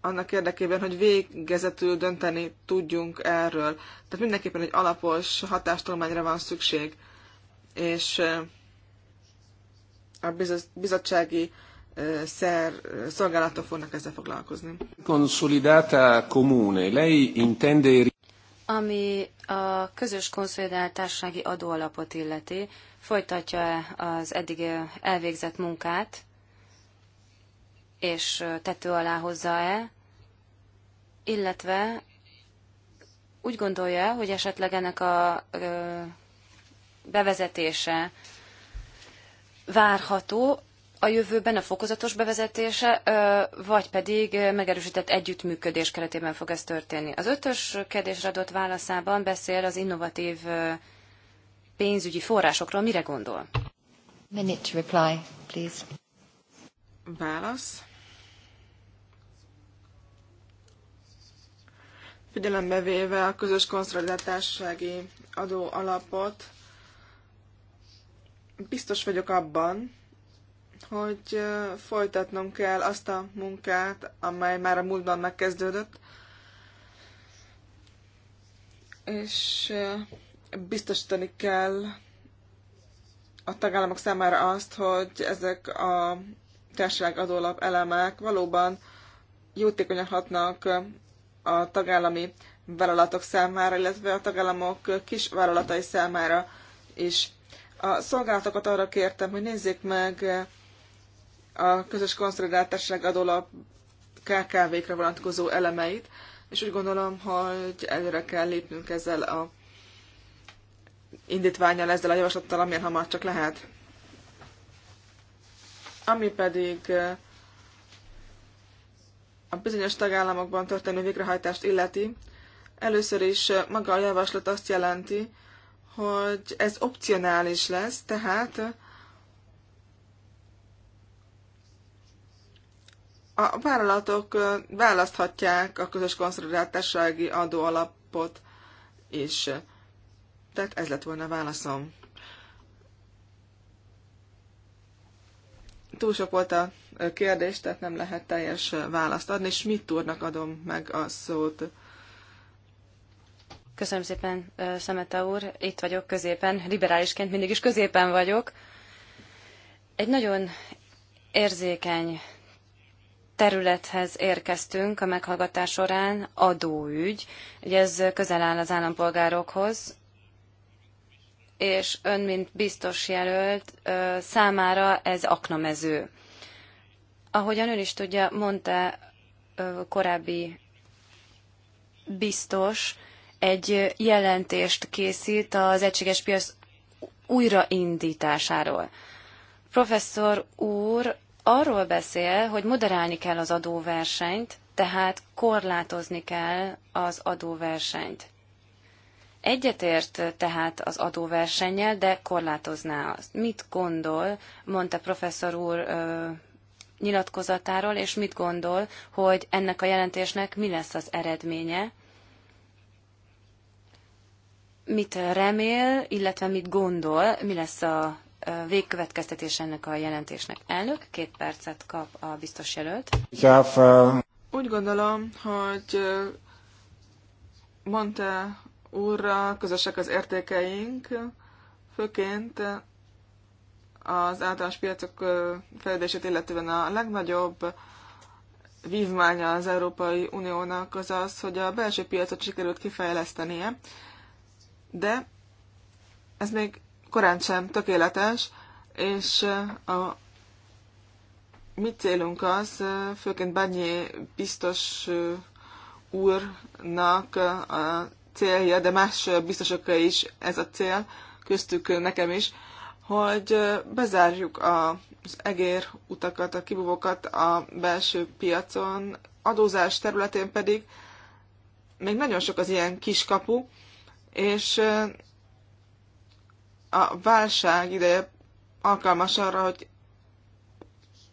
annak érdekében, hogy végezetül dönteni tudjunk erről. Tehát mindenképpen egy alapos hatástolmányra van szükség. És a bizottsági szer, szolgálatok fognak ezzel foglalkozni. Consolidata comune, lei intende... Ami a közös konszolidált társasági adóalapot illeti, folytatja az eddig elvégzett munkát, és tető alá hozza-e, illetve úgy gondolja, hogy esetleg ennek a bevezetése várható, a jövőben a fokozatos bevezetése, vagy pedig megerősített együttműködés keretében fog ez történni. Az ötös kérdésre adott válaszában beszél az innovatív pénzügyi forrásokról. Mire gondol? Minute reply, please. Válasz. Figyelembe véve a közös konszolidatássági adó alapot, biztos vagyok abban, hogy folytatnom kell azt a munkát, amely már a múltban megkezdődött, és biztosítani kell a tagállamok számára azt, hogy ezek a társaság adólap elemek valóban jótékonyan hatnak a tagállami vállalatok számára, illetve a tagállamok kis vállalatai számára is. A szolgálatokat arra kértem, hogy nézzék meg a közös konszolidált adólap kkv kre vonatkozó elemeit, és úgy gondolom, hogy előre kell lépnünk ezzel a indítványjal, ezzel a javaslattal, amilyen hamar csak lehet. Ami pedig eh, a bizonyos tagállamokban történő végrehajtást illeti, először is eh, maga a javaslat azt jelenti, hogy ez opcionális lesz, tehát eh, A vállalatok választhatják a közös konszolidált társasági adóalapot és Tehát ez lett volna a válaszom. Túl sok volt a kérdés, tehát nem lehet teljes választ adni, és mit tudnak adom meg a szót. Köszönöm szépen, Szemete úr. Itt vagyok középen, liberálisként mindig is középen vagyok. Egy nagyon érzékeny területhez érkeztünk a meghallgatás során, adóügy. Ugye ez közel áll az állampolgárokhoz, és ön, mint biztos jelölt, számára ez aknamező. Ahogyan ön is tudja, mondta korábbi biztos, egy jelentést készít az egységes piac újraindításáról. Professzor úr arról beszél, hogy moderálni kell az adóversenyt, tehát korlátozni kell az adóversenyt. Egyetért tehát az adóversennyel, de korlátozná azt. Mit gondol, mondta professzor úr ö, nyilatkozatáról, és mit gondol, hogy ennek a jelentésnek mi lesz az eredménye? Mit remél, illetve mit gondol, mi lesz a végkövetkeztetés ennek a jelentésnek. Elnök, két percet kap a biztos jelölt. Úgy gondolom, hogy eh, mondta úrra közösek az értékeink, főként az általános piacok eh, fejlődését illetően a legnagyobb vívmánya az Európai Uniónak az az, hogy a belső piacot sikerült kifejlesztenie, de ez még korán sem tökéletes, és a mi célunk az, főként Bányi biztos úrnak a célja, de más biztosokkal is ez a cél, köztük nekem is, hogy bezárjuk az egér utakat, a kibubókat a belső piacon, adózás területén pedig még nagyon sok az ilyen kiskapu, és a válság ideje alkalmas arra, hogy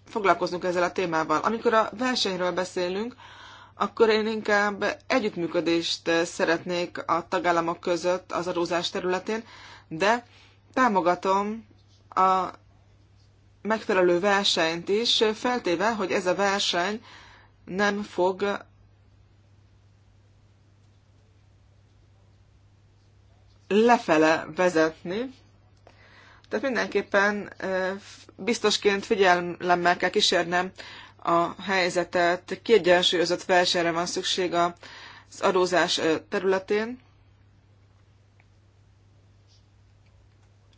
foglalkozunk ezzel a témával. Amikor a versenyről beszélünk, akkor én inkább együttműködést szeretnék a tagállamok között az adózás területén, de támogatom a megfelelő versenyt is, feltéve, hogy ez a verseny nem fog lefele vezetni, tehát mindenképpen biztosként figyelemmel kell kísérnem a helyzetet. Kiegyensúlyozott versenyre van szükség az adózás területén.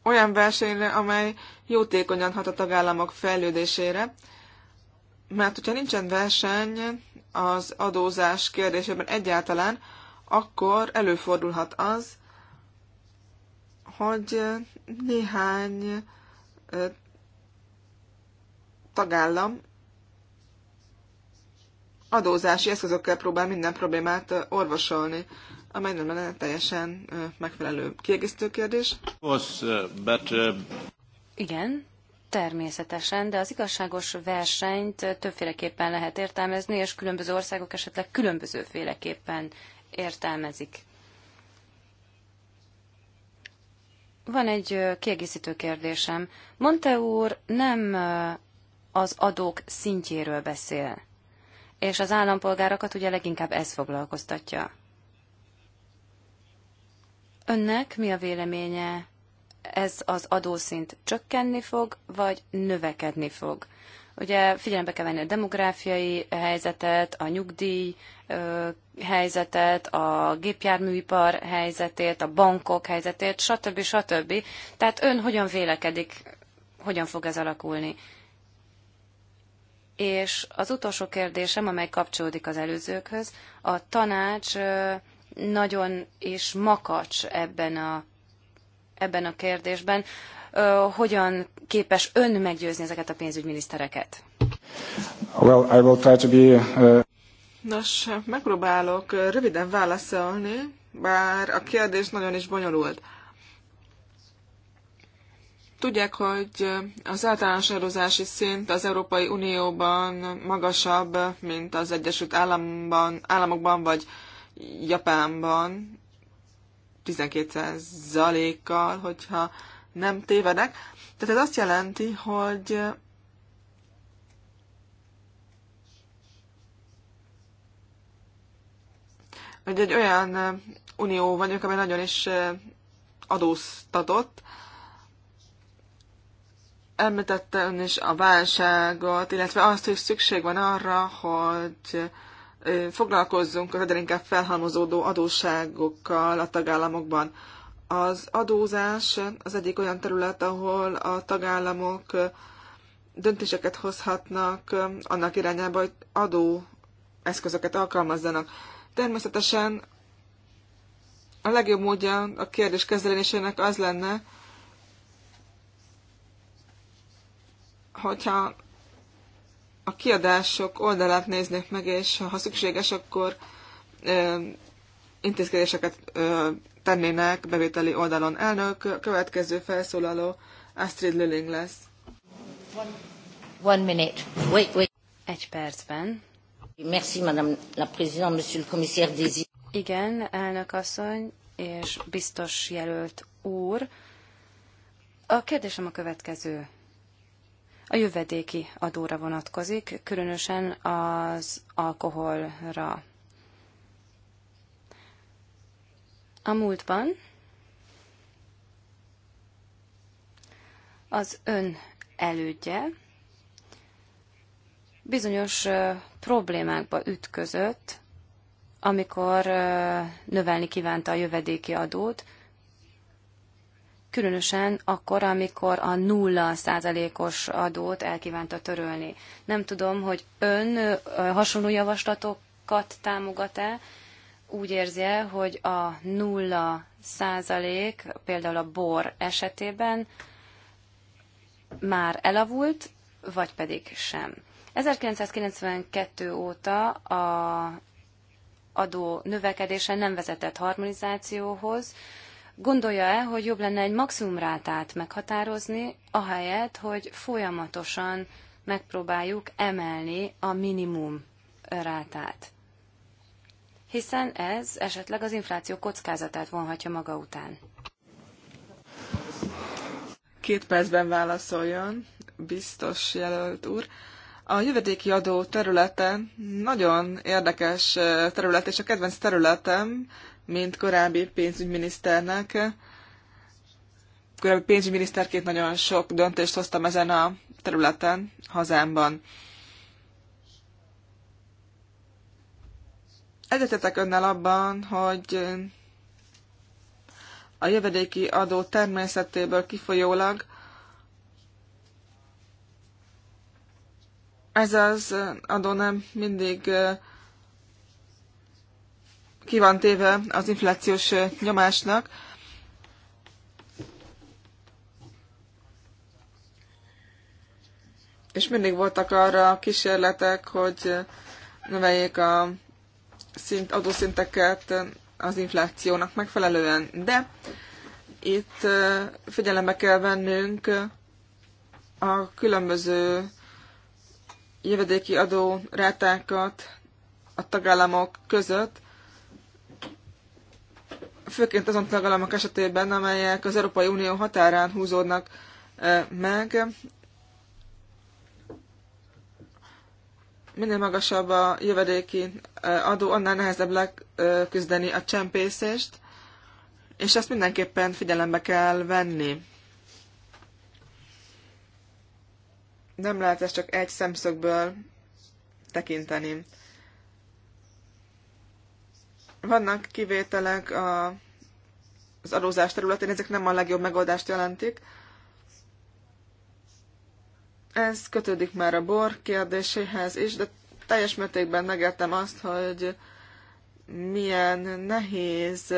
Olyan versenyre, amely jótékonyan hat a tagállamok fejlődésére, mert hogyha nincsen verseny az adózás kérdésében egyáltalán, akkor előfordulhat az, hogy néhány tagállam adózási eszközökkel próbál minden problémát orvosolni, amely nem lenne teljesen megfelelő. Kiegészítő kérdés? Uh, uh, Igen, természetesen, de az igazságos versenyt többféleképpen lehet értelmezni, és különböző országok esetleg különbözőféleképpen értelmezik Van egy kiegészítő kérdésem. Monte úr nem az adók szintjéről beszél, és az állampolgárokat ugye leginkább ez foglalkoztatja. Önnek mi a véleménye? Ez az adószint csökkenni fog, vagy növekedni fog? Ugye figyelembe kell venni a demográfiai helyzetet, a nyugdíj helyzetet, a gépjárműipar helyzetét, a bankok helyzetét, stb. stb. Tehát ön hogyan vélekedik, hogyan fog ez alakulni? És az utolsó kérdésem, amely kapcsolódik az előzőkhöz, a tanács nagyon is makacs ebben a, ebben a kérdésben hogyan képes ön meggyőzni ezeket a pénzügyminisztereket? Well, I will try to be, uh... Nos, megpróbálok röviden válaszolni, bár a kérdés nagyon is bonyolult. Tudják, hogy az általános adózási szint az Európai Unióban magasabb, mint az Egyesült Államban, Államokban vagy Japánban, 12%-kal, hogyha nem tévedek. Tehát ez azt jelenti, hogy hogy egy olyan unió vagyok, amely nagyon is eh, adóztatott. Említette ön is a válságot, illetve azt, hogy szükség van arra, hogy eh, foglalkozzunk az egyre inkább felhalmozódó adósságokkal a tagállamokban. Az adózás az egyik olyan terület, ahol a tagállamok döntéseket hozhatnak annak irányába, hogy adó eszközöket alkalmazzanak. Természetesen a legjobb módja a kérdés kezelésének az lenne, hogyha a kiadások oldalát néznék meg, és ha szükséges, akkor ö, intézkedéseket ö, tennének bevételi oldalon. Elnök, következő felszólaló Astrid Lilling lesz. One minute. Wait, wait. Egy percben. Merci, Madame la Présidente, Monsieur le Commissaire Désir. Igen, elnök asszony és biztos jelölt úr. A kérdésem a következő. A jövedéki adóra vonatkozik, különösen az alkoholra a múltban az ön elődje bizonyos problémákba ütközött, amikor növelni kívánta a jövedéki adót, különösen akkor, amikor a nulla százalékos adót elkívánta törölni. Nem tudom, hogy ön hasonló javaslatokat támogat-e, úgy érzi hogy a nulla százalék, például a bor esetében már elavult, vagy pedig sem. 1992 óta a adó növekedése nem vezetett harmonizációhoz. Gondolja-e, hogy jobb lenne egy maximumrátát meghatározni, ahelyett, hogy folyamatosan megpróbáljuk emelni a minimum rátát? hiszen ez esetleg az infláció kockázatát vonhatja maga után. Két percben válaszoljon, biztos jelölt úr. A jövedéki adó területe nagyon érdekes eh, terület, és a kedvenc területem, mint korábbi pénzügyminiszternek. Korábbi pénzügyminiszterként nagyon sok döntést hoztam ezen a területen hazámban. Egyetetek önnel abban, hogy a jövedéki adó természetéből kifolyólag ez az adó nem mindig ki van téve az inflációs nyomásnak. És mindig voltak arra kísérletek, hogy növeljék a szint, adószinteket az inflációnak megfelelően, de itt figyelembe kell vennünk a különböző jövedéki adó rátákat a tagállamok között, főként azon tagállamok esetében, amelyek az Európai Unió határán húzódnak meg, minél magasabb a jövedéki adó, annál nehezebb leküzdeni a csempészést, és ezt mindenképpen figyelembe kell venni. Nem lehet ezt csak egy szemszögből tekinteni. Vannak kivételek a, az adózás területén, ezek nem a legjobb megoldást jelentik, ez kötődik már a bor kérdéséhez is, de teljes mértékben megértem azt, hogy milyen nehéz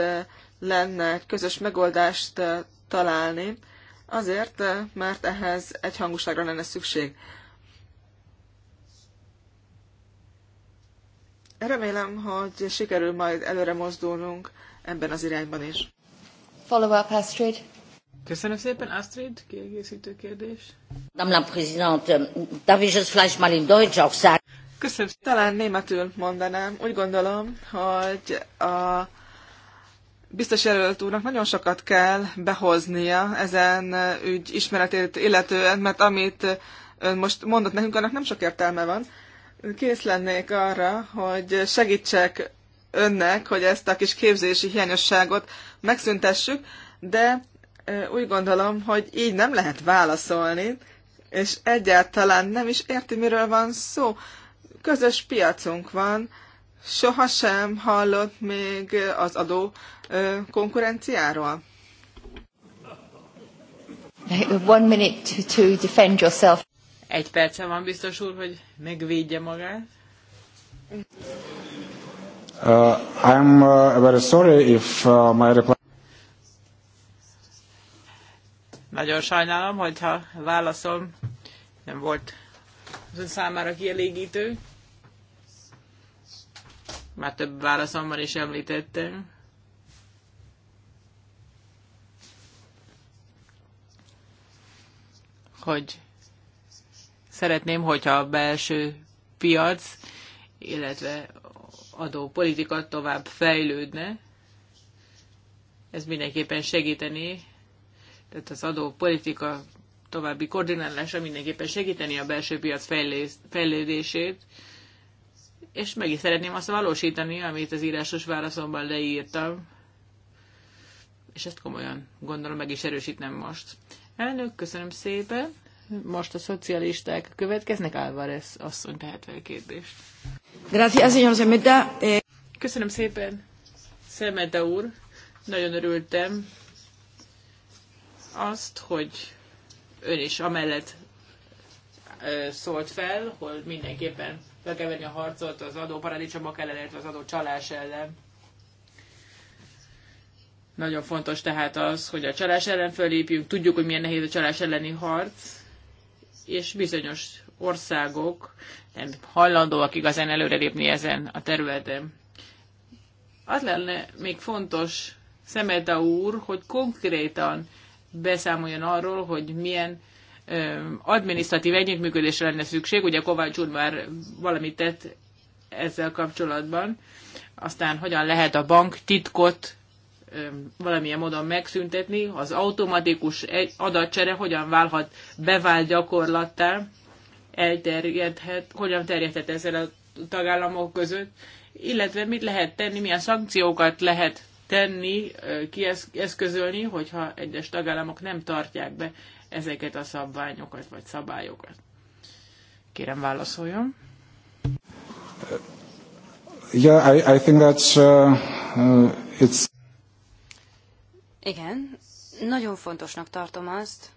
lenne egy közös megoldást eh, találni, azért, eh, mert ehhez egyhangúságra lenne szükség. Remélem, hogy sikerül majd előre mozdulnunk ebben az irányban is. Follow up, Astrid. Köszönöm szépen, Astrid, kiegészítő kérdés. Madame la Présidente, darf ich es vielleicht mal Köszönöm. Talán németül mondanám. Úgy gondolom, hogy a biztos jelölt úrnak nagyon sokat kell behoznia ezen ügy ismeretét illetően, mert amit ön most mondott nekünk, annak nem sok értelme van. Kész lennék arra, hogy segítsek önnek, hogy ezt a kis képzési hiányosságot megszüntessük, de úgy gondolom, hogy így nem lehet válaszolni, és egyáltalán nem is érti, miről van szó. Közös piacunk van, sohasem hallott még az adó konkurenciáról. One minute to, to defend yourself. Egy perce van biztos úr, hogy megvédje magát. Uh, I'm uh, very sorry if uh, my reply Nagyon sajnálom, hogyha válaszom nem volt az ön számára kielégítő. Már több válaszomban is említettem. Hogy szeretném, hogyha a belső piac, illetve adópolitika tovább fejlődne. Ez mindenképpen segíteni tehát az adópolitika további koordinálása mindenképpen segíteni a belső piac fejlődését, és meg is szeretném azt valósítani, amit az írásos válaszomban leírtam, és ezt komolyan gondolom meg is erősítem most. Elnök, köszönöm szépen. Most a szocialisták következnek, Álvarez asszony tehet fel kérdést. Eh, köszönöm szépen, Szemeda úr. Nagyon örültem, azt, hogy ön is amellett szólt fel, hogy mindenképpen le kell venni a harcot az paradicsomok ellen, illetve az csalás ellen. Nagyon fontos tehát az, hogy a csalás ellen fölépjünk, tudjuk, hogy milyen nehéz a csalás elleni harc, és bizonyos országok nem hajlandóak igazán előrelépni ezen a területen. Az lenne még fontos, Szemeda úr, hogy konkrétan beszámoljon arról, hogy milyen adminisztratív együttműködésre lenne szükség. Ugye Kovács úr már valamit tett ezzel kapcsolatban. Aztán hogyan lehet a bank titkot valamilyen módon megszüntetni, az automatikus adatcsere hogyan válhat bevált gyakorlattá, elterjedhet, hogyan terjedhet ezzel a tagállamok között, illetve mit lehet tenni, milyen szankciókat lehet tenni, kieszközölni, hogyha egyes tagállamok nem tartják be ezeket a szabványokat vagy szabályokat? Kérem válaszoljon. Uh, yeah, I, I think that's, uh, uh, it's... Igen, nagyon fontosnak tartom azt,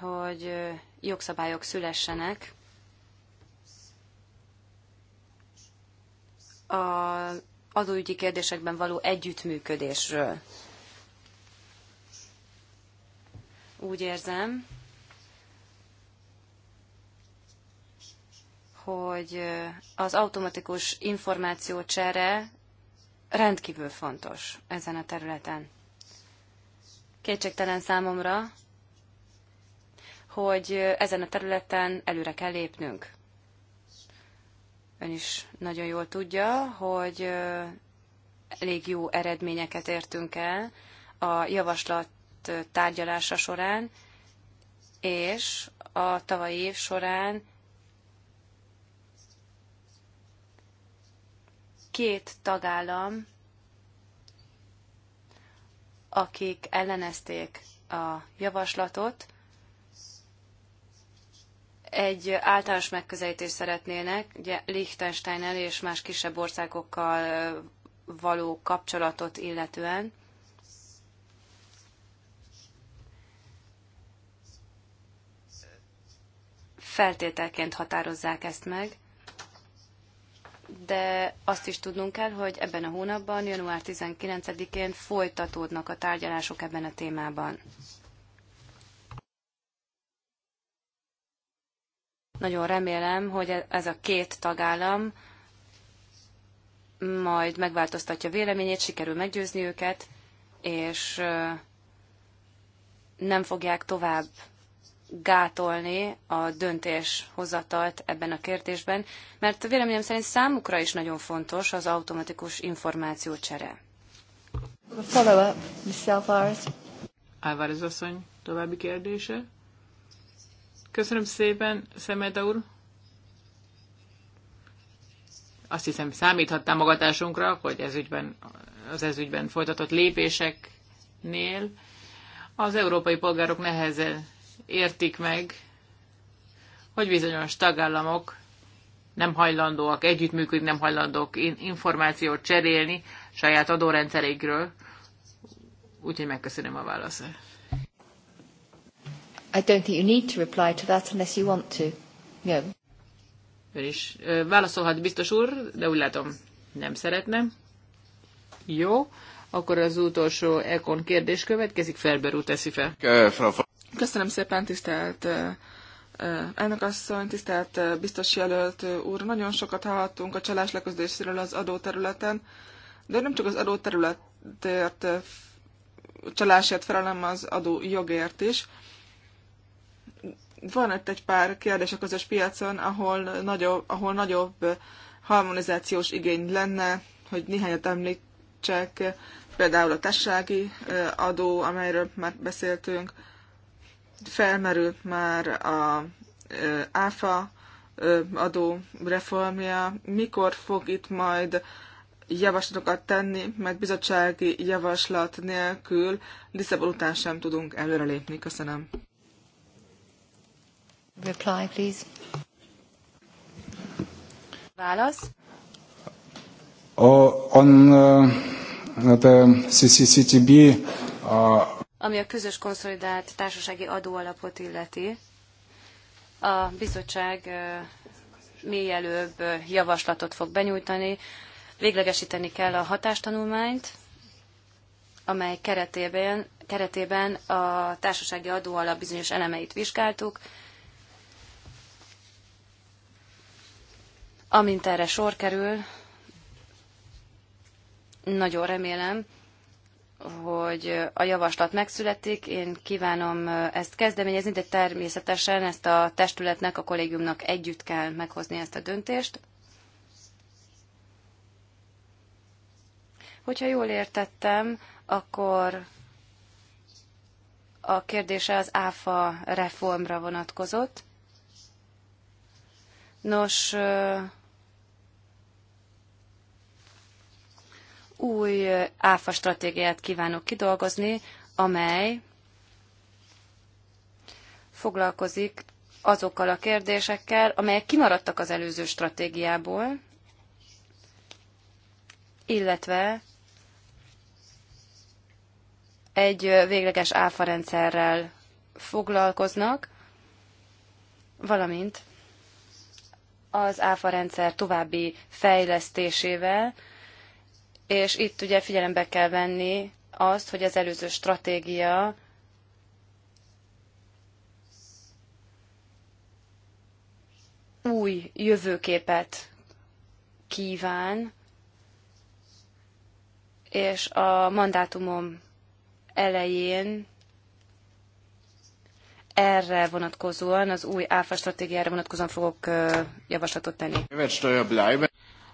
hogy jogszabályok szülessenek a adóügyi kérdésekben való együttműködésről. Úgy érzem, hogy az automatikus információcsere rendkívül fontos ezen a területen. Kétségtelen számomra, hogy ezen a területen előre kell lépnünk ön is nagyon jól tudja, hogy elég jó eredményeket értünk el a javaslat tárgyalása során, és a tavalyi év során két tagállam, akik ellenezték a javaslatot, egy általános megközelítést szeretnének, ugye el és más kisebb országokkal való kapcsolatot illetően. Feltételként határozzák ezt meg, de azt is tudnunk kell, hogy ebben a hónapban, január 19-én folytatódnak a tárgyalások ebben a témában. Nagyon remélem, hogy e- ez a két tagállam majd megváltoztatja véleményét, sikerül meggyőzni őket, és nem fogják tovább gátolni a döntéshozatalt ebben a kérdésben, mert véleményem szerint számukra is nagyon fontos az automatikus információcsere. Follow-up, Alvarez asszony további kérdése. Köszönöm szépen, Szemeda úr. Azt hiszem, számíthattam magatásunkra, hogy ez ügyben, az ez ügyben folytatott lépéseknél az európai polgárok nehezen értik meg, hogy bizonyos tagállamok nem hajlandóak együttműködni, nem hajlandók információt cserélni saját adórendszerékről. Úgyhogy megköszönöm a válaszát. I don't think you need to reply to that unless you want to. yeah. És válaszolhat, biztos úr, de úgy látom, nem szeretne. Jó, akkor az utolsó Ekon kérdés következik, Ferber úr teszi fel. Köszönöm szépen, tisztelt ennek asszony, tisztelt biztos jelölt úr, nagyon sokat hallhattunk a csalás leküzdésről az adóterületen, de nem csak az adóterületért csalásért felelem az adó jogért is van itt egy pár kérdés a közös piacon, ahol nagyobb, ahol nagyobb harmonizációs igény lenne, hogy néhányat említsek, például a tessági adó, amelyről már beszéltünk, felmerült már a áfa adó reformja, mikor fog itt majd javaslatokat tenni, mert bizottsági javaslat nélkül Lisszabon után sem tudunk előrelépni. Köszönöm. Reply, please. Válasz. Uh, on uh, e, the CCCTB, uh, ami a közös konszolidált társasági adóalapot illeti, a bizottság e, mielőbb e, javaslatot fog benyújtani. Véglegesíteni kell a hatástanulmányt, amely keretében, keretében a társasági adóalap bizonyos elemeit vizsgáltuk, Amint erre sor kerül, nagyon remélem, hogy a javaslat megszületik. Én kívánom ezt kezdeményezni, de természetesen ezt a testületnek, a kollégiumnak együtt kell meghozni ezt a döntést. Hogyha jól értettem, akkor a kérdése az ÁFA reformra vonatkozott. Nos, új áfa stratégiát kívánok kidolgozni, amely foglalkozik azokkal a kérdésekkel, amelyek kimaradtak az előző stratégiából, illetve egy végleges áfarendszerrel foglalkoznak, valamint az áfarendszer további fejlesztésével, és itt ugye figyelembe kell venni azt, hogy az előző stratégia új jövőképet kíván, és a mandátumom elején erre vonatkozóan, az új áfa stratégiára vonatkozóan fogok javaslatot tenni.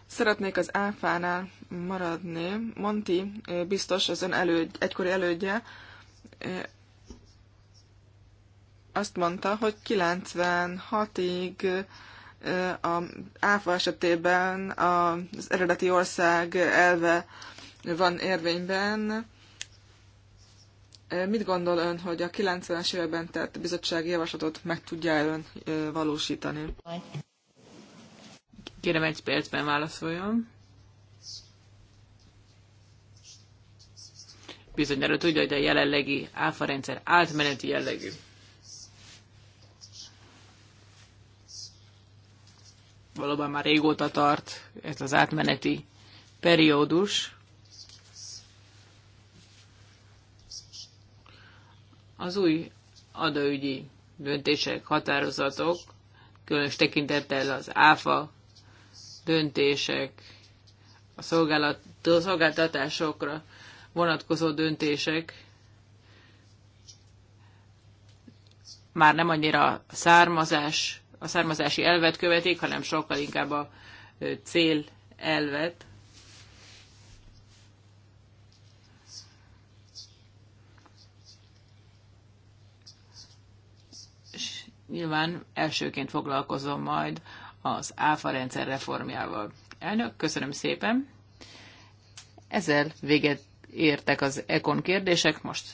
Szeretnék az áfánál maradni. Monti biztos az ön elődje, egykori elődje azt mondta, hogy 96-ig a áfa esetében az eredeti ország elve van érvényben. Mit gondol ön, hogy a 90-es években tett bizottsági javaslatot meg tudja ön valósítani? Kérem egy percben válaszoljon. Bizonyára tudja, hogy a jelenlegi áfa rendszer átmeneti jellegű. Valóban már régóta tart ez az átmeneti periódus. Az új adóügyi döntések, határozatok, különös tekintettel az áfa döntések, a, szolgálat, a szolgáltatásokra vonatkozó döntések már nem annyira a származás, a származási elvet követik, hanem sokkal inkább a cél elvet. És nyilván elsőként foglalkozom majd az áfa rendszer reformjával. Elnök, köszönöm szépen. Ezzel véget értek az ekon kérdések. Most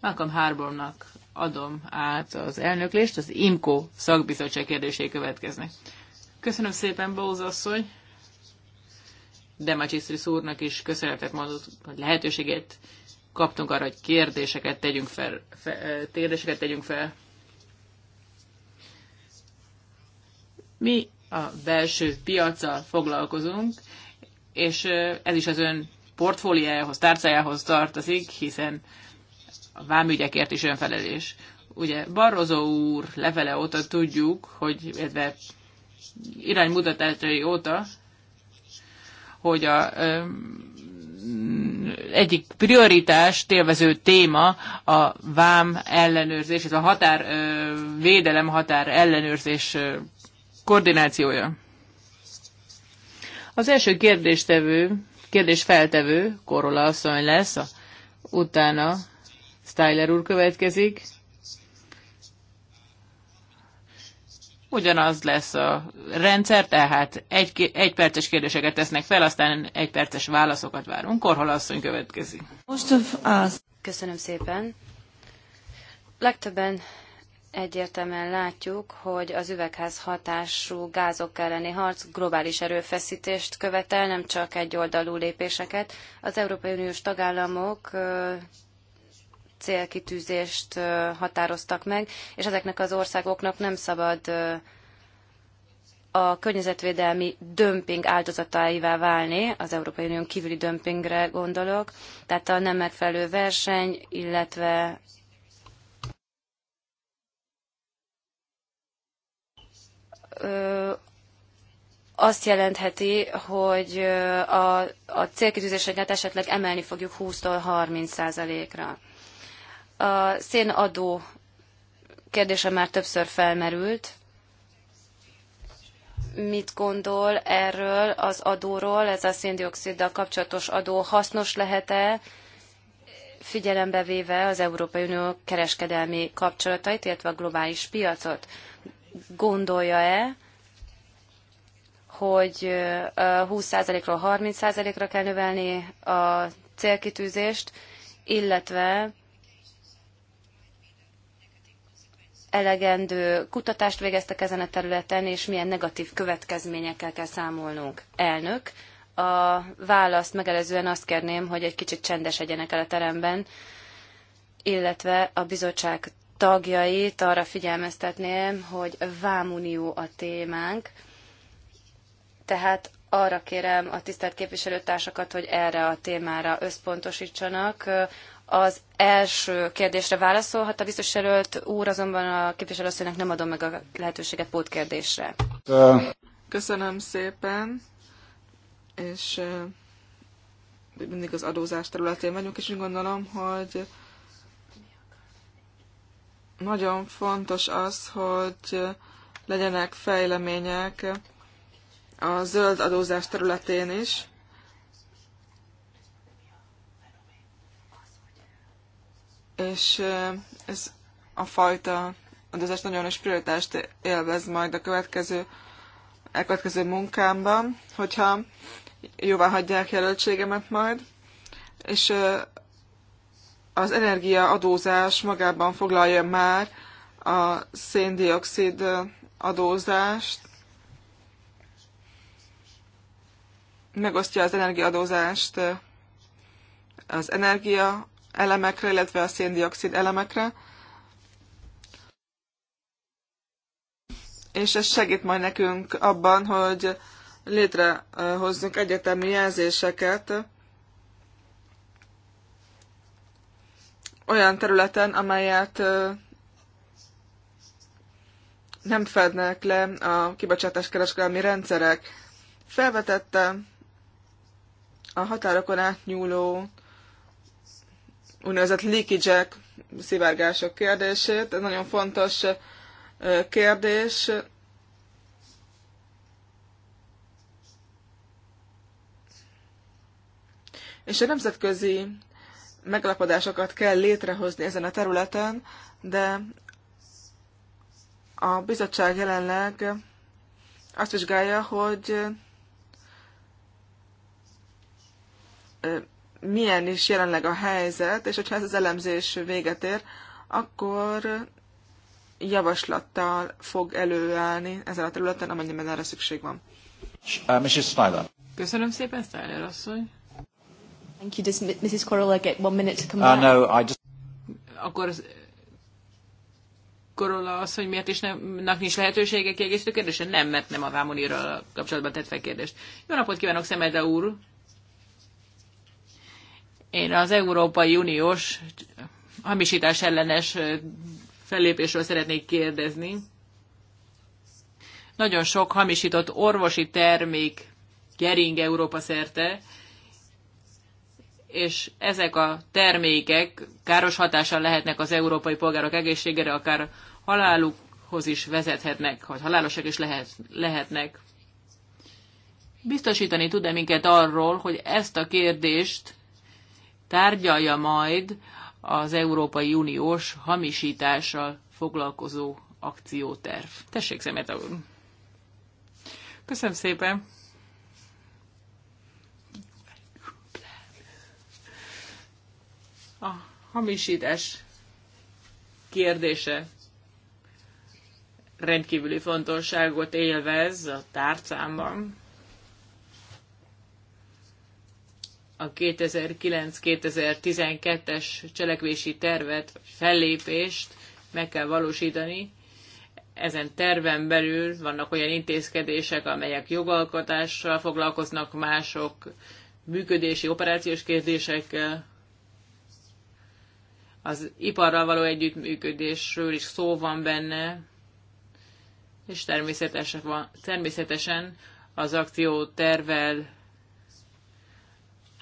Malcolm Harbornak adom át az elnöklést, az IMCO szakbizottság kérdései következnek. Köszönöm szépen, Bóz asszony. Demacsisztris úrnak is köszönetet mondott, hogy lehetőséget kaptunk arra, hogy kérdéseket tegyünk fel. fel kérdéseket tegyünk fel. Mi a belső piaccal foglalkozunk, és ez is az ön portfóliájához, tárcájához tartozik, hiszen a vámügyekért is önfelelés. Ugye Barrozó úr levele óta tudjuk, hogy illetve iránymutatásai óta, hogy a ö, egyik prioritás télvező téma a vám ellenőrzés, ez a határ ö, védelem határ ellenőrzés ö, koordinációja. Az első kérdéstevő, kérdés feltevő, Korola asszony lesz, a, utána Styler úr következik. Ugyanaz lesz a rendszer, tehát egy, egy perces kérdéseket tesznek fel, aztán egy perces válaszokat várunk. Korhola asszony következik. Most az. Köszönöm szépen. Legtöbben egyértelműen látjuk, hogy az üvegház hatású gázok elleni harc globális erőfeszítést követel, nem csak egyoldalú lépéseket. Az Európai Uniós tagállamok célkitűzést határoztak meg, és ezeknek az országoknak nem szabad a környezetvédelmi dömping áldozataivá válni, az Európai Unión kívüli dömpingre gondolok, tehát a nem megfelelő verseny, illetve azt jelentheti, hogy a, a célkitűzéseket esetleg emelni fogjuk 20-tól 30%-ra. A szénadó kérdése már többször felmerült. Mit gondol erről az adóról, ez a széndioksziddal kapcsolatos adó hasznos lehet-e, figyelembe véve az Európai Unió kereskedelmi kapcsolatait, illetve a globális piacot? gondolja-e, hogy 20%-ról 30%-ra kell növelni a célkitűzést, illetve elegendő kutatást végeztek ezen a területen, és milyen negatív következményekkel kell számolnunk. Elnök, a választ megelőzően azt kérném, hogy egy kicsit csendes legyenek el a teremben, illetve a bizottság tagjait arra figyelmeztetném, hogy vámunió a témánk, tehát arra kérem a tisztelt képviselőtársakat, hogy erre a témára összpontosítsanak. Az első kérdésre válaszolhat a biztos jelölt úr, azonban a képviselőasszonynak nem adom meg a lehetőséget pótkérdésre. Köszönöm szépen, és eh, mindig az adózás területén vagyunk, és úgy gondolom, hogy nagyon fontos az, hogy legyenek fejlemények a zöld adózás területén is. És eh, ez a fajta adózás nagyon is prioritást élvez majd a következő, a következő munkámban, hogyha jóvá hagyják jelöltségemet majd, és eh, az energiaadózás magában foglalja már a széndiokszid adózást, megosztja az energiaadózást az energia elemekre, illetve a széndiokszid elemekre, és ez segít majd nekünk abban, hogy létrehozzunk egyetemi jelzéseket, olyan területen, amelyet nem fednek le a kibocsátás kereskedelmi rendszerek. Felvetette a határokon átnyúló úgynevezett leakage szivárgások kérdését. Ez nagyon fontos kérdés. És a nemzetközi megalapodásokat kell létrehozni ezen a területen, de a bizottság jelenleg azt vizsgálja, hogy milyen is jelenleg a helyzet, és hogyha ez az elemzés véget ér, akkor javaslattal fog előállni ezen a területen, amennyiben erre szükség van. Uh, Mrs. Köszönöm szépen, Steiner asszony. Thank you. Does Mrs. Corolla get one minute to come uh, back? Uh, no, I just... Akkor Corolla az, hogy miért is nem, nincs lehetősége kiegészítő kérdésre? Nem, mert nem a Vámoniről kapcsolatban tett fel kérdést. Jó napot kívánok, Szemede úr! Én az Európai Uniós hamisítás ellenes fellépésről szeretnék kérdezni. Nagyon sok hamisított orvosi termék gering Európa szerte, és ezek a termékek káros hatással lehetnek az európai polgárok egészségére, akár halálukhoz is vezethetnek, vagy halálosak is lehet, lehetnek. Biztosítani tud-e minket arról, hogy ezt a kérdést tárgyalja majd az Európai Uniós hamisítással foglalkozó akcióterv. Tessék, szemet, úr! Köszönöm szépen! hamisítás kérdése rendkívüli fontosságot élvez a tárcámban. A 2009-2012-es cselekvési tervet, vagy fellépést meg kell valósítani. Ezen terven belül vannak olyan intézkedések, amelyek jogalkotással foglalkoznak, mások működési, operációs kérdésekkel, az iparral való együttműködésről is szó van benne, és természetesen, van, természetesen az akció tervel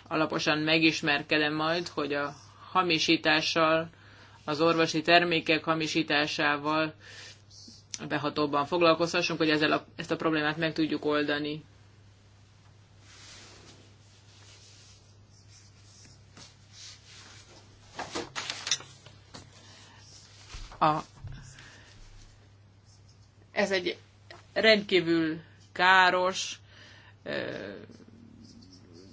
alaposan megismerkedem majd, hogy a hamisítással, az orvosi termékek hamisításával behatóbban foglalkozhassunk, hogy ezzel a, ezt a problémát meg tudjuk oldani. A, ez egy rendkívül káros,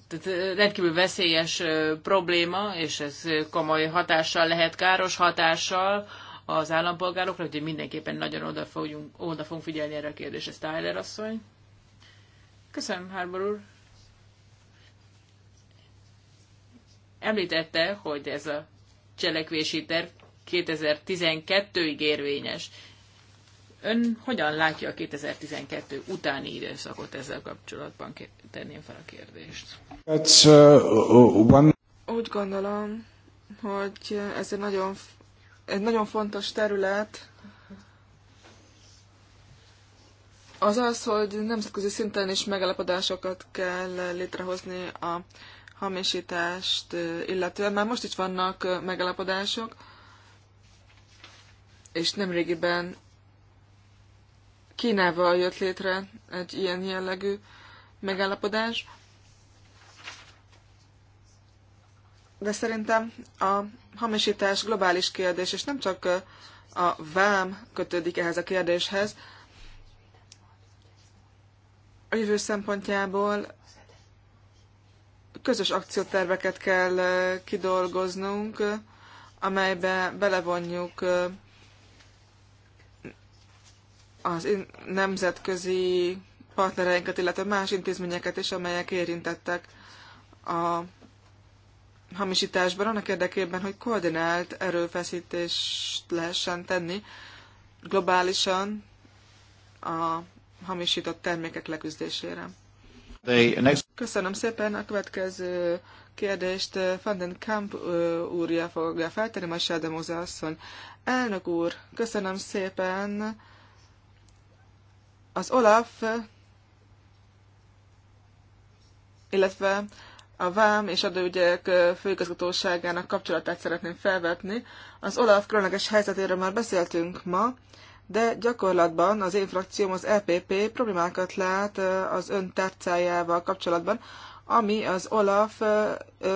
tehát rendkívül veszélyes probléma, és ez komoly hatással lehet, káros hatással az állampolgárokra, úgyhogy mindenképpen nagyon oda, fogunk, oda fogunk figyelni erre a kérdésre, Tyler asszony. Köszönöm, Harbor úr. Említette, hogy ez a cselekvési terv 2012-ig érvényes. Ön hogyan látja a 2012 utáni időszakot ezzel kapcsolatban? Tenném fel a kérdést. That's, uh, one... Úgy gondolom, hogy ez egy nagyon, egy nagyon fontos terület, az az, hogy nemzetközi szinten is megállapodásokat kell létrehozni a hamisítást, illetően már most is vannak megállapodások, és nemrégiben Kínával jött létre egy ilyen jellegű megállapodás, de szerintem a hamisítás globális kérdés, és nem csak a vám kötődik ehhez a kérdéshez. A jövő szempontjából közös akcióterveket kell kidolgoznunk, amelybe belevonjuk az nemzetközi partnereinket, illetve más intézményeket is, amelyek érintettek a hamisításban, annak érdekében, hogy koordinált erőfeszítést lehessen tenni globálisan a hamisított termékek leküzdésére. Köszönöm szépen. A következő kérdést Fanden Kamp úrja fogja feltenni, majd Sádemóza asszony. Elnök úr, köszönöm szépen az Olaf, illetve a VÁM és adóügyek főigazgatóságának kapcsolatát szeretném felvetni. Az Olaf különleges helyzetéről már beszéltünk ma, de gyakorlatban az én frakcióm, az EPP problémákat lát az ön tárcájával kapcsolatban, ami az Olaf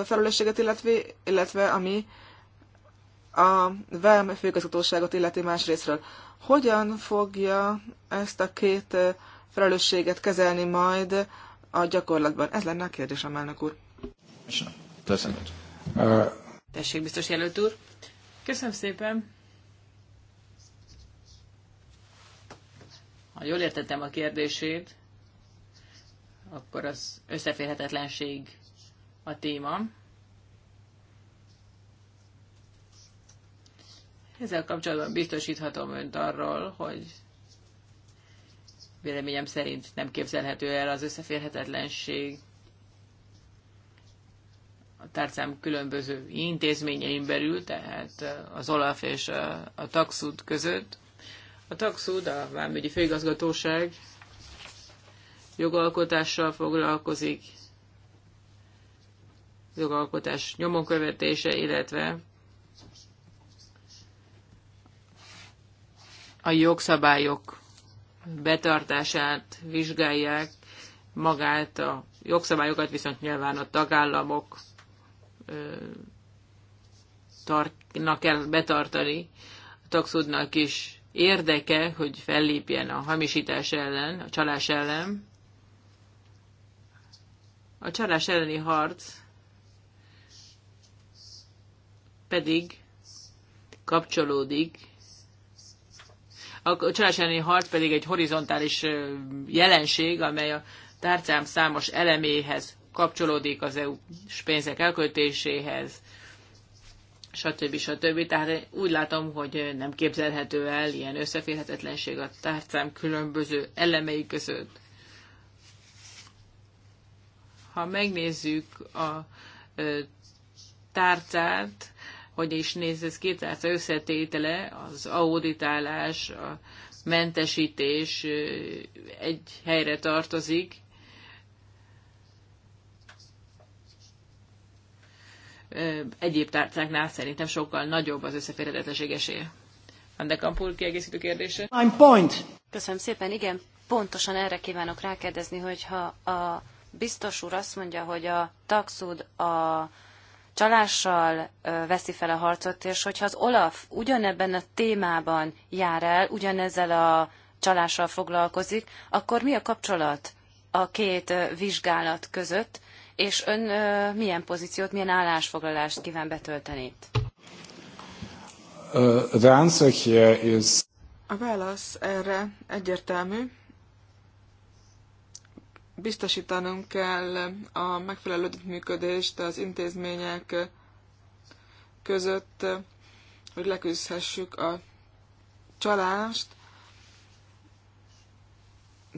felelősséget, illetve, illetve ami a VEM főigazgatóságot illeti másrésztről. Hogyan fogja ezt a két felelősséget kezelni majd a gyakorlatban? Ez lenne a kérdésem, elnök úr. Köszönöm. Tessék, biztos jelölt úr. Köszönöm szépen. Ha jól értettem a kérdését, akkor az összeférhetetlenség a téma. Ezzel kapcsolatban biztosíthatom önt arról, hogy véleményem szerint nem képzelhető el az összeférhetetlenség a tárcám különböző intézményeim belül, tehát az OLAF és a, a TAXUD között. A TAXUD, a Vámügyi Főigazgatóság jogalkotással foglalkozik, jogalkotás nyomonkövetése, illetve a jogszabályok betartását vizsgálják, magát a jogszabályokat viszont nyilván a tagállamok tartnak kell betartani. A tagszódnak is érdeke, hogy fellépjen a hamisítás ellen, a csalás ellen. A csalás elleni harc pedig kapcsolódik a csalás elleni harc pedig egy horizontális jelenség, amely a tárcám számos eleméhez kapcsolódik az EU pénzek elköltéséhez, stb. stb. Tehát úgy látom, hogy nem képzelhető el ilyen összeférhetetlenség a tárcám különböző elemei között. Ha megnézzük a tárcát, hogy is néz ez ki, tehát összetétele, az auditálás, a mentesítés egy helyre tartozik. Egyéb tárcáknál szerintem sokkal nagyobb az összeférhetetlenség esélye. Vandekampul kiegészítő kérdése. I'm point. Köszönöm szépen, igen. Pontosan erre kívánok rákérdezni, hogyha a biztos úr azt mondja, hogy a taxud a csalással veszi fel a harcot, és hogyha az Olaf ugyanebben a témában jár el, ugyanezzel a csalással foglalkozik, akkor mi a kapcsolat a két vizsgálat között, és ön milyen pozíciót, milyen állásfoglalást kíván betölteni itt? Uh, the answer here is... A válasz erre egyértelmű. Biztosítanunk kell a megfelelő együttműködést az intézmények között, hogy leküzdhessük a csalást.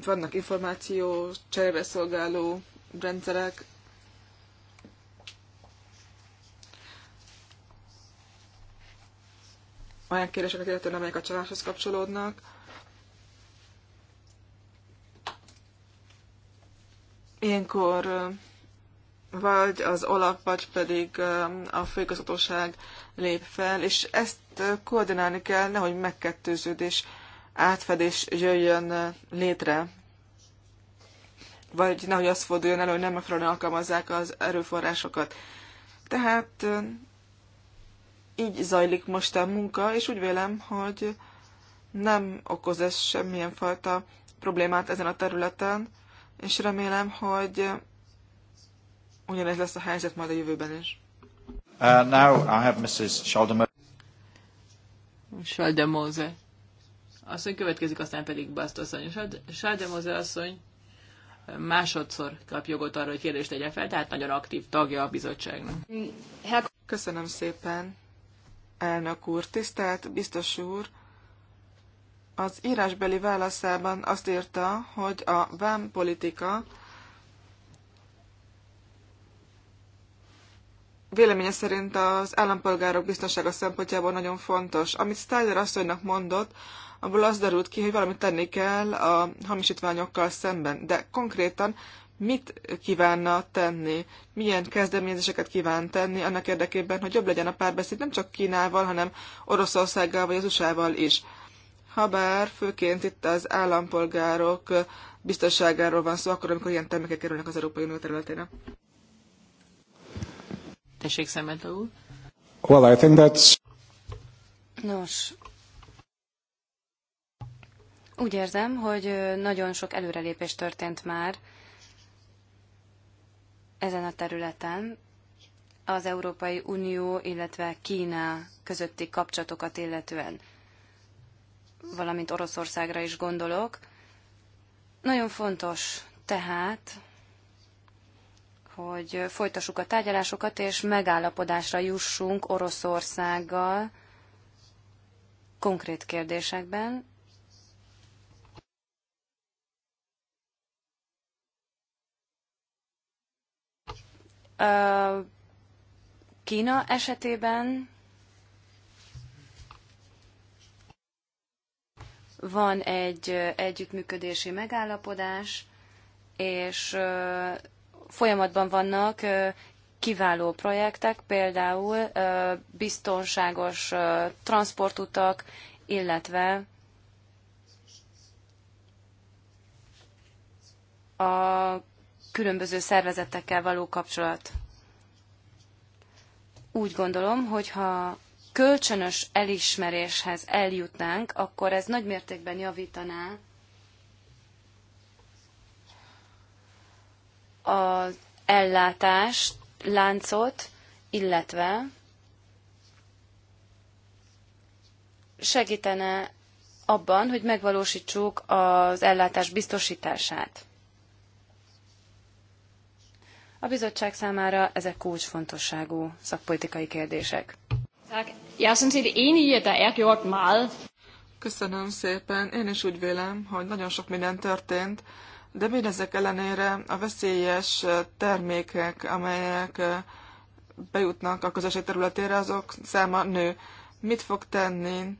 Vannak információ cserébe szolgáló rendszerek, olyan kérdéseket illetően, amelyek a csaláshoz kapcsolódnak. Ilyenkor vagy az OLAP, vagy pedig a főigazgatóság lép fel, és ezt koordinálni kell, nehogy megkettőződés, átfedés jöjjön létre. Vagy nehogy az forduljon elő, hogy nem megfelelően alkalmazzák az erőforrásokat. Tehát így zajlik most a munka, és úgy vélem, hogy nem okoz ez semmilyen fajta problémát ezen a területen, és remélem, hogy ugyanez lesz a helyzet majd a jövőben is. Uh, now I have Mrs. Schaldemose. Schaldemose. Asszony következik, aztán pedig Baszt asszony. Schaldemose asszony uh, másodszor kap jogot arra, hogy kérdést tegye fel, tehát nagyon aktív tagja a bizottságnak. Köszönöm szépen, elnök úr, tisztelt biztos úr, az írásbeli válaszában azt írta, hogy a vámpolitika véleménye szerint az állampolgárok biztonsága szempontjából nagyon fontos. Amit Steiner asszonynak mondott, abból az derült ki, hogy valamit tenni kell a hamisítványokkal szemben. De konkrétan mit kívánna tenni, milyen kezdeményezéseket kíván tenni annak érdekében, hogy jobb legyen a párbeszéd nem csak Kínával, hanem Oroszországgal vagy az USA-val is habár főként itt az állampolgárok biztonságáról van szó, akkor, amikor ilyen termékek kerülnek az Európai Unió területére. Tessék szemet, úr. Well, I think that's... Nos, úgy érzem, hogy nagyon sok előrelépés történt már ezen a területen, az Európai Unió, illetve Kína közötti kapcsolatokat illetően valamint Oroszországra is gondolok. Nagyon fontos tehát, hogy folytassuk a tárgyalásokat, és megállapodásra jussunk Oroszországgal konkrét kérdésekben, Kína esetében Van egy együttműködési megállapodás, és folyamatban vannak kiváló projektek, például biztonságos transportutak, illetve a különböző szervezetekkel való kapcsolat. Úgy gondolom, hogy ha kölcsönös elismeréshez eljutnánk, akkor ez nagymértékben javítaná az ellátást, láncot, illetve segítene abban, hogy megvalósítsuk az ellátás biztosítását. A bizottság számára ezek kulcsfontosságú szakpolitikai kérdések. Jeg er sådan set enig i, at der er gjort meget. Köszönöm szépen. Én is úgy vélem, hogy nagyon sok minden történt, de mindezek ellenére a veszélyes termékek, amelyek bejutnak a közösség területére, azok száma nő. Mit fog tenni?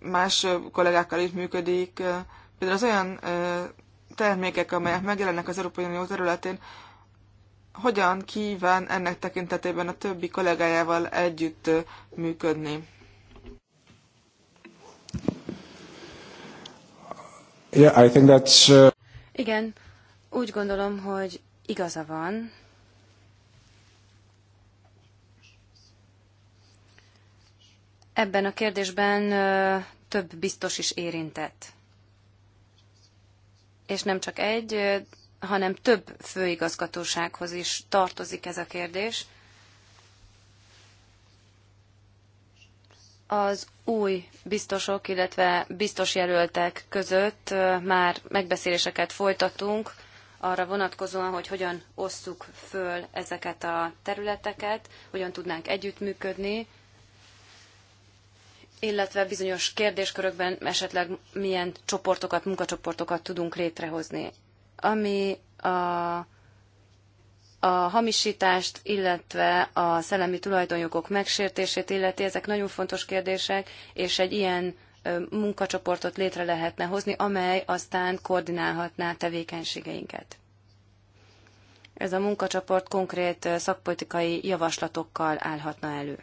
Más kollégákkal is működik. Például az olyan termékek, amelyek megjelennek az Európai Unió területén, hogyan kíván ennek tekintetében a többi kollégájával együtt működni? Yeah, I think that's, uh... Igen, úgy gondolom, hogy igaza van. Ebben a kérdésben uh, több biztos is érintett. És nem csak egy, hanem több főigazgatósághoz is tartozik ez a kérdés. Az új biztosok, illetve biztos jelöltek között már megbeszéléseket folytatunk arra vonatkozóan, hogy hogyan osszuk föl ezeket a területeket, hogyan tudnánk együttműködni, illetve bizonyos kérdéskörökben esetleg milyen csoportokat, munkacsoportokat tudunk létrehozni ami a, a hamisítást, illetve a szellemi tulajdonjogok megsértését illeti. Ezek nagyon fontos kérdések, és egy ilyen munkacsoportot létre lehetne hozni, amely aztán koordinálhatná tevékenységeinket. Ez a munkacsoport konkrét szakpolitikai javaslatokkal állhatna elő.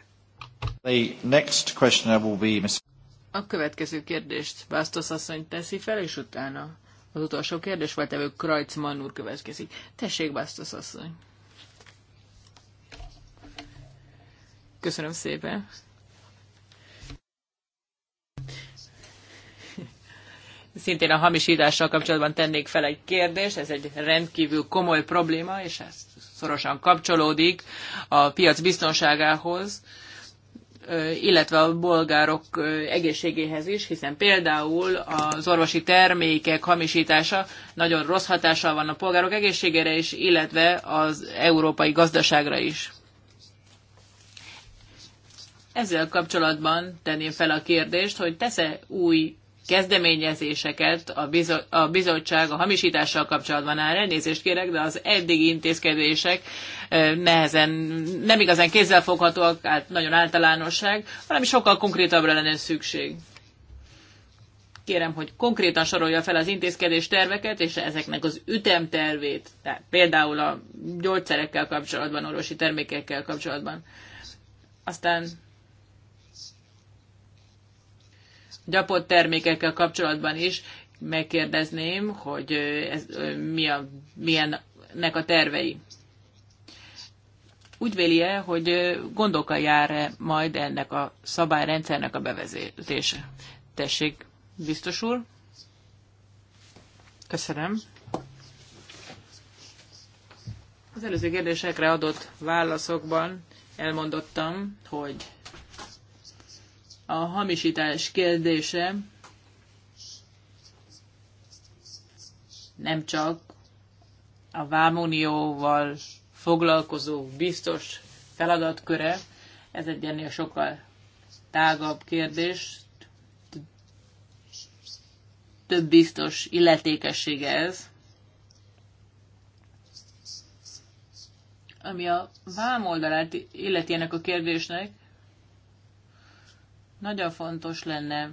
A következő kérdést Bastos asszony teszi fel, és utána az utolsó kérdés volt, evő Krajcman úr következik. Tessék, Bastos asszony! Köszönöm szépen! Szintén a hamisítással kapcsolatban tennék fel egy kérdést, ez egy rendkívül komoly probléma, és ez szorosan kapcsolódik a piac biztonságához illetve a bolgárok egészségéhez is, hiszen például az orvosi termékek hamisítása nagyon rossz hatással van a polgárok egészségére is, illetve az európai gazdaságra is. Ezzel kapcsolatban tenném fel a kérdést, hogy tesz-e új kezdeményezéseket a, bizo- a bizottság a hamisítással kapcsolatban áll. Elnézést kérek, de az eddigi intézkedések nehezen, nem igazán kézzelfoghatóak, hát nagyon általánosság, hanem sokkal konkrétabbra lenne szükség. Kérem, hogy konkrétan sorolja fel az intézkedés terveket és ezeknek az ütemtervét, tehát például a gyógyszerekkel kapcsolatban, orvosi termékekkel kapcsolatban. Aztán gyapott termékekkel kapcsolatban is megkérdezném, hogy ez, mi a, milyennek a tervei. Úgy véli-e, hogy gondokkal jár -e majd ennek a szabályrendszernek a bevezetése? Tessék, biztos úr. Köszönöm. Az előző kérdésekre adott válaszokban elmondottam, hogy a hamisítás kérdése nem csak a Vámunióval foglalkozó biztos feladatköre, ez egy ennél sokkal tágabb kérdés, több biztos illetékessége ez, ami a oldalát illeti ennek a kérdésnek, nagyon fontos lenne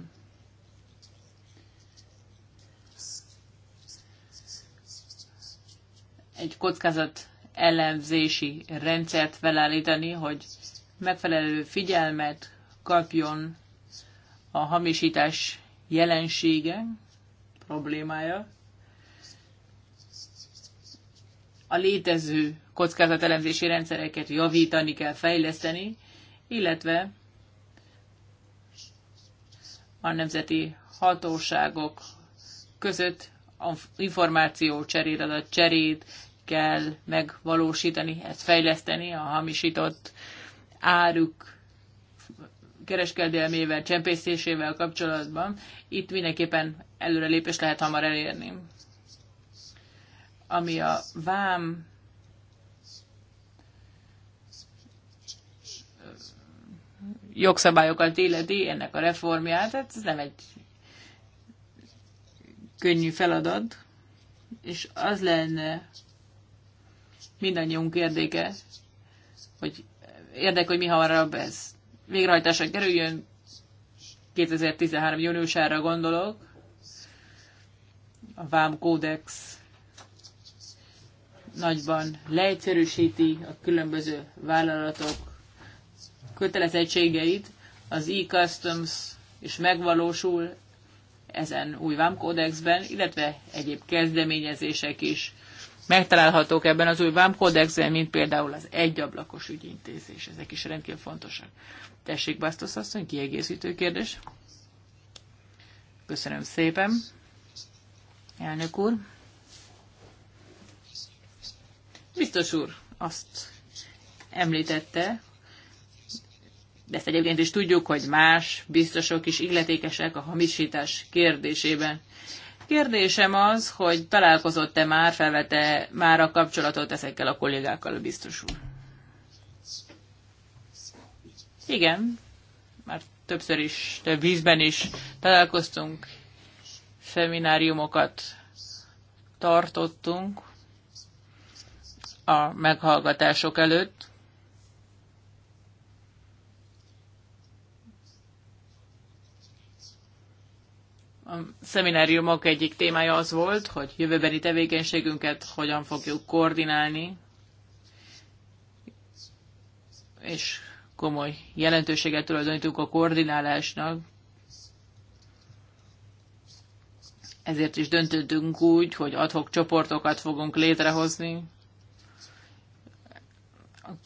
egy kockázat elemzési rendszert felállítani, hogy megfelelő figyelmet kapjon a hamisítás jelensége, problémája. A létező kockázatelemzési rendszereket javítani kell, fejleszteni, illetve a nemzeti hatóságok között információ cserét, a cserét kell megvalósítani, ezt fejleszteni a hamisított áruk kereskedelmével, csempészésével kapcsolatban. Itt mindenképpen előrelépés lehet hamar elérni. Ami a vám jogszabályokat illeti ennek a reformját, tehát ez nem egy könnyű feladat, és az lenne mindannyiunk érdeke, hogy érdek, hogy mi hamarabb ez végrehajtásra kerüljön, 2013 júniusára gondolok, a VÁM kódex nagyban leegyszerűsíti a különböző vállalatok kötelezettségeit az e-customs is megvalósul ezen új vámkódexben, illetve egyéb kezdeményezések is megtalálhatók ebben az új vámkódexben, mint például az egyablakos ügyintézés. Ezek is rendkívül fontosak. Tessék, Basztos asszony, kiegészítő kérdés. Köszönöm szépen. Elnök úr. Biztos úr azt említette, de ezt egyébként is tudjuk, hogy más biztosok is illetékesek a hamisítás kérdésében. Kérdésem az, hogy találkozott-e már, felvette már a kapcsolatot ezekkel a kollégákkal a biztos úr? Igen, már többször is, több vízben is találkoztunk, szemináriumokat tartottunk a meghallgatások előtt. A szemináriumok egyik témája az volt, hogy jövőbeni tevékenységünket hogyan fogjuk koordinálni, és komoly jelentőséget tulajdonítunk a koordinálásnak. Ezért is döntöttünk úgy, hogy adhok csoportokat fogunk létrehozni,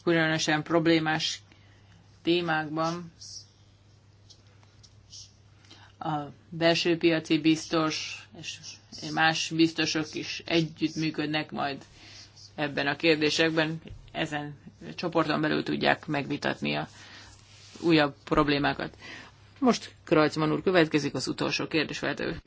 különösen problémás témákban a belső piaci biztos és más biztosok is együttműködnek majd ebben a kérdésekben. Ezen csoporton belül tudják megvitatni a újabb problémákat. Most Krajcman úr következik az utolsó kérdésfeltő.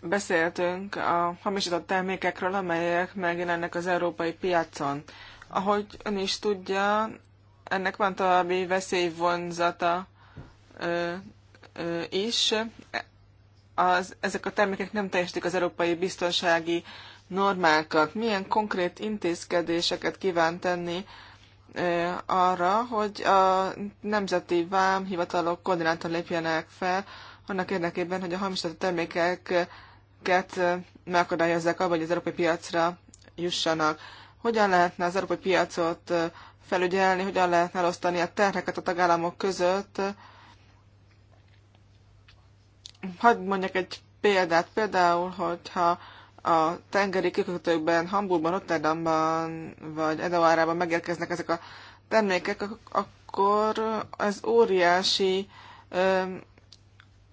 Beszéltünk a hamisított termékekről, amelyek megjelennek az európai piacon. Ahogy ön is tudja, ennek van további veszélyvonzata ö, ö, is. Az, ezek a termékek nem teljesítik az európai biztonsági normákat. Milyen konkrét intézkedéseket kíván tenni ö, arra, hogy a nemzeti vámhivatalok koordinátor lépjenek fel, annak érdekében, hogy a hamisított termékeket megakadályozzák abban, hogy az európai piacra jussanak. Hogyan lehetne az európai piacot felügyelni, hogyan lehetne elosztani a terheket a tagállamok között. Hadd mondjak egy példát, például, hogyha a tengeri kikötőkben, Hamburgban, Rotterdamban vagy Edoárában megérkeznek ezek a termékek, akkor ez óriási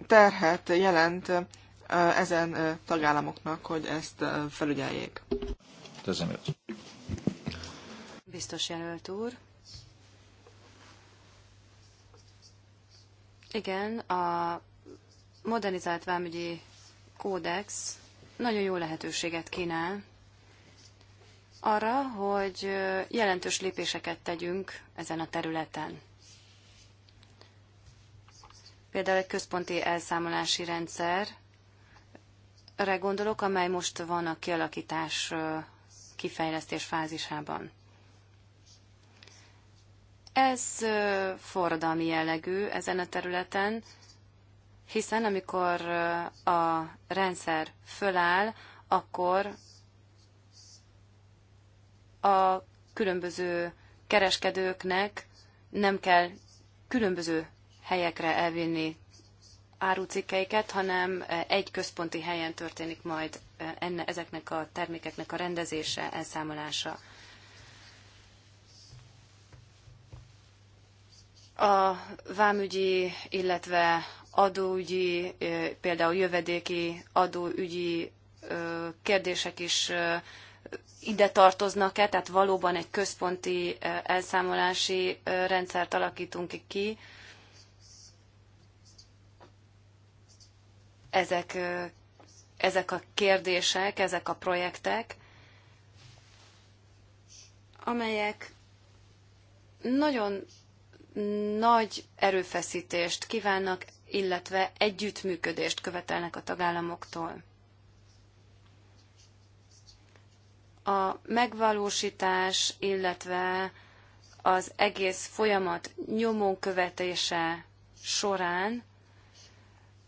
terhet jelent ezen tagállamoknak, hogy ezt felügyeljék. Köszönöm biztos jelölt úr. Igen, a modernizált vámügyi kódex nagyon jó lehetőséget kínál arra, hogy jelentős lépéseket tegyünk ezen a területen. Például egy központi elszámolási rendszer, gondolok, amely most van a kialakítás kifejlesztés fázisában. Ez forradalmi jellegű ezen a területen, hiszen amikor a rendszer föláll, akkor a különböző kereskedőknek nem kell különböző helyekre elvinni árucikkeiket, hanem egy központi helyen történik majd enne, ezeknek a termékeknek a rendezése, elszámolása. a vámügyi, illetve adóügyi, például jövedéki adóügyi kérdések is ide tartoznak-e, tehát valóban egy központi elszámolási rendszert alakítunk ki. Ezek, ezek a kérdések, ezek a projektek, amelyek nagyon nagy erőfeszítést kívánnak, illetve együttműködést követelnek a tagállamoktól. A megvalósítás, illetve az egész folyamat nyomon követése során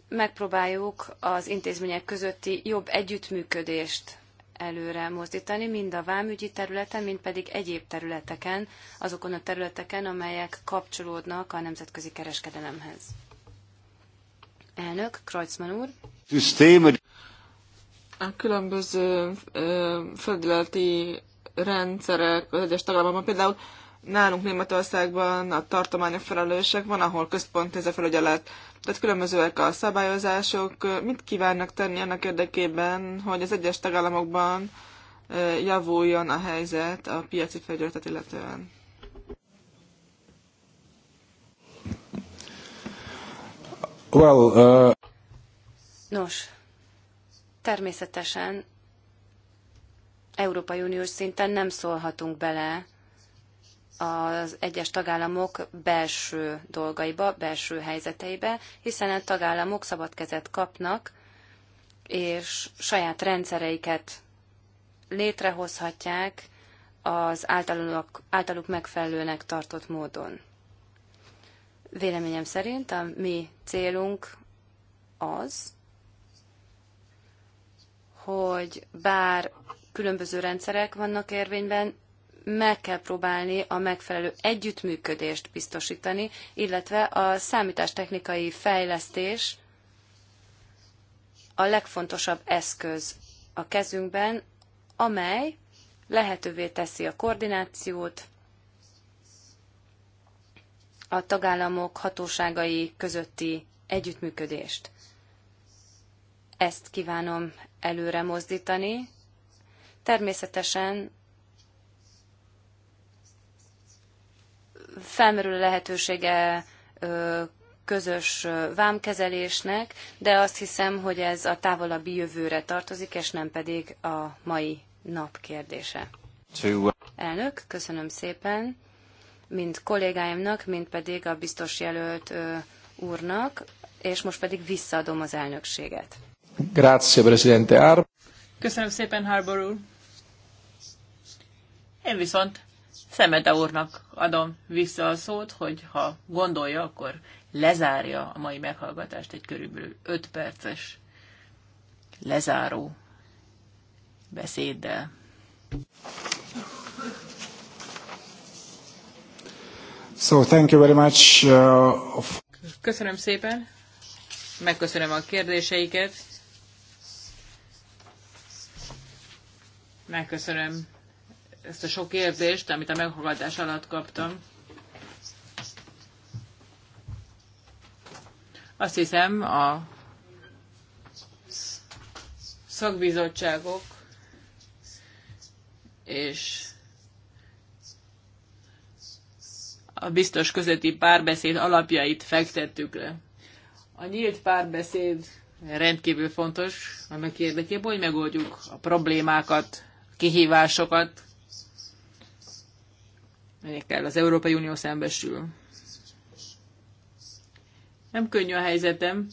megpróbáljuk az intézmények közötti jobb együttműködést előre mozdítani, mind a vámügyi területen, mind pedig egyéb területeken, azokon a területeken, amelyek kapcsolódnak a nemzetközi kereskedelemhez. Elnök, Kreuzmann úr. A különböző földületi rendszerek az egyes tagállamokban, például nálunk Németországban a tartományok felelősek, van, ahol központ ez a felügyelet tehát különbözőek a szabályozások. Mit kívánnak tenni annak érdekében, hogy az egyes tagállamokban javuljon a helyzet a piaci felgyőrtet illetően? Well, uh... Nos, természetesen Európai Uniós szinten nem szólhatunk bele az egyes tagállamok belső dolgaiba, belső helyzeteibe, hiszen a tagállamok szabad kezet kapnak, és saját rendszereiket létrehozhatják az általuk, általuk megfelelőnek tartott módon. Véleményem szerint a mi célunk az, hogy bár különböző rendszerek vannak érvényben, meg kell próbálni a megfelelő együttműködést biztosítani, illetve a számítástechnikai fejlesztés a legfontosabb eszköz a kezünkben, amely lehetővé teszi a koordinációt a tagállamok hatóságai közötti együttműködést. Ezt kívánom előre mozdítani. Természetesen felmerül a lehetősége közös vámkezelésnek, de azt hiszem, hogy ez a távolabbi jövőre tartozik, és nem pedig a mai nap kérdése. Uh, Elnök, köszönöm szépen, mind kollégáimnak, mind pedig a biztos jelölt úrnak, és most pedig visszaadom az elnökséget. Grazie, Presidente Ar. Köszönöm szépen, Harbour úr. Én viszont Szemete úrnak adom vissza a szót, hogy ha gondolja, akkor lezárja a mai meghallgatást egy körülbelül 5 perces lezáró beszéddel. So, thank you very much. Uh, Köszönöm szépen. Megköszönöm a kérdéseiket. Megköszönöm ezt a sok érzést, amit a meghallgatás alatt kaptam. Azt hiszem, a szakbizottságok és a biztos közötti párbeszéd alapjait fektettük le. A nyílt párbeszéd rendkívül fontos annak érdekében, hogy megoldjuk a problémákat, kihívásokat, amelyekkel az Európai Unió szembesül. Nem könnyű a helyzetem,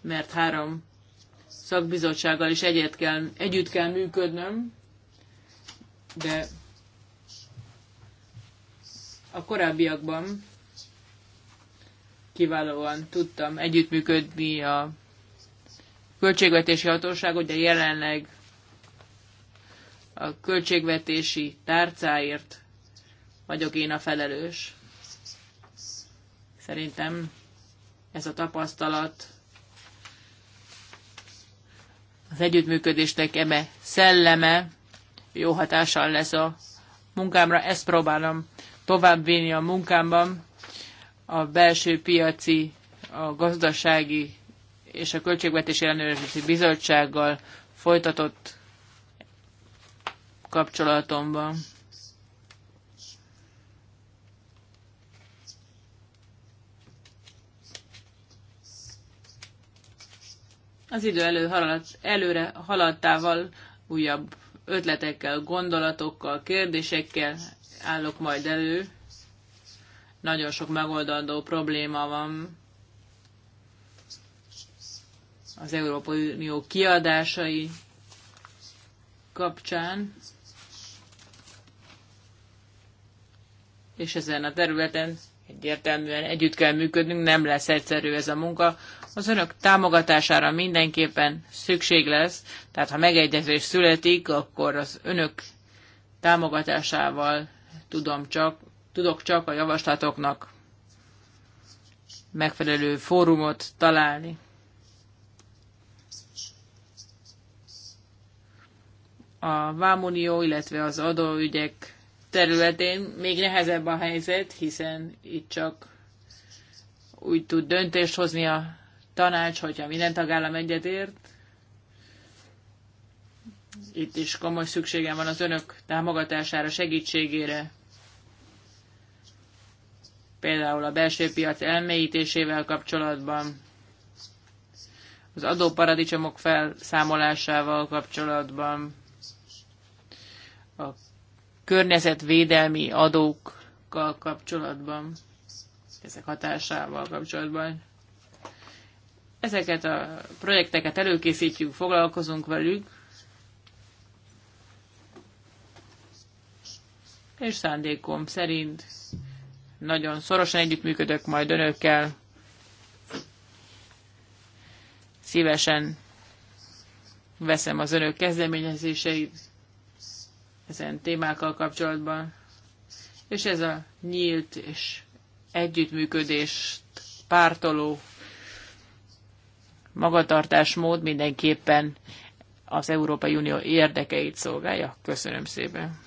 mert három szakbizottsággal is egyet kell, együtt kell működnöm, de a korábbiakban kiválóan tudtam együttműködni a költségvetési hatóságot, de jelenleg a költségvetési tárcáért vagyok én a felelős. Szerintem ez a tapasztalat az együttműködésnek eme szelleme jó hatással lesz a munkámra. Ezt próbálom továbbvinni a munkámban. A belső piaci, a gazdasági és a Költségvetési Ellenőrzési Bizottsággal folytatott kapcsolatomban. Az idő elő halad, előre haladtával újabb ötletekkel, gondolatokkal, kérdésekkel állok majd elő. Nagyon sok megoldandó probléma van. Az Európai Unió kiadásai kapcsán. És ezen a területen egyértelműen együtt kell működnünk, nem lesz egyszerű ez a munka. Az önök támogatására mindenképpen szükség lesz, tehát ha megegyezés születik, akkor az önök támogatásával tudom csak, tudok csak a javaslatoknak megfelelő fórumot találni. A Vámunió, illetve az adóügyek területén még nehezebb a helyzet, hiszen itt csak úgy tud döntést hozni a tanács, hogyha minden tagállam egyetért. Itt is komoly szükségem van az önök támogatására, segítségére. Például a belső piac elmélyítésével kapcsolatban, az adóparadicsomok felszámolásával kapcsolatban, a környezetvédelmi adókkal kapcsolatban, ezek hatásával kapcsolatban. Ezeket a projekteket előkészítjük, foglalkozunk velük, és szándékom szerint nagyon szorosan együttműködök majd önökkel. Szívesen veszem az önök kezdeményezéseit ezen témákkal kapcsolatban, és ez a nyílt és együttműködést pártoló magatartásmód mindenképpen az Európai Unió érdekeit szolgálja. Köszönöm szépen.